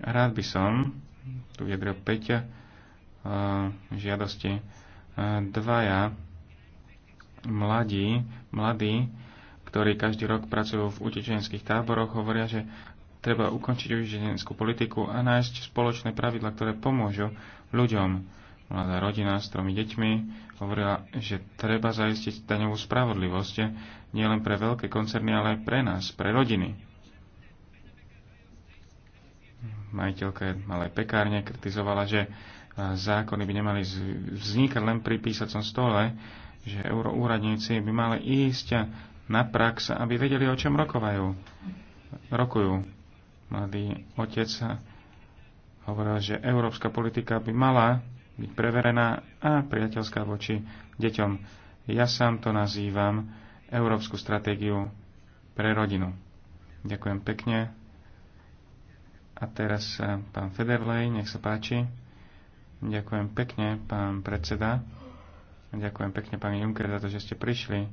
Rád by som, tu vyjadril Peťa, žiadosti dvaja mladí, mladí, ktorí každý rok pracujú v utečenských táboroch, hovoria, že treba ukončiť utečenskú politiku a nájsť spoločné pravidla, ktoré pomôžu ľuďom. Mladá rodina s tromi deťmi hovorila, že treba zaistiť daňovú spravodlivosť nielen pre veľké koncerny, ale aj pre nás, pre rodiny. Majiteľka malej pekárne kritizovala, že zákony by nemali vznikať len pri písacom stole, že euroúradníci by mali ísť na prax, aby vedeli, o čom rokovajú. rokujú. Mladý otec hovoril, že európska politika by mala byť preverená a priateľská voči deťom. Ja sám to nazývam Európsku stratégiu pre rodinu. Ďakujem pekne. A teraz eh, pán Federlej, nech sa páči. Ďakujem pekne, pán predseda. Ďakujem pekne, pán Juncker, za to, že ste prišli.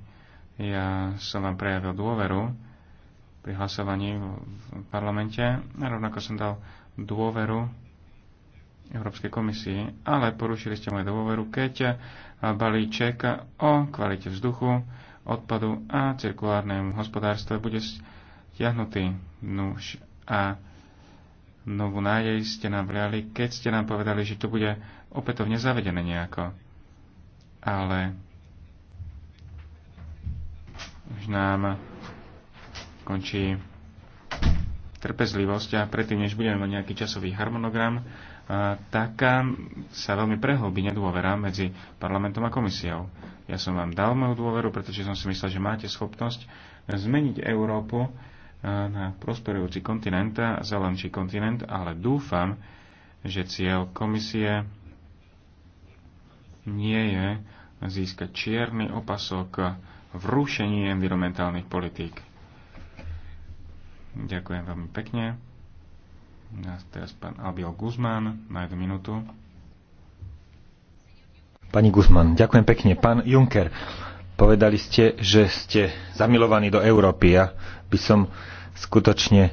Ja som vám prejavil dôveru pri hlasovaní v parlamente a rovnako som dal dôveru Európskej komisii, ale porušili ste moju dôveru, keď balíček o kvalite vzduchu, odpadu a cirkulárnemu hospodárstve bude stiahnutý. Nuž a novú nádej ste nám vliali, keď ste nám povedali, že to bude opätovne zavedené nejako. Ale už nám končí trpezlivosť a predtým, než budeme mať nejaký časový harmonogram, tak sa veľmi prehlbí nedôvera medzi parlamentom a komisiou. Ja som vám dal moju dôveru, pretože som si myslel, že máte schopnosť zmeniť Európu na prosperujúci kontinent a zelenší kontinent, ale dúfam, že cieľ komisie nie je získať čierny opasok v rušení environmentálnych politík. Ďakujem veľmi pekne. A teraz pán Albiel Guzman na jednu minútu. Pani Guzman, ďakujem pekne. Pán Juncker, Povedali ste, že ste zamilovaní do Európy. Ja by som skutočne e,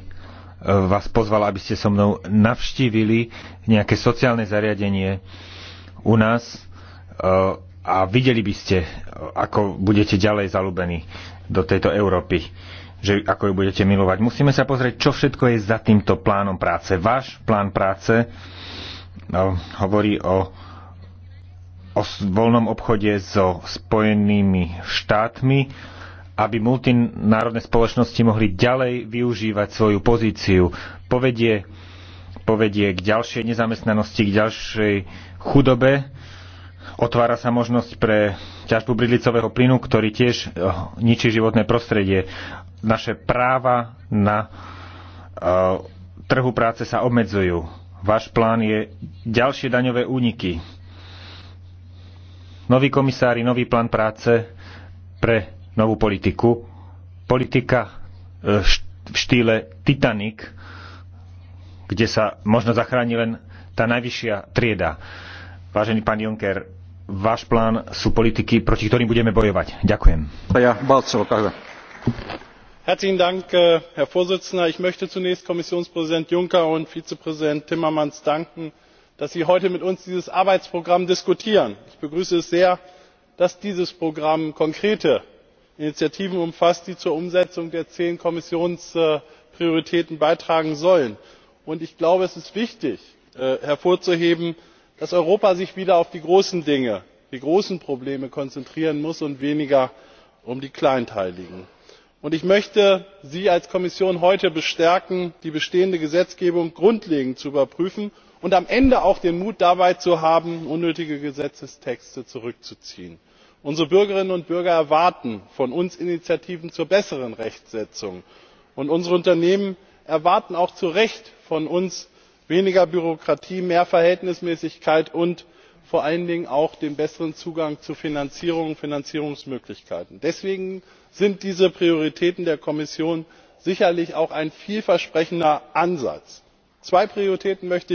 vás pozval, aby ste so mnou navštívili nejaké sociálne zariadenie u nás e, a videli by ste, e, ako budete ďalej zalúbení do tejto Európy, že ako ju budete milovať. Musíme sa pozrieť, čo všetko je za týmto plánom práce. Váš plán práce hovorí o o voľnom obchode so Spojenými štátmi, aby multinárodné spoločnosti mohli ďalej využívať svoju pozíciu. Povedie, povedie k ďalšej nezamestnanosti, k ďalšej chudobe. Otvára sa možnosť pre ťažbu bridlicového plynu, ktorý tiež eh, ničí životné prostredie. Naše práva na uh, trhu práce sa obmedzujú. Váš plán je ďalšie daňové úniky noví komisári, nový plán práce pre novú politiku. Politika e, v štýle Titanic, kde sa možno zachráni len tá najvyššia trieda. Vážený pán Juncker, váš plán sú politiky, proti ktorým budeme bojovať. Ďakujem. Ja, Herzlichen Dank, äh, Herr Vorsitzender. Ich möchte zunächst Kommissionspräsident Juncker und Vizepräsident Timmermans danken dass sie heute mit uns dieses arbeitsprogramm diskutieren. ich begrüße es sehr dass dieses programm konkrete initiativen umfasst die zur umsetzung der zehn kommissionsprioritäten beitragen sollen. ich glaube es ist wichtig äh, hervorzuheben dass europa sich wieder auf die großen dinge die großen probleme konzentrieren muss und weniger auf um die kleinteiligen. ich möchte sie als kommission heute bestärken die bestehende gesetzgebung grundlegend zu überprüfen und am ende auch den mut dabei zu haben unnötige gesetzestexte zurückzuziehen. unsere bürgerinnen und bürger erwarten von uns initiativen zur besseren rechtsetzung und unsere unternehmen erwarten auch zu recht von uns weniger bürokratie mehr verhältnismäßigkeit und vor allen dingen auch den besseren zugang zu finanzierung und finanzierungsmöglichkeiten. deswegen sind diese prioritäten der kommission sicherlich auch ein vielversprechender ansatz. zwei prioritäten möchte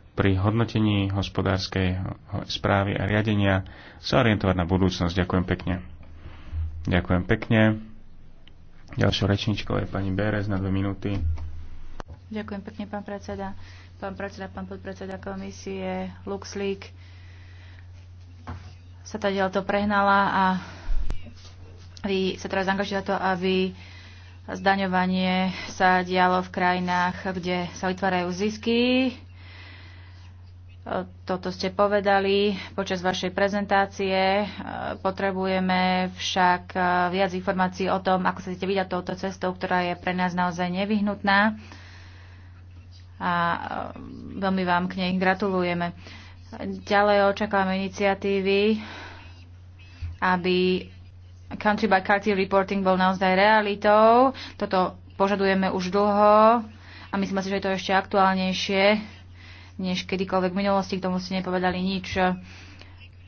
pri hodnotení hospodárskej správy a riadenia sa orientovať na budúcnosť. Ďakujem pekne. Ďakujem pekne. Ďalšou rečničkou je pani Berez na dve minúty. Ďakujem pekne, pán predseda. Pán predseda, pán podpredseda komisie, LuxLeak sa tá to prehnala a vy sa teraz angažujete to, aby zdaňovanie sa dialo v krajinách, kde sa vytvárajú zisky toto ste povedali počas vašej prezentácie. Potrebujeme však e, viac informácií o tom, ako sa chcete vydať touto cestou, ktorá je pre nás naozaj nevyhnutná. A e, veľmi vám k nej gratulujeme. Ďalej očakávame iniciatívy, aby country by country reporting bol naozaj realitou. Toto požadujeme už dlho a myslím si, že je to ešte aktuálnejšie než kedykoľvek v minulosti, k tomu ste nepovedali nič.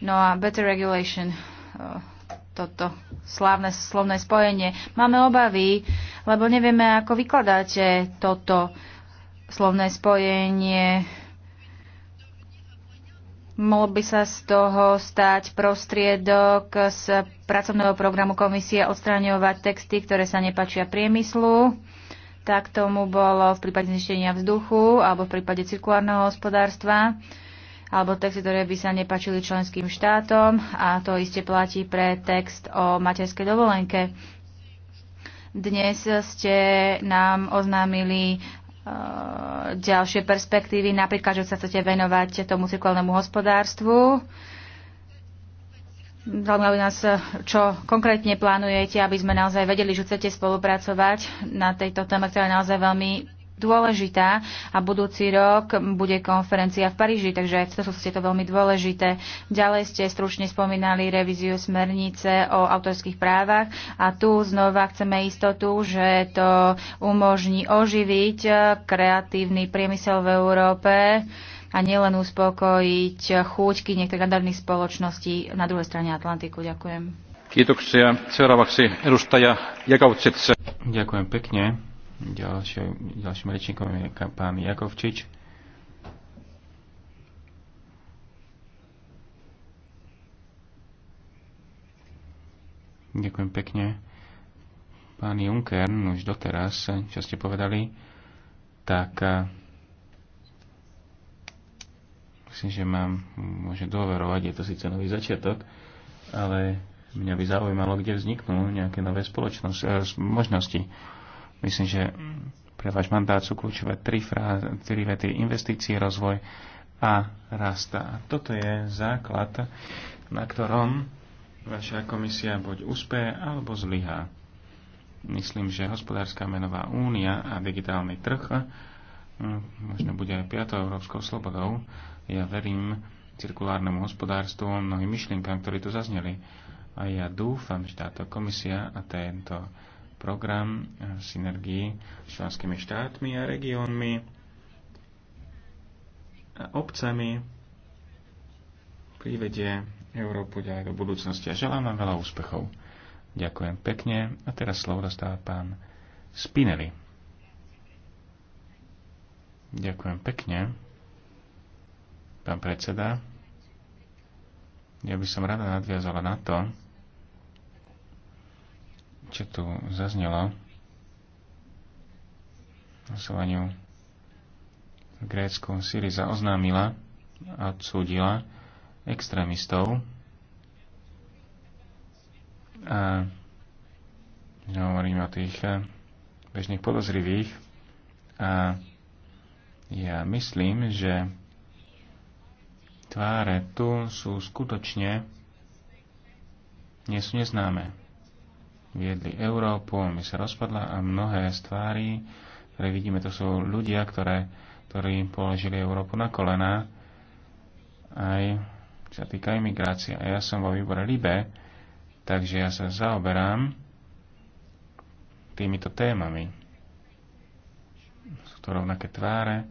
No a better regulation, eh, toto slávne slovné spojenie. Máme obavy, lebo nevieme, ako vykladáte toto slovné spojenie. Mohol by sa z toho stať prostriedok z pracovného programu komisie odstraňovať texty, ktoré sa nepačia priemyslu tak tomu bolo v prípade znečenia vzduchu alebo v prípade cirkulárneho hospodárstva alebo texty, ktoré by sa nepačili členským štátom a to iste platí pre text o materskej dovolenke. Dnes ste nám oznámili e, ďalšie perspektívy, napríklad, že sa chcete venovať tomu cirkulárnemu hospodárstvu Zaujímalo by nás, čo konkrétne plánujete, aby sme naozaj vedeli, že chcete spolupracovať na tejto téme, ktorá je naozaj veľmi dôležitá a budúci rok bude konferencia v Paríži, takže aj v sú to veľmi dôležité. Ďalej ste stručne spomínali revíziu smernice o autorských právach a tu znova chceme istotu, že to umožní oživiť kreatívny priemysel v Európe a nielen uspokojiť chúťky niektorých radarných spoločností na druhej strane Atlantiku. Ďakujem. Ďakujem pekne. Ďalšie, ďalším rečníkom je pán Jakovčič. Ďakujem pekne. Pán Juncker, už doteraz, čo ste povedali, tak Myslím, že mám, môže dôverovať, je to síce nový začiatok, ale mňa by zaujímalo, kde vzniknú nejaké nové spoločnosti, eh, možnosti. Myslím, že pre váš mandát sú kľúčové tri, fráze, tri vety investície, rozvoj a rasta. Toto je základ, na ktorom vaša komisia buď uspeje alebo zlyhá. Myslím, že hospodárska menová únia a digitálny trh hm, možno bude aj piatou európskou slobodou, ja verím cirkulárnemu hospodárstvu, a mnohým myšlienkám, ktoré tu zazneli. A ja dúfam, že táto komisia a tento program synergii s členskými štátmi a regiónmi a obcami privedie Európu ďalej do budúcnosti. A želám vám veľa úspechov. Ďakujem pekne. A teraz slovo dostáva pán Spinelli. Ďakujem pekne pán predseda. Ja by som rada nadviazala na to, čo tu zaznelo hlasovaniu v Grécku. Syriza oznámila a odsúdila extrémistov a hovoríme o tých eh, bežných podozrivých a ja myslím, že tváre tu sú skutočne nie sú neznáme. Viedli Európu, my sa rozpadla a mnohé z tvári, ktoré vidíme, to sú ľudia, ktoré, ktorí položili Európu na kolena. aj sa týka imigrácia. A ja som vo výbore Libe, takže ja sa zaoberám týmito témami. Sú to rovnaké tváre,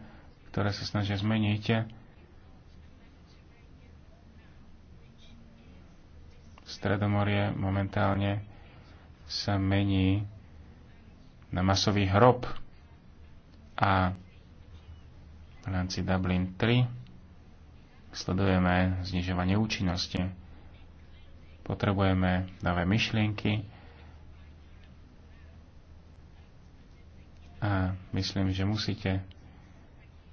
ktoré sa snažia zmeniť Stredomorie momentálne sa mení na masový hrob a v rámci Dublin 3 sledujeme znižovanie účinnosti. Potrebujeme nové myšlienky a myslím, že musíte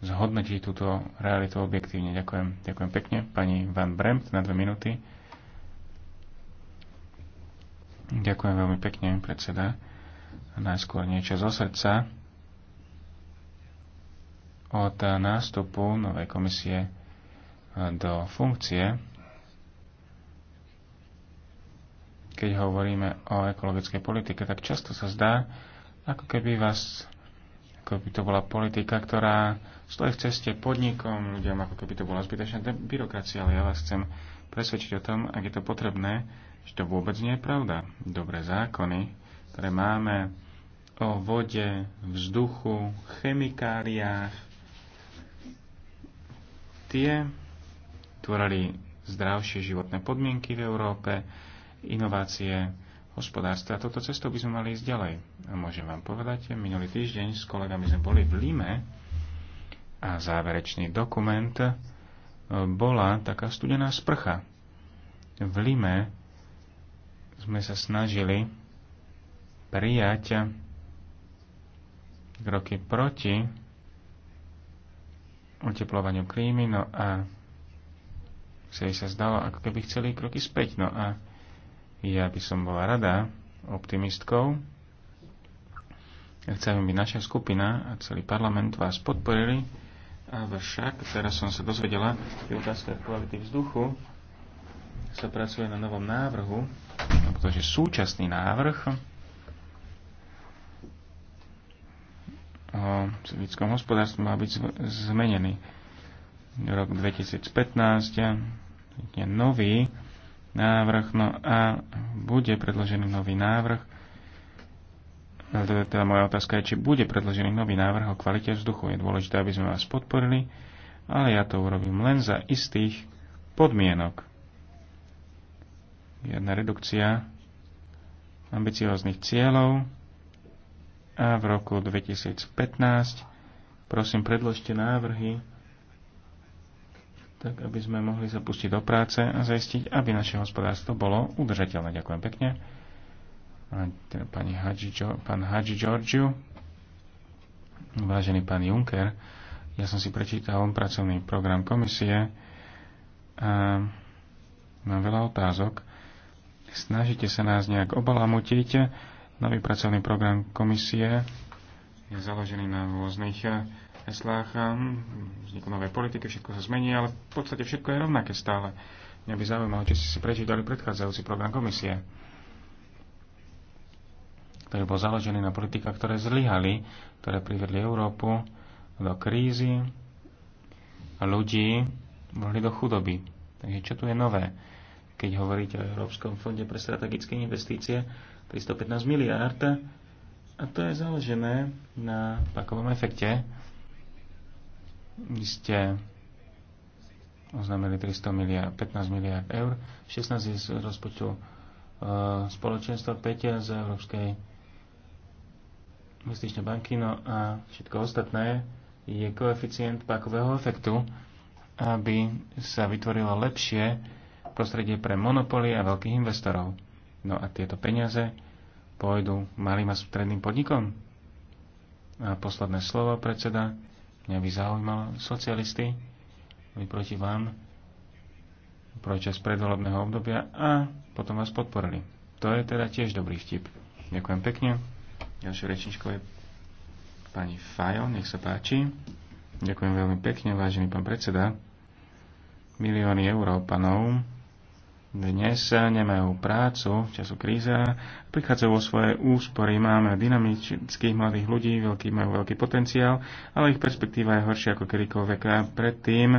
zhodnotiť túto realitu objektívne. Ďakujem, ďakujem pekne. Pani Van Bremt na dve minúty. Ďakujem veľmi pekne, predseda. Najskôr niečo zo srdca. Od nástupu novej komisie e, do funkcie, keď hovoríme o ekologickej politike, tak často sa zdá, ako keby vás ako by to bola politika, ktorá stojí v ceste podnikom, ľuďom, ako keby to bola zbytočná byrokracia, ale ja vás chcem presvedčiť o tom, ak je to potrebné, že to vôbec nie je pravda. Dobré zákony, ktoré máme o vode, vzduchu, chemikáliách, tie tvorili zdravšie životné podmienky v Európe, inovácie, hospodárstva. Toto cestou by sme mali ísť ďalej. A môžem vám povedať, minulý týždeň s kolegami sme boli v Lime a záverečný dokument e, bola taká studená sprcha. V Lime sme sa snažili prijať kroky proti oteplovaniu klímy, no a sa jej sa zdalo, ako keby chceli kroky späť. No a ja by som bola rada optimistkou. Chcem, aby naša skupina a celý parlament vás podporili. Avšak teraz som sa dozvedela, že otázka kvality vzduchu sa pracuje na novom návrhu, pretože súčasný návrh o civickom hospodárstve má byť zmenený. Rok 2015 je nový návrh, no a bude predložený nový návrh. No, teda, teda moja otázka je, či bude predložený nový návrh o kvalite vzduchu. Je dôležité, aby sme vás podporili, ale ja to urobím len za istých podmienok jedna redukcia ambicióznych cieľov a v roku 2015 prosím predložte návrhy tak aby sme mohli zapustiť do práce a zaistiť, aby naše hospodárstvo bolo udržateľné. Ďakujem pekne. A teda pani Hadži, pán Hadži Georgiu, vážený pán Juncker, ja som si prečítal pracovný program komisie a mám veľa otázok snažíte sa nás nejak obalamutiť. Nový pracovný program komisie je založený na rôznych heslách. Hm, Vzniklo nové politiky, všetko sa zmení, ale v podstate všetko je rovnaké stále. Mňa by zaujímalo, či ste si prečítali predchádzajúci program komisie, ktorý bol založený na politikách, ktoré zlyhali, ktoré privedli Európu do krízy a ľudí vrhli do chudoby. Takže čo tu je nové? keď hovoríte o Európskom fonde pre strategické investície, 315 miliárd. A to je založené na pakovom efekte. Vy ste oznámili 300 miliard, 15 miliard eur, 16 je z rozpočtu e, spoločenstva, 5 z Európskej investičnej banky, no a všetko ostatné je koeficient pakového efektu, aby sa vytvorilo lepšie prostredie pre monopoly a veľkých investorov. No a tieto peniaze pôjdu malým a stredným podnikom. A posledné slovo predseda, mňa by zaujímalo socialisti, my proti vám, počas predvolebného obdobia a potom vás podporili. To je teda tiež dobrý vtip. Ďakujem pekne. Ďalšou rečničkou je pani Fajo, nech sa páči. Ďakujem veľmi pekne, vážený pán predseda. Milióny Európanov dnes nemajú prácu v času kríza prichádzajú o svoje úspory, máme dynamických mladých ľudí, veľký, majú veľký potenciál, ale ich perspektíva je horšia ako kedykoľvek a predtým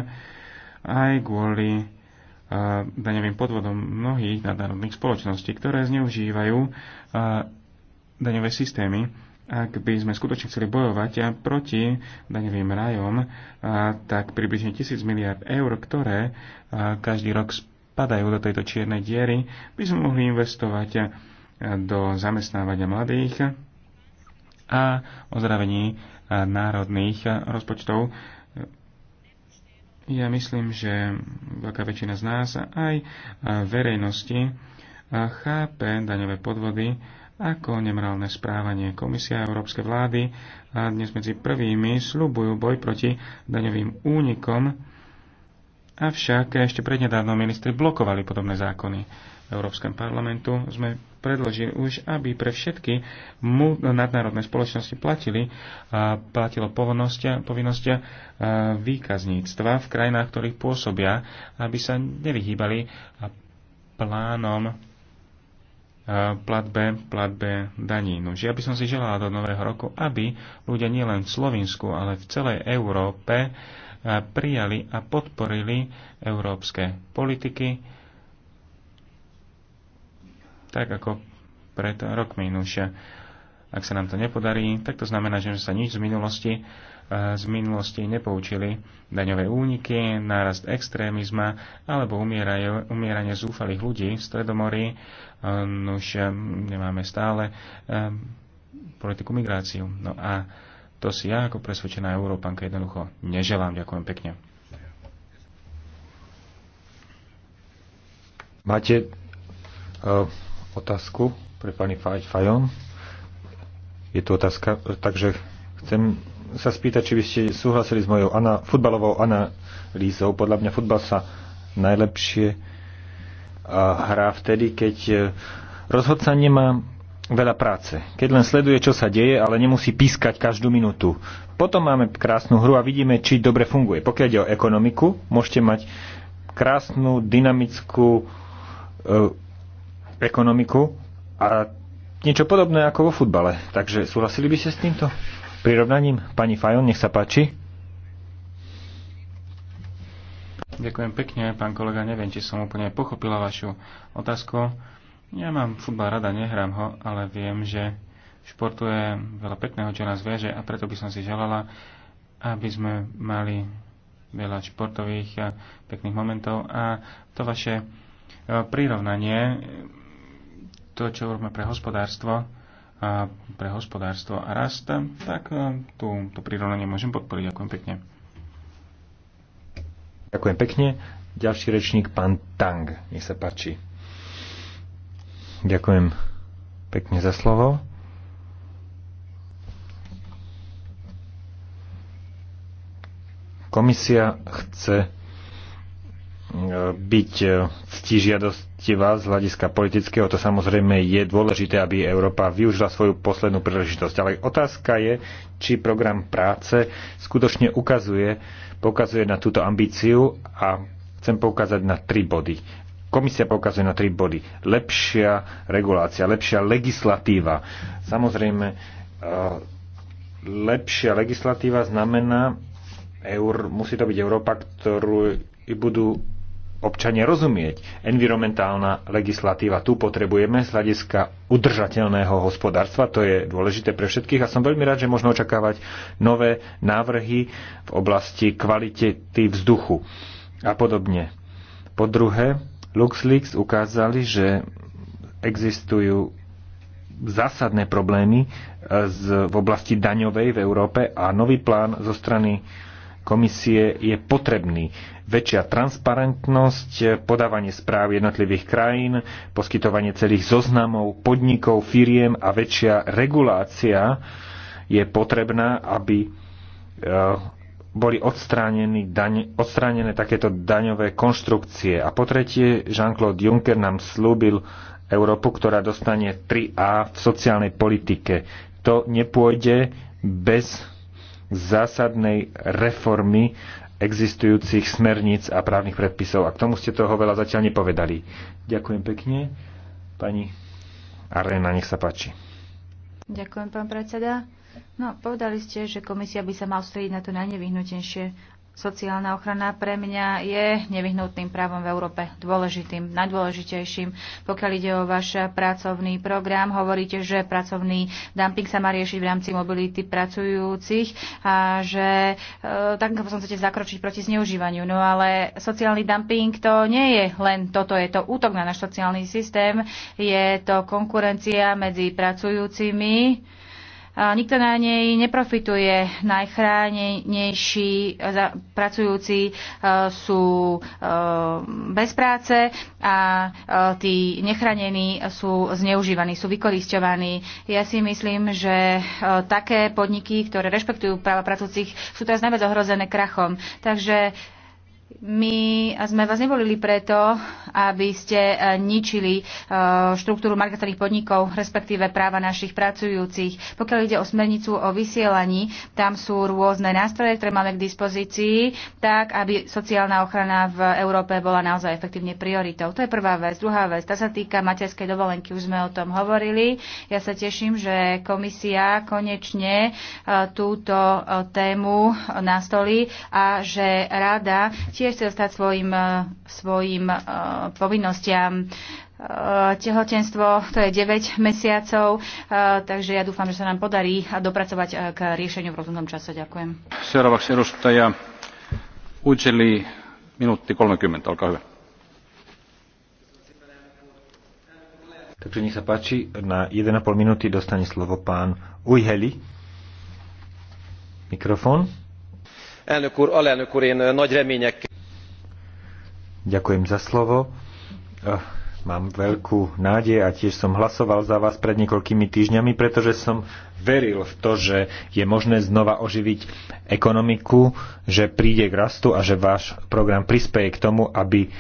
aj kvôli uh, daňovým podvodom mnohých nadnárodných spoločností, ktoré zneužívajú uh, daňové systémy. Ak by sme skutočne chceli bojovať proti daňovým rajom, uh, tak približne 1000 miliard eur, ktoré uh, každý rok spadajú do tejto čiernej diery, by sme mohli investovať do zamestnávania mladých a ozdravení národných rozpočtov. Ja myslím, že veľká väčšina z nás aj verejnosti chápe daňové podvody ako nemorálne správanie. Komisia a európske vlády a dnes medzi prvými slubujú boj proti daňovým únikom Avšak ešte prednedávno ministri blokovali podobné zákony. V Európskom parlamentu sme predložili už, aby pre všetky mu, nadnárodné spoločnosti platili, a platilo povinnosť, povinnosť výkazníctva v krajinách, ktorých pôsobia, aby sa nevyhýbali plánom platbe, platbe daní. Nož ja by som si želala do nového roku, aby ľudia nielen v Slovensku, ale v celej Európe prijali a podporili európske politiky, tak ako pred rok minúšia. ak sa nám to nepodarí, tak to znamená, že sa nič z minulosti z minulosti nepoučili daňové úniky, nárast extrémizma alebo umieraj, umieranie zúfalých ľudí v Stredomorí. Už nemáme stále politiku migráciu. No a to si ja ako presvedčená Európanka jednoducho neželám. Ďakujem pekne. Máte uh, otázku pre pani Fajon? Je to otázka, takže chcem sa spýtať, či by ste súhlasili s mojou ana, futbalovou analýzou. Podľa mňa futbal sa najlepšie uh, hrá vtedy, keď uh, rozhodca nemá veľa práce. Keď len sleduje, čo sa deje, ale nemusí pískať každú minútu. Potom máme krásnu hru a vidíme, či dobre funguje. Pokiaľ ide o ekonomiku, môžete mať krásnu, dynamickú e, ekonomiku a niečo podobné ako vo futbale. Takže súhlasili by ste s týmto prirovnaním? Pani Fajon, nech sa páči. Ďakujem pekne, pán kolega. Neviem, či som úplne pochopila vašu otázku. Ja mám futbal rada, nehrám ho, ale viem, že športu je veľa pekného, čo nás viaže a preto by som si želala, aby sme mali veľa športových a pekných momentov a to vaše e, prirovnanie, to, čo robíme pre hospodárstvo, a pre hospodárstvo a rast, tak e, tú, to prirovnanie môžem podporiť. Ďakujem pekne. Ďakujem pekne. Ďalší rečník, pán Tang. Nech sa páči. Ďakujem pekne za slovo. Komisia chce e, byť e, ctižiadostivá z hľadiska politického, to samozrejme je dôležité, aby Európa využila svoju poslednú príležitosť. Ale otázka je, či program práce skutočne ukazuje, pokazuje na túto ambíciu a chcem poukázať na tri body. Komisia poukazuje na tri body. Lepšia regulácia, lepšia legislatíva. Samozrejme, e, lepšia legislatíva znamená, eur, musí to byť Európa, ktorú budú občania rozumieť. Environmentálna legislatíva tu potrebujeme z hľadiska udržateľného hospodárstva, to je dôležité pre všetkých a som veľmi rád, že možno očakávať nové návrhy v oblasti kvality vzduchu a podobne. Po druhé, LuxLeaks ukázali, že existujú zásadné problémy e, z, v oblasti daňovej v Európe a nový plán zo strany komisie je potrebný. Väčšia transparentnosť, e, podávanie správ jednotlivých krajín, poskytovanie celých zoznamov podnikov, firiem a väčšia regulácia je potrebná, aby e, boli daň, odstránené takéto daňové konštrukcie. A po tretie, Jean-Claude Juncker nám slúbil Európu, ktorá dostane 3A v sociálnej politike. To nepôjde bez zásadnej reformy existujúcich smerníc a právnych predpisov. A k tomu ste toho veľa zatiaľ nepovedali. Ďakujem pekne. Pani Arena, nech sa páči. Ďakujem, pán predseda. No, povedali ste, že komisia by sa mal strediť na to najnevyhnutnejšie. Sociálna ochrana pre mňa je nevyhnutným právom v Európe, dôležitým, najdôležitejším. Pokiaľ ide o váš pracovný program, hovoríte, že pracovný dumping sa má riešiť v rámci mobility pracujúcich a že e, tak som chcete zakročiť proti zneužívaniu. No ale sociálny dumping to nie je len toto, je to útok na náš sociálny systém, je to konkurencia medzi pracujúcimi nikto na nej neprofituje. Najchránenejší pracujúci e, sú e, bez práce a e, tí nechránení sú zneužívaní, sú vykoristovaní. Ja si myslím, že také podniky, ktoré rešpektujú práva pracujúcich, sú teraz najviac ohrozené krachom. Takže my sme vás nevolili preto, aby ste e, ničili e, štruktúru marketových podnikov, respektíve práva našich pracujúcich. Pokiaľ ide o smernicu o vysielaní, tam sú rôzne nástroje, ktoré máme k dispozícii, tak aby sociálna ochrana v Európe bola naozaj efektívne prioritou. To je prvá vec. Druhá vec, tá sa týka materskej dovolenky, už sme o tom hovorili. Ja sa teším, že komisia konečne e, túto tému nastolí a že rada tiež chce dostať svojim, eh, svojim uh, povinnostiam. Uh, tehotenstvo to je 9 mesiacov, uh, takže ja dúfam, že sa nám podarí dopracovať k riešeniu v rozumnom čase. Ďakujem. Seuraavaksi edustaja Ujeli, minuutti 30, olkaa hyvä. Takže nech sa páči, na 1,5 minúty dostane slovo pán Ujheli. Mikrofón. Elnök úr, alelnök úr, én nagy reményekkel... Ďakujem za slovo. Eh, mám veľkú nádej a tiež som hlasoval za vás pred niekoľkými týždňami, pretože som veril v to, že je možné znova oživiť ekonomiku, že príde k rastu a že váš program prispieje k tomu, aby eh,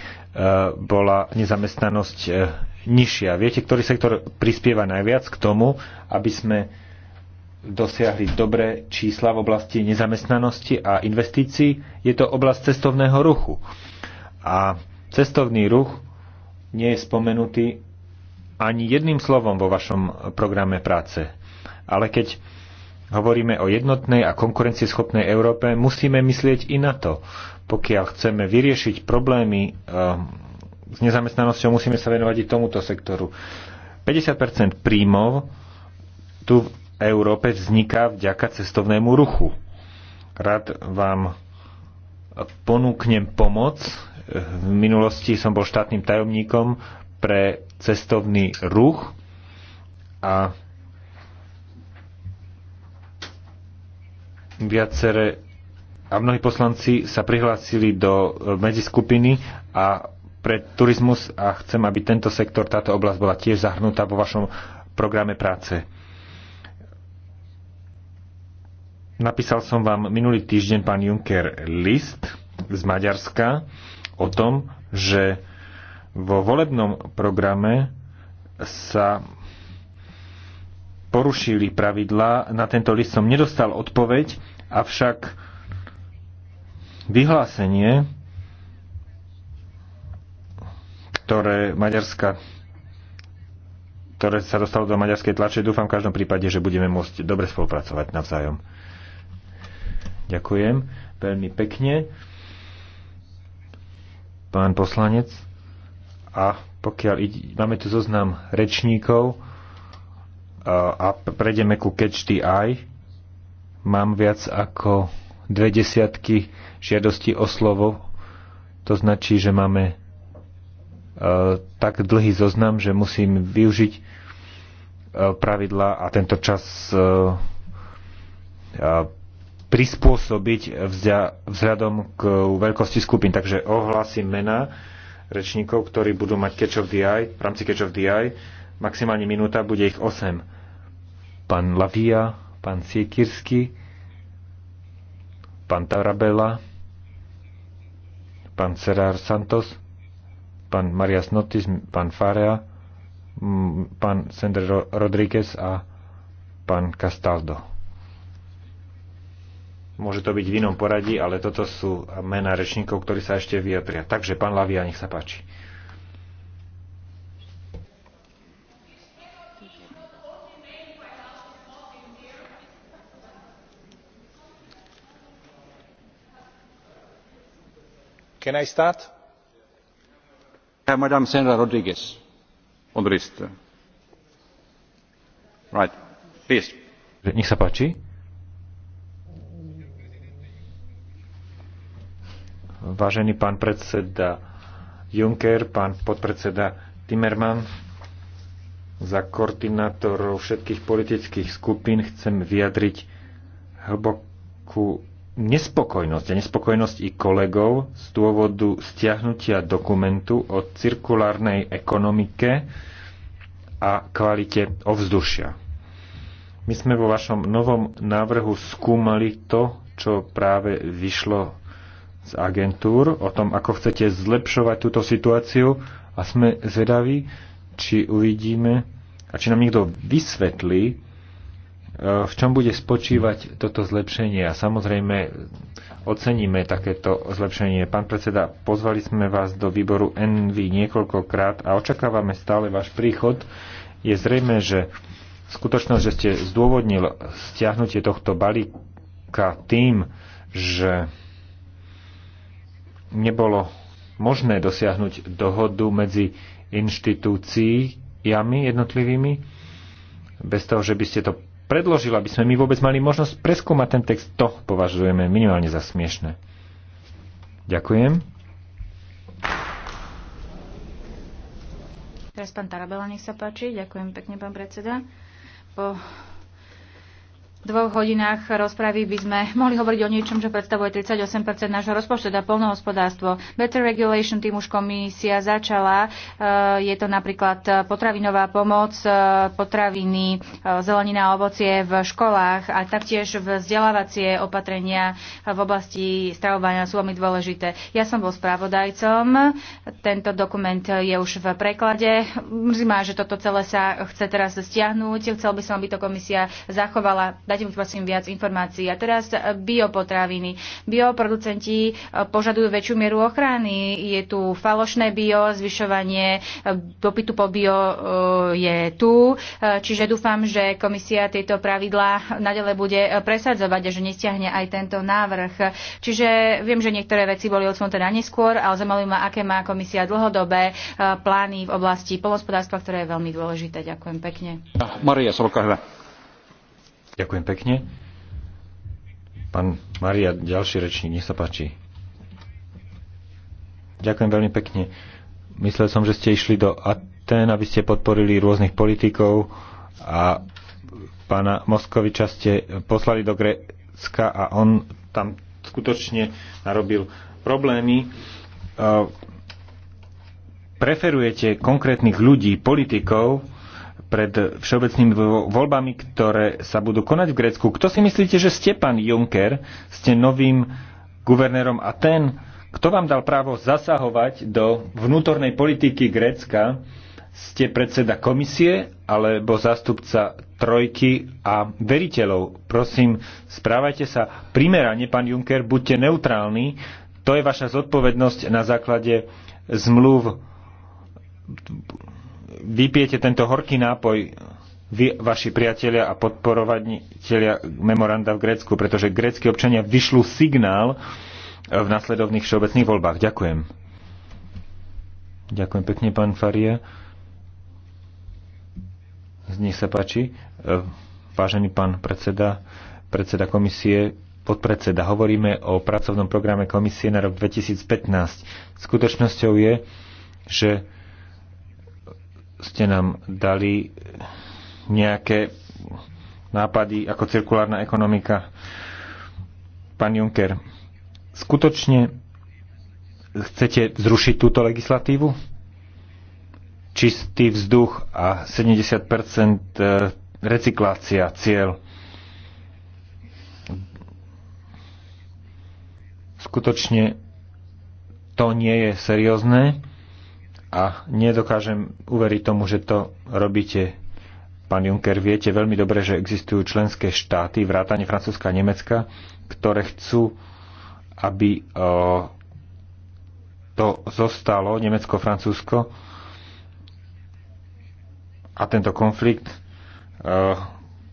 bola nezamestnanosť eh, nižšia. Viete, ktorý sektor prispieva najviac k tomu, aby sme dosiahli dobré čísla v oblasti nezamestnanosti a investícií? Je to oblasť cestovného ruchu a cestovný ruch nie je spomenutý ani jedným slovom vo vašom programe práce. Ale keď hovoríme o jednotnej a konkurencieschopnej Európe, musíme myslieť i na to. Pokiaľ chceme vyriešiť problémy eh, s nezamestnanosťou, musíme sa venovať i tomuto sektoru. 50 príjmov tu v Európe vzniká vďaka cestovnému ruchu. Rád vám ponúknem pomoc v minulosti som bol štátnym tajomníkom pre cestovný ruch a viacere a mnohí poslanci sa prihlásili do medziskupiny a pre turizmus a chcem, aby tento sektor, táto oblasť bola tiež zahrnutá vo vašom programe práce. Napísal som vám minulý týždeň, pán Juncker, list z Maďarska, o tom, že vo volebnom programe sa porušili pravidlá. Na tento list som nedostal odpoveď, avšak vyhlásenie, ktoré Maďarska ktoré sa dostalo do maďarskej tlače. Dúfam v každom prípade, že budeme môcť dobre spolupracovať navzájom. Ďakujem veľmi pekne pán poslanec. A pokiaľ ide, máme tu zoznam rečníkov a, a prejdeme ku Catch the Eye, mám viac ako dve desiatky žiadosti o slovo. To značí, že máme tak dlhý zoznam, že musím využiť pravidla a tento čas prispôsobiť vzhľadom k veľkosti skupín. Takže ohlasím mena rečníkov, ktorí budú mať catch of the eye, v rámci catch of the eye. Maximálne minúta, bude ich 8. Pán Lavia, pán Siekirsky, pán Tarabela, pán Cerar Santos, pán Marias Notis, pán Farea, pán Sender Rodríguez a pán Castaldo. Môže to byť v inom poradí, ale toto sú mená rečníkov, ktorí sa ešte vyjadria. Takže, pán Lavia, nech sa páči. Can I start? Yeah, Madame Senra Rodriguez on the list. Right. Please. Nech sa páči. Vážený pán predseda Juncker, pán podpredseda Timerman, za koordinátorov všetkých politických skupín chcem vyjadriť hlbokú nespokojnosť a nespokojnosť i kolegov z dôvodu stiahnutia dokumentu o cirkulárnej ekonomike a kvalite ovzdušia. My sme vo vašom novom návrhu skúmali to, čo práve vyšlo z agentúr o tom, ako chcete zlepšovať túto situáciu a sme zvedaví, či uvidíme a či nám niekto vysvetlí, e, v čom bude spočívať toto zlepšenie. A samozrejme oceníme takéto zlepšenie. Pán predseda, pozvali sme vás do výboru NV niekoľkokrát a očakávame stále váš príchod. Je zrejme, že skutočnosť, že ste zdôvodnil stiahnutie tohto balíka tým, že nebolo možné dosiahnuť dohodu medzi inštitúciami jednotlivými, bez toho, že by ste to predložili, aby sme my vôbec mali možnosť preskúmať ten text, to považujeme minimálne za smiešne. Ďakujem. Teraz pán Tarabela, nech sa páči. Ďakujem pekne, pán predseda. Po v dvoch hodinách rozpravy by sme mohli hovoriť o niečom, čo predstavuje 38 nášho rozpočtu, a teda polnohospodárstvo. Better Regulation tým už komisia začala. E, je to napríklad potravinová pomoc, e, potraviny, e, zelenina a ovocie v školách a taktiež vzdelávacie opatrenia v oblasti stravovania sú veľmi dôležité. Ja som bol spravodajcom, tento dokument je už v preklade. Mrzí ma, že toto celé sa chce teraz stiahnuť. Chcel by som, aby to komisia zachovala Dajte mi prosím viac informácií. A teraz e, biopotraviny. Bioproducenti e, požadujú väčšiu mieru ochrany. Je tu falošné bio, zvyšovanie e, dopytu po bio je tu. Čiže dúfam, že komisia tieto pravidlá nadalej bude presadzovať a že nestiahne aj tento návrh. Čiže viem, že niektoré veci boli odsunuté na neskôr, ale zaujímavé ma, aké má komisia dlhodobé plány v oblasti polnospodárstva, ktoré je veľmi dôležité. Ďakujem pekne. Maria Solka. Ďakujem pekne. Pán Maria, ďalší rečník, nech sa páči. Ďakujem veľmi pekne. Myslel som, že ste išli do Aten, aby ste podporili rôznych politikov a pána Moskoviča ste poslali do Grécka a on tam skutočne narobil problémy. Preferujete konkrétnych ľudí, politikov, pred všeobecnými voľbami, ktoré sa budú konať v Grécku. Kto si myslíte, že ste pán Juncker, ste novým guvernérom a ten, kto vám dal právo zasahovať do vnútornej politiky Grécka, ste predseda komisie alebo zástupca trojky a veriteľov. Prosím, správajte sa primerane, pán Juncker, buďte neutrálni. To je vaša zodpovednosť na základe zmluv vypijete tento horký nápoj vy, vaši priatelia a podporovateľia memoranda v Grécku, pretože grécky občania vyšlú signál v nasledovných všeobecných voľbách. Ďakujem. Ďakujem pekne, pán Faria. nich sa páči. E, vážený pán predseda, predseda komisie, podpredseda, hovoríme o pracovnom programe komisie na rok 2015. Skutočnosťou je, že ste nám dali nejaké nápady ako cirkulárna ekonomika. Pán Juncker, skutočne chcete zrušiť túto legislatívu? Čistý vzduch a 70 e, recyklácia cieľ. Skutočne to nie je seriózne a nedokážem uveriť tomu, že to robíte. Pán Juncker, viete veľmi dobre, že existujú členské štáty, vrátane Francúzska a Nemecka, ktoré chcú, aby to zostalo Nemecko-Francúzsko a tento konflikt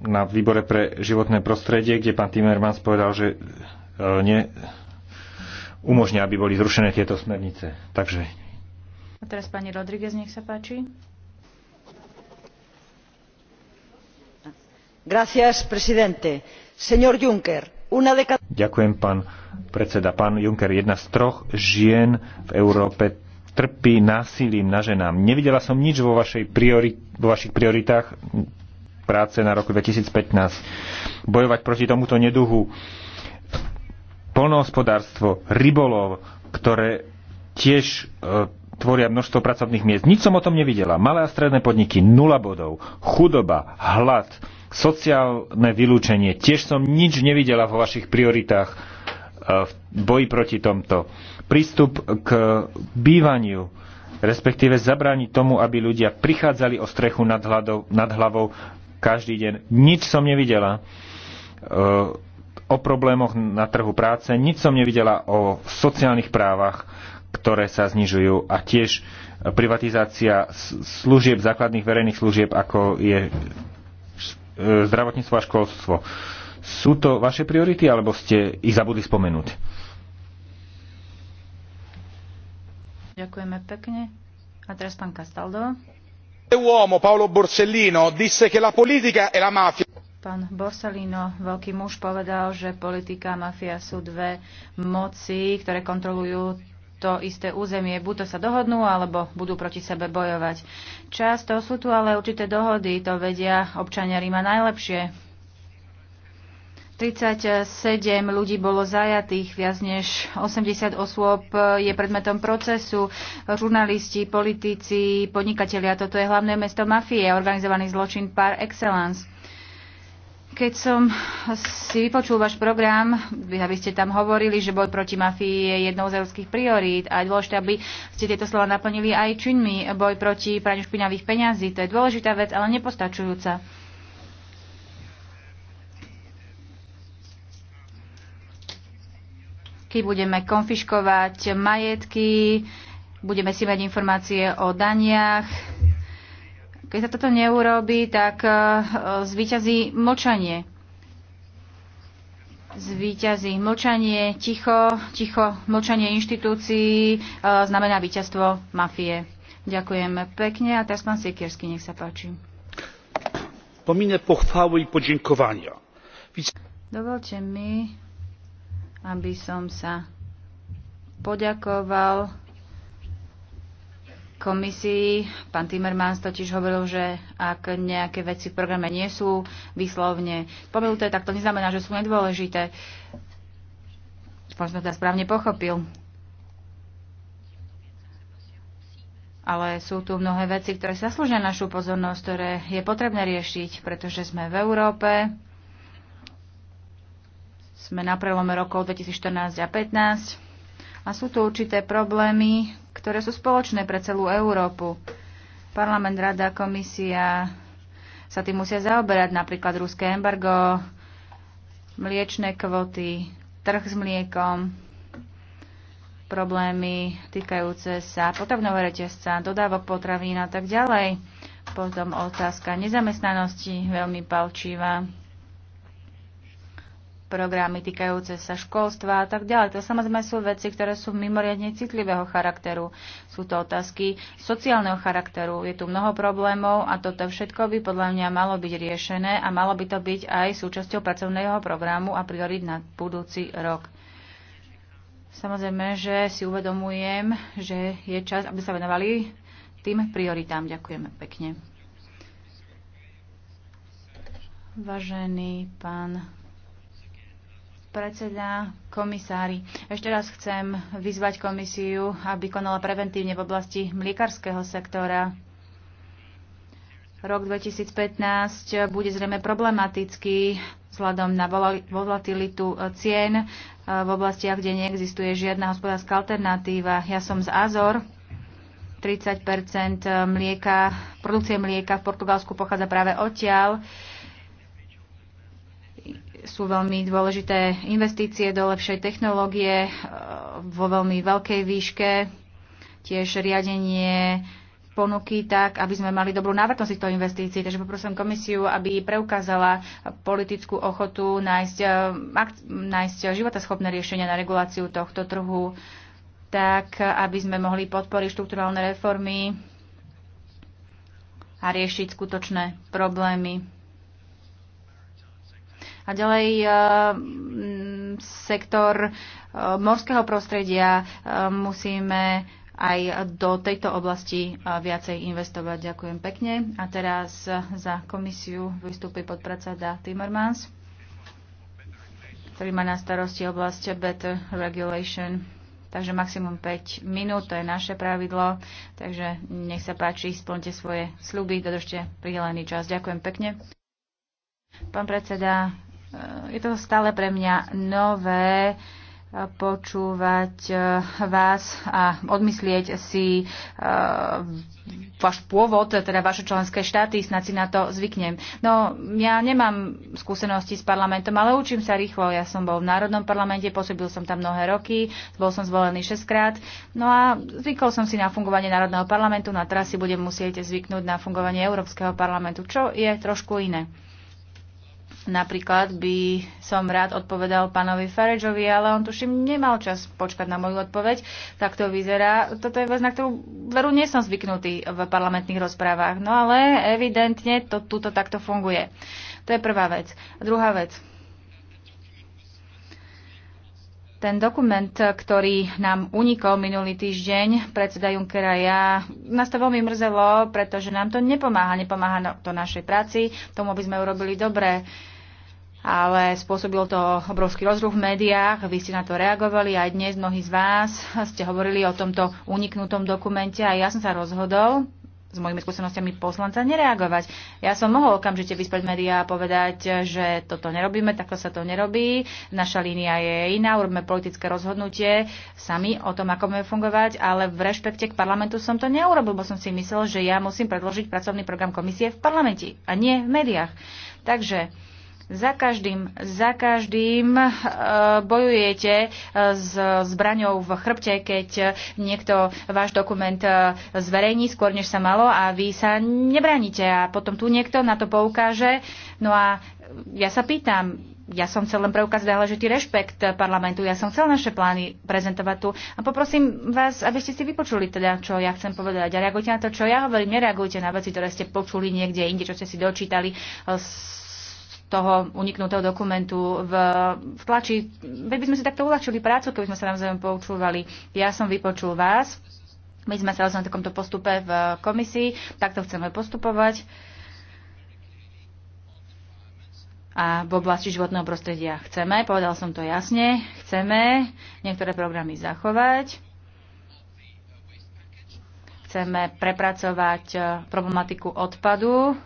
na výbore pre životné prostredie, kde pán Timmermans povedal, že ne, umožňa, aby boli zrušené tieto smernice. Takže a teraz pani Rodriguez, nech sa páči. Gracias, presidente. Señor Juncker, una de cada... Ďakujem, pán predseda. Pán Juncker, jedna z troch žien v Európe trpí násilím na ženám. Nevidela som nič vo, vašej priori- vo vašich prioritách práce na roku 2015. Bojovať proti tomuto neduhu. Polnohospodárstvo, rybolov, ktoré tiež e, tvoria množstvo pracovných miest. Nič som o tom nevidela. Malé a stredné podniky, nula bodov, chudoba, hlad, sociálne vylúčenie. Tiež som nič nevidela vo vašich prioritách e, v boji proti tomto. Prístup k bývaniu, respektíve zabrániť tomu, aby ľudia prichádzali o strechu nad, hladov, nad hlavou každý deň. Nič som nevidela e, o problémoch na trhu práce, nič som nevidela o sociálnych právach ktoré sa znižujú a tiež privatizácia služieb, základných verejných služieb, ako je e, zdravotníctvo a školstvo. Sú to vaše priority, alebo ste ich zabudli spomenúť? Ďakujeme pekne. A teraz pán Castaldo. Uomo Paolo Borsellino disse che la politica la mafia Pán veľký muž, povedal, že politika a mafia sú dve moci, ktoré kontrolujú to isté územie. Buď to sa dohodnú, alebo budú proti sebe bojovať. Často sú tu ale určité dohody, to vedia občania Ríma najlepšie. 37 ľudí bolo zajatých, viac než 80 osôb je predmetom procesu, žurnalisti, politici, podnikatelia, toto je hlavné mesto mafie, organizovaný zločin par excellence. Keď som si vypočul váš program, aby ste tam hovorili, že boj proti mafii je jednou z európskych priorít a dôležité, aby ste tieto slova naplnili aj činmi. Boj proti praniu špinavých peňazí, to je dôležitá vec, ale nepostačujúca. Keď budeme konfiškovať majetky, budeme si mať informácie o daniach, keď sa toto neurobi, tak e, zvíťazí mlčanie. Zvíťazí mlčanie, ticho, ticho, mlčanie inštitúcií e, znamená víťazstvo mafie. Ďakujem pekne a teraz pán Sikierský, nech sa páči. Pomíne pochwały i Dovolte mi, aby som sa poďakoval komisii. Pán Timmermans totiž hovoril, že ak nejaké veci v programe nie sú výslovne pomiluté, tak to neznamená, že sú nedôležité. Možno to správne pochopil. Ale sú tu mnohé veci, ktoré sa slúžia našu pozornosť, ktoré je potrebné riešiť, pretože sme v Európe, sme na prelome rokov 2014 a 2015 a sú tu určité problémy, ktoré sú spoločné pre celú Európu. Parlament, rada, komisia sa tým musia zaoberať, napríklad ruské embargo, mliečne kvoty, trh s mliekom, problémy týkajúce sa potravného reťazca, dodávok potravín a tak ďalej. Potom otázka nezamestnanosti, veľmi palčivá programy týkajúce sa školstva a tak ďalej. To samozrejme sú veci, ktoré sú mimoriadne citlivého charakteru. Sú to otázky sociálneho charakteru. Je tu mnoho problémov a toto všetko by podľa mňa malo byť riešené a malo by to byť aj súčasťou pracovného programu a priorit na budúci rok. Samozrejme, že si uvedomujem, že je čas, aby sa venovali tým prioritám. Ďakujeme pekne. Vážený pán predseda, komisári. Ešte raz chcem vyzvať komisiu, aby konala preventívne v oblasti mliekarského sektora. Rok 2015 bude zrejme problematický vzhľadom na volatilitu cien eh, v oblastiach, kde neexistuje žiadna hospodárska alternatíva. Ja som z Azor. 30 mlieka, produkcie mlieka v Portugalsku pochádza práve odtiaľ sú veľmi dôležité investície do lepšej technológie e, vo veľmi veľkej výške, tiež riadenie ponuky tak, aby sme mali dobrú návratnosť týchto investícií. Takže poprosím komisiu, aby preukázala politickú ochotu nájsť, e, nájsť životaschopné riešenia na reguláciu tohto trhu, tak aby sme mohli podporiť štruktúralne reformy a riešiť skutočné problémy a ďalej eh, mm, sektor eh, morského prostredia eh, musíme aj do tejto oblasti viacej investovať. Ďakujem pekne. A teraz za komisiu vystúpi podpredseda Timmermans, ktorý má na starosti oblasť Better Regulation. Takže maximum 5 minút, to je naše pravidlo. Takže nech sa páči, splňte svoje sľuby, dodržte prihelený čas. Ďakujem pekne. Pán predseda, Eh, je to stále pre mňa nové eh, počúvať eh, vás a odmyslieť si váš pôvod, teda vaše členské štáty, snad si na to zvyknem. No, ja nemám skúsenosti s parlamentom, ale učím sa rýchlo. Ja som bol v Národnom parlamente, pôsobil som tam mnohé roky, bol som zvolený 6 krát. No a zvykol som si na fungovanie Národného parlamentu, no a teraz si budem musieť zvyknúť na fungovanie Európskeho parlamentu, čo je trošku iné. Napríklad by som rád odpovedal pánovi Farežovi, ale on tuším nemal čas počkať na moju odpoveď. Tak to vyzerá. Toto je vec, na ktorú veru nie som zvyknutý v parlamentných rozprávach. No ale evidentne to tuto takto funguje. To je prvá vec. Druhá vec. Ten dokument, ktorý nám unikol minulý týždeň, predseda Junckera ja, nás to veľmi mrzelo, pretože nám to nepomáha. Nepomáha no- to našej práci, tomu by sme urobili dobre. Uh, ale spôsobil to obrovský rozruch v médiách, vy ste na to reagovali aj dnes mnohí z vás ste hovorili o tomto uniknutom dokumente a ja som sa rozhodol s mojimi skúsenostiami poslanca nereagovať. Ja som mohol okamžite vyspať médiá a povedať, že toto nerobíme, takto sa to nerobí, naša línia je iná, urobíme politické rozhodnutie sami o tom, ako budeme fungovať, ale v rešpekte k parlamentu som to neurobil, bo som si myslel, že ja musím predložiť pracovný program komisie v parlamente a nie v médiách. Takže za každým, za každým e, bojujete e, s zbraňou v chrbte, keď e, niekto váš dokument zverejní skôr, než sa malo a vy sa nebránite a potom tu niekto na to poukáže. No a ja sa pýtam, ja som chcel len preukázať záležitý rešpekt parlamentu, ja som chcel naše plány prezentovať tu a poprosím vás, aby ste si vypočuli teda, čo ja chcem povedať a reagujte na to, čo ja hovorím, nereagujte na veci, ktoré ste počuli niekde inde, čo ste si dočítali z toho uniknutého dokumentu v, v tlači. Veď by sme si takto uľahčili prácu, keby sme sa navzájom poučúvali. Ja som vypočul vás. My sme sa rozhodli na takomto postupe v komisii. Takto chceme postupovať. A v oblasti životného prostredia chceme, povedal som to jasne, chceme niektoré programy zachovať, chceme prepracovať eh, problematiku odpadu,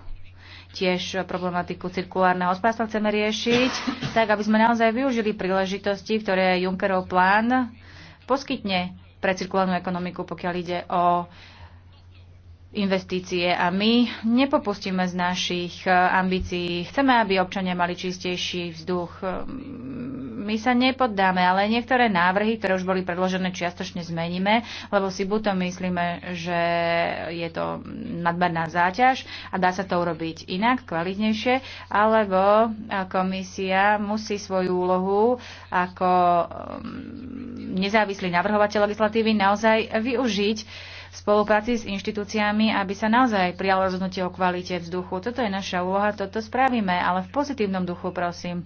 tiež problematiku cirkulárneho hospodárstva chceme riešiť, tak aby sme naozaj využili príležitosti, ktoré Junckerov plán poskytne pre cirkulárnu ekonomiku, pokiaľ ide o uh, investície a my nepopustíme z našich eh, ambícií. Chceme, aby občania mali čistejší vzduch. Mm, my sa nepoddáme, ale niektoré návrhy, ktoré už boli predložené, čiastočne zmeníme, lebo si buď to myslíme, že je to nadmerná záťaž a dá sa to urobiť inak, kvalitnejšie, alebo eh, komisia musí svoju úlohu ako mm, nezávislý navrhovateľ legislatívy naozaj využiť v spolupráci s inštitúciami, aby sa naozaj prijalo rozhodnutie o kvalite vzduchu. Toto je naša úloha, toto spravíme, ale v pozitívnom duchu, prosím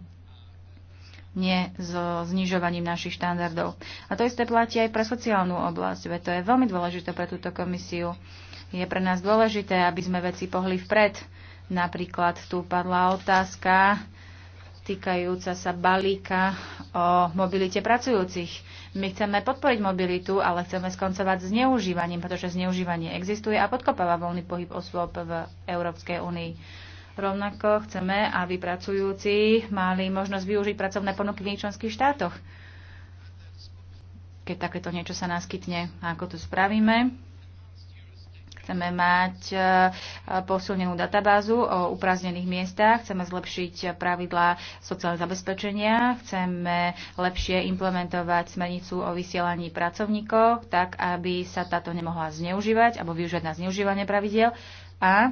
nie so znižovaním našich štandardov. A to isté platí aj pre sociálnu oblasť, veď to je veľmi dôležité pre túto komisiu. Je pre nás dôležité, aby sme veci pohli vpred. Napríklad tu padla otázka týkajúca sa balíka o mobilite pracujúcich. My chceme podporiť mobilitu, ale chceme skoncovať s zneužívaním, pretože zneužívanie existuje a podkopáva voľný pohyb osôb v Európskej únii. Rovnako chceme, aby pracujúci mali možnosť využiť pracovné ponuky v členských štátoch. Keď takéto niečo sa naskytne, ako to spravíme? Chceme mať e, posilnenú databázu o upraznených miestach, chceme zlepšiť pravidlá sociálne zabezpečenia, chceme lepšie implementovať smernicu o vysielaní pracovníkov, tak aby sa táto nemohla zneužívať alebo využívať na zneužívanie pravidel. A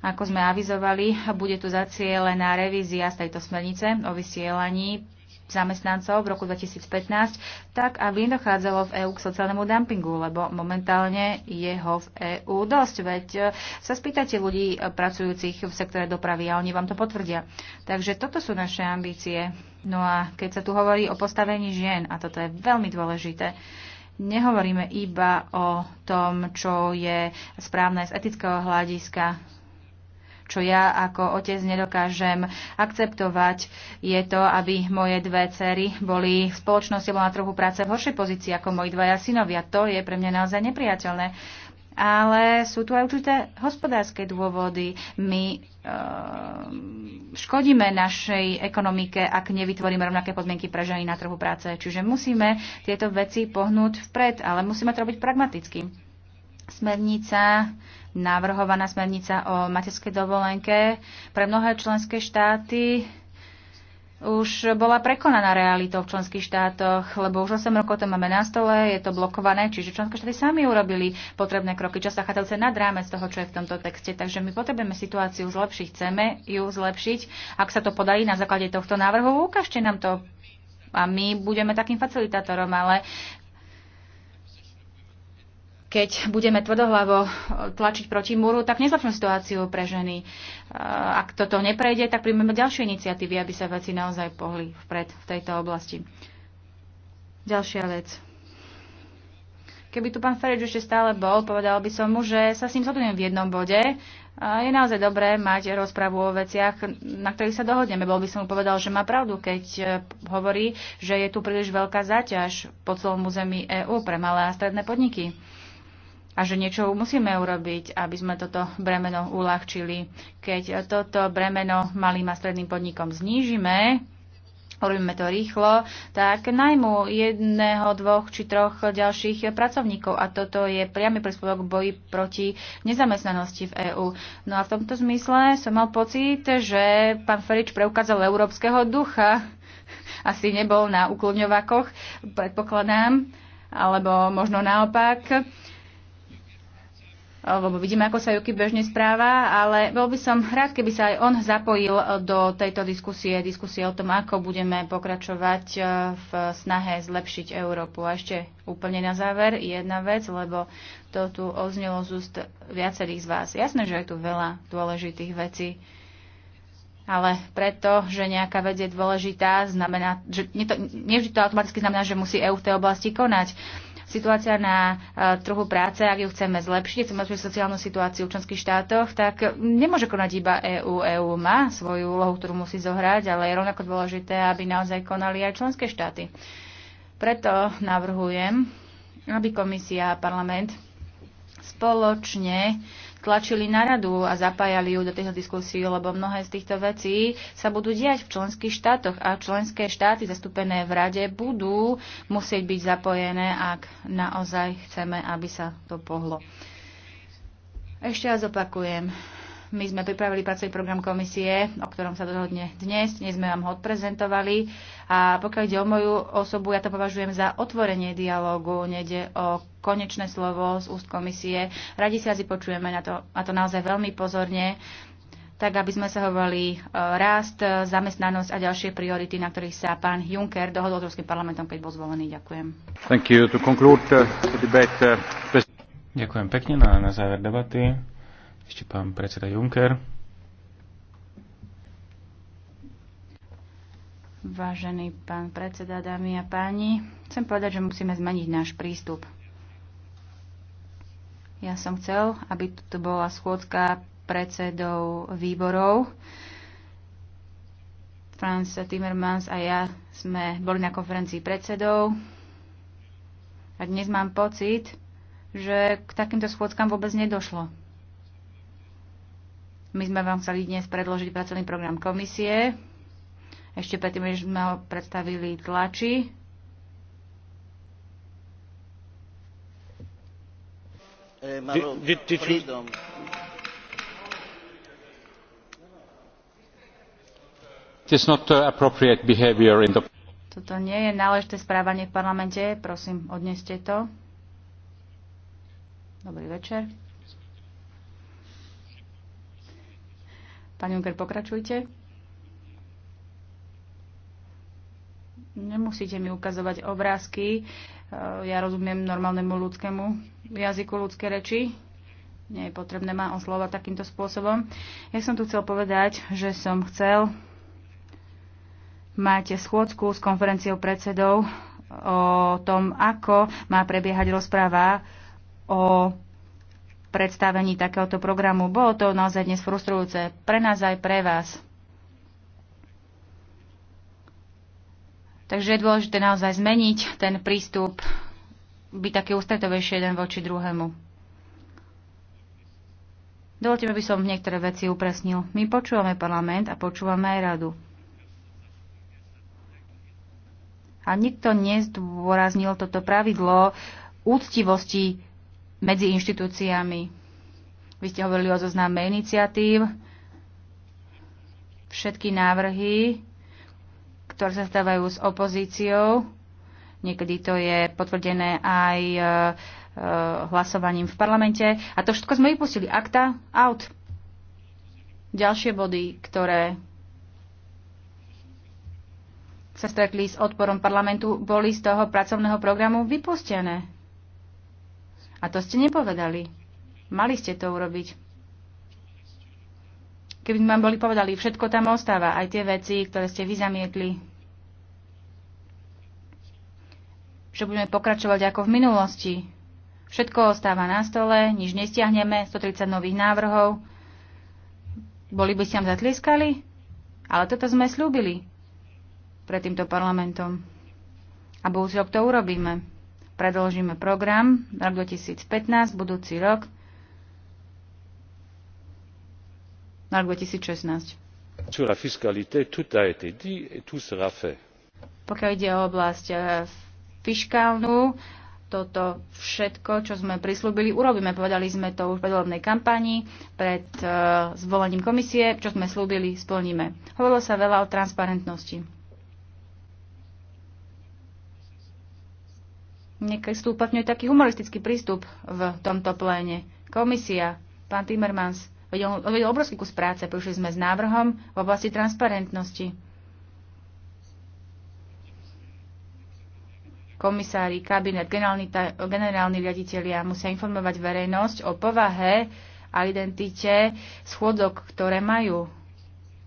ako sme avizovali, bude tu zacielená revízia z tejto smernice o vysielaní zamestnancov v roku 2015, tak aby dochádzalo v EÚ k sociálnemu dumpingu, lebo momentálne je ho v EÚ dosť. Veď e, sa spýtate ľudí e, pracujúcich v sektore dopravy a oni vám to potvrdia. Takže toto sú naše ambície. No a keď sa tu hovorí o postavení žien, a toto je veľmi dôležité, nehovoríme iba o tom, čo je správne z etického hľadiska čo ja ako otec nedokážem akceptovať, je to, aby moje dve cery boli v spoločnosti alebo na trhu práce v horšej pozícii ako moji dvaja synovia. To je pre mňa naozaj nepriateľné ale sú tu aj určité hospodárske dôvody. My e, škodíme našej ekonomike, ak nevytvoríme rovnaké podmienky pre ženy na trhu práce. Čiže musíme tieto veci pohnúť vpred, ale musíme to robiť pragmaticky. Smernica navrhovaná smernica o materskej dovolenke pre mnohé členské štáty už bola prekonaná realitou v členských štátoch, lebo už 8 rokov to máme na stole, je to blokované, čiže členské štáty sami urobili potrebné kroky, čo sa zachádzajúce nad rámec toho, čo je v tomto texte. Takže my potrebujeme situáciu zlepšiť, chceme ju zlepšiť. Ak sa to podarí na základe tohto návrhu, ukážte nám to a my budeme takým facilitátorom, ale keď budeme tvrdohlavo eh, tlačiť proti múru, tak nezlepším situáciu pre ženy. Eh, ak toto neprejde, tak príjmeme ďalšie iniciatívy, aby sa veci naozaj pohli vpred v tejto oblasti. Ďalšia vec. Keby tu pán ferič ešte stále bol, povedal by som mu, že sa s ním zhodujem v jednom bode. Je naozaj dobré mať rozpravu o veciach, na ktorých sa dohodneme. Bol by som mu povedal, že má pravdu, keď eh, hovorí, že je tu príliš veľká záťaž po celom území EÚ pre malé a stredné podniky a že niečo musíme urobiť, aby sme toto bremeno uľahčili. Keď toto bremeno malým a stredným podnikom znížime, urobíme to rýchlo, tak najmu jedného, dvoch či troch ďalších pracovníkov. A toto je priamy príspevok boji proti nezamestnanosti v EÚ. No a v tomto zmysle som mal pocit, že pán Ferič preukázal európskeho ducha. Asi nebol na ukloňovakoch, predpokladám, alebo možno naopak lebo vidíme, ako sa Juky bežne správa, ale bol by som rád, keby sa aj on zapojil do tejto diskusie, diskusie o tom, ako budeme pokračovať e, v snahe zlepšiť Európu. A ešte úplne na záver jedna vec, lebo to tu oznelo z úst viacerých z vás. Jasné, že je tu veľa dôležitých vecí, ale preto, že nejaká vec je dôležitá, znamená, že nie, to, nie vždy to automaticky znamená, že musí EU v tej oblasti konať. Situácia na e, trhu práce, ak ju chceme zlepšiť, chceme zlepšiť sociálnu situáciu v členských štátoch, tak nemôže konať iba EÚ. EÚ má svoju úlohu, ktorú musí zohrať, ale je rovnako dôležité, aby naozaj konali aj členské štáty. Preto navrhujem, aby komisia a parlament spoločne uh, tlačili na radu a zapájali ju do týchto diskusí, lebo mnohé z týchto vecí sa budú diať v členských štátoch a členské štáty zastúpené v rade budú musieť byť zapojené, ak naozaj chceme, aby sa to pohlo. Ešte raz opakujem, my sme pripravili pracovný program komisie, o ktorom sa dohodne dnes. Dnes sme vám ho odprezentovali. A pokiaľ ide o moju osobu, ja to považujem za otvorenie dialógu. nejde o konečné slovo z úst komisie. Radi si asi počujeme na to, a to naozaj veľmi pozorne tak aby sme sa hovorili e, rast, zamestnanosť a ďalšie priority, na ktorých sa pán Juncker dohodol s Európskym parlamentom, keď bol zvolený. Ďakujem. Thank you. To conclude uh, the debate. Uh, Ďakujem pekne na, no na záver debaty. Ešte pán predseda Juncker. Vážený pán predseda, dámy a páni, chcem povedať, že musíme zmeniť náš prístup. Ja som chcel, aby to bola schôdka predsedov výborov. Franz Timmermans a ja sme boli na konferencii predsedov a dnes mám pocit, že k takýmto schôdzkam vôbec nedošlo. My sme vám chceli dnes predložiť pracovný program komisie. Ešte predtým, než sme ho predstavili tlači. Eh, uh, Toto nie je náležité správanie v parlamente. Prosím, odneste to. Dobrý večer. Pán Juncker, pokračujte. Nemusíte mi ukazovať obrázky. Eh, ja rozumiem normálnemu ľudskému jazyku ľudské reči. Nie je potrebné ma oslovať takýmto spôsobom. Ja som tu chcel povedať, že som chcel mať schôdzku s konferenciou predsedov o tom, ako má prebiehať rozpráva o predstavení takéhoto programu. Bolo to naozaj dnes frustrujúce pre nás aj pre vás. Takže je dôležité naozaj zmeniť ten prístup, byť taký ústretovejší jeden voči druhému. Dovolte, aby som niektoré veci upresnil. My počúvame parlament a počúvame aj radu. A nikto nezdôraznil toto pravidlo úctivosti medzi inštitúciami. Vy ste hovorili o zozname iniciatív. Všetky návrhy, ktoré sa stávajú s opozíciou, niekedy to je potvrdené aj e, e, hlasovaním v parlamente. A to všetko sme vypustili. Akta, out. Ďalšie body, ktoré sa stretli s odporom parlamentu, boli z toho pracovného programu vypustené. A to ste nepovedali. Mali ste to urobiť. Keby sme vám boli povedali, všetko tam ostáva, aj tie veci, ktoré ste vy zamietli. Že budeme pokračovať ako v minulosti. Všetko ostáva na stole, nič nestiahneme, 130 nových návrhov. Boli by ste nám zatliskali, Ale toto sme slúbili pred týmto parlamentom. A bohužiaľ to urobíme predložíme program rok 2015, budúci rok, na rok 2016. Pokiaľ ide o oblasť e, fiskálnu toto všetko, čo sme prislúbili, urobíme. Povedali sme to už v predvolebnej kampani pred uh, zvolením komisie, čo sme slúbili, splníme. Hovorilo sa veľa o transparentnosti. Niekedy uplatňuje taký humoristický prístup v tomto pléne. Komisia, pán Timmermans, vedel obrovský kus práce, prišli sme s návrhom v oblasti transparentnosti. Komisári, kabinet, generálni, generálni riaditeľia musia informovať verejnosť o povahe a identite schôdok, ktoré majú.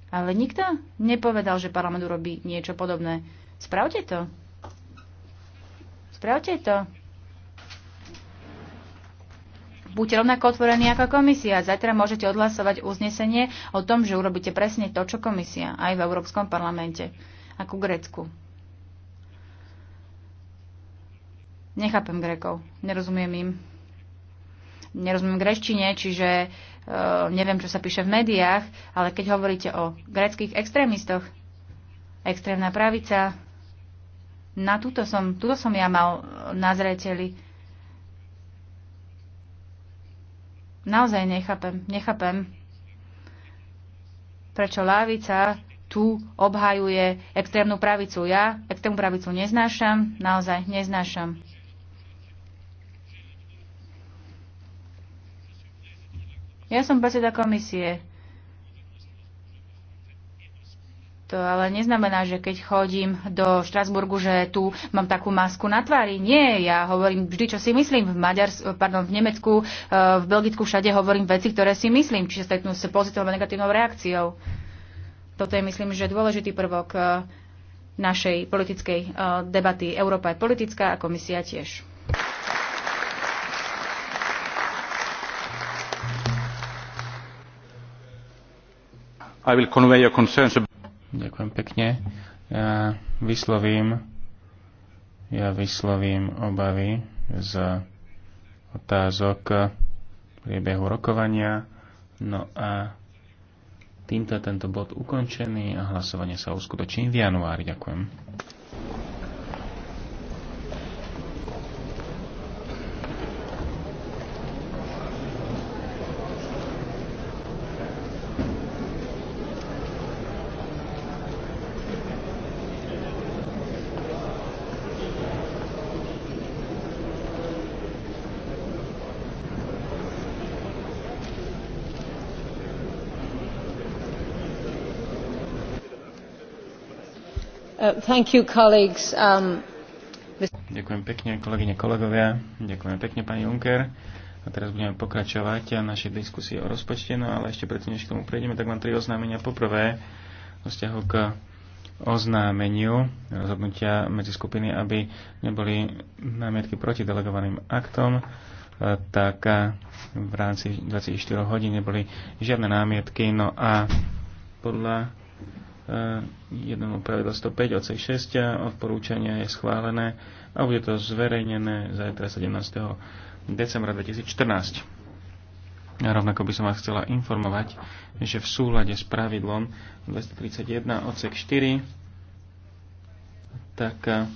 Ale nikto nepovedal, že parlament urobí niečo podobné. Spravte to. Spravte to. Buďte rovnako otvorení ako komisia. Zajtra môžete odhlasovať uznesenie o tom, že urobíte presne to, čo komisia, aj v Európskom parlamente, ako Grécku. Nechápem Grékov, nerozumiem im. Nerozumiem greštine, čiže e, neviem, čo sa píše v médiách, ale keď hovoríte o gréckých extrémistoch, extrémna pravica, na túto som, túto som ja mal na zreteli. Naozaj nechápem, nechápem, prečo lávica tu obhajuje extrémnu pravicu. Ja extrémnu pravicu neznášam, naozaj neznášam. Ja som predseda komisie. To ale neznamená, že keď chodím do Štrasburgu, že tu mám takú masku na tvári. Nie, ja hovorím vždy, čo si myslím. V, Maďars- pardon, v Nemecku, e, v Belgicku všade hovorím veci, ktoré si myslím, či sa stretnú s pozitívnou a negatívnou reakciou. Toto je, myslím, že dôležitý prvok e, našej politickej e, debaty. Európa je politická a komisia tiež. I will convey your concerns Ďakujem pekne. Ja vyslovím, ja vyslovím obavy z otázok priebehu rokovania. No a týmto tento bod ukončený a hlasovanie sa uskutoční v januári. Ďakujem. Um, Ďakujem pekne, kolegyne, kolegovia. Ďakujem pekne, pani Juncker. A teraz budeme pokračovať a naše diskusie o rozpočte, no ale ešte predtým, než k tomu prejdeme, tak mám tri oznámenia. Poprvé, o vzťahu k oznámeniu rozhodnutia medzi skupiny, aby neboli námietky proti delegovaným aktom, tak v rámci 24 hodín neboli žiadne námietky. No a podľa eh, jednomu pravidla 105 od 6 odporúčania je schválené a bude to zverejnené zajtra 17. decembra 2014. A rovnako by som vás chcela informovať, že v súlade s pravidlom 231 odsek 4 tak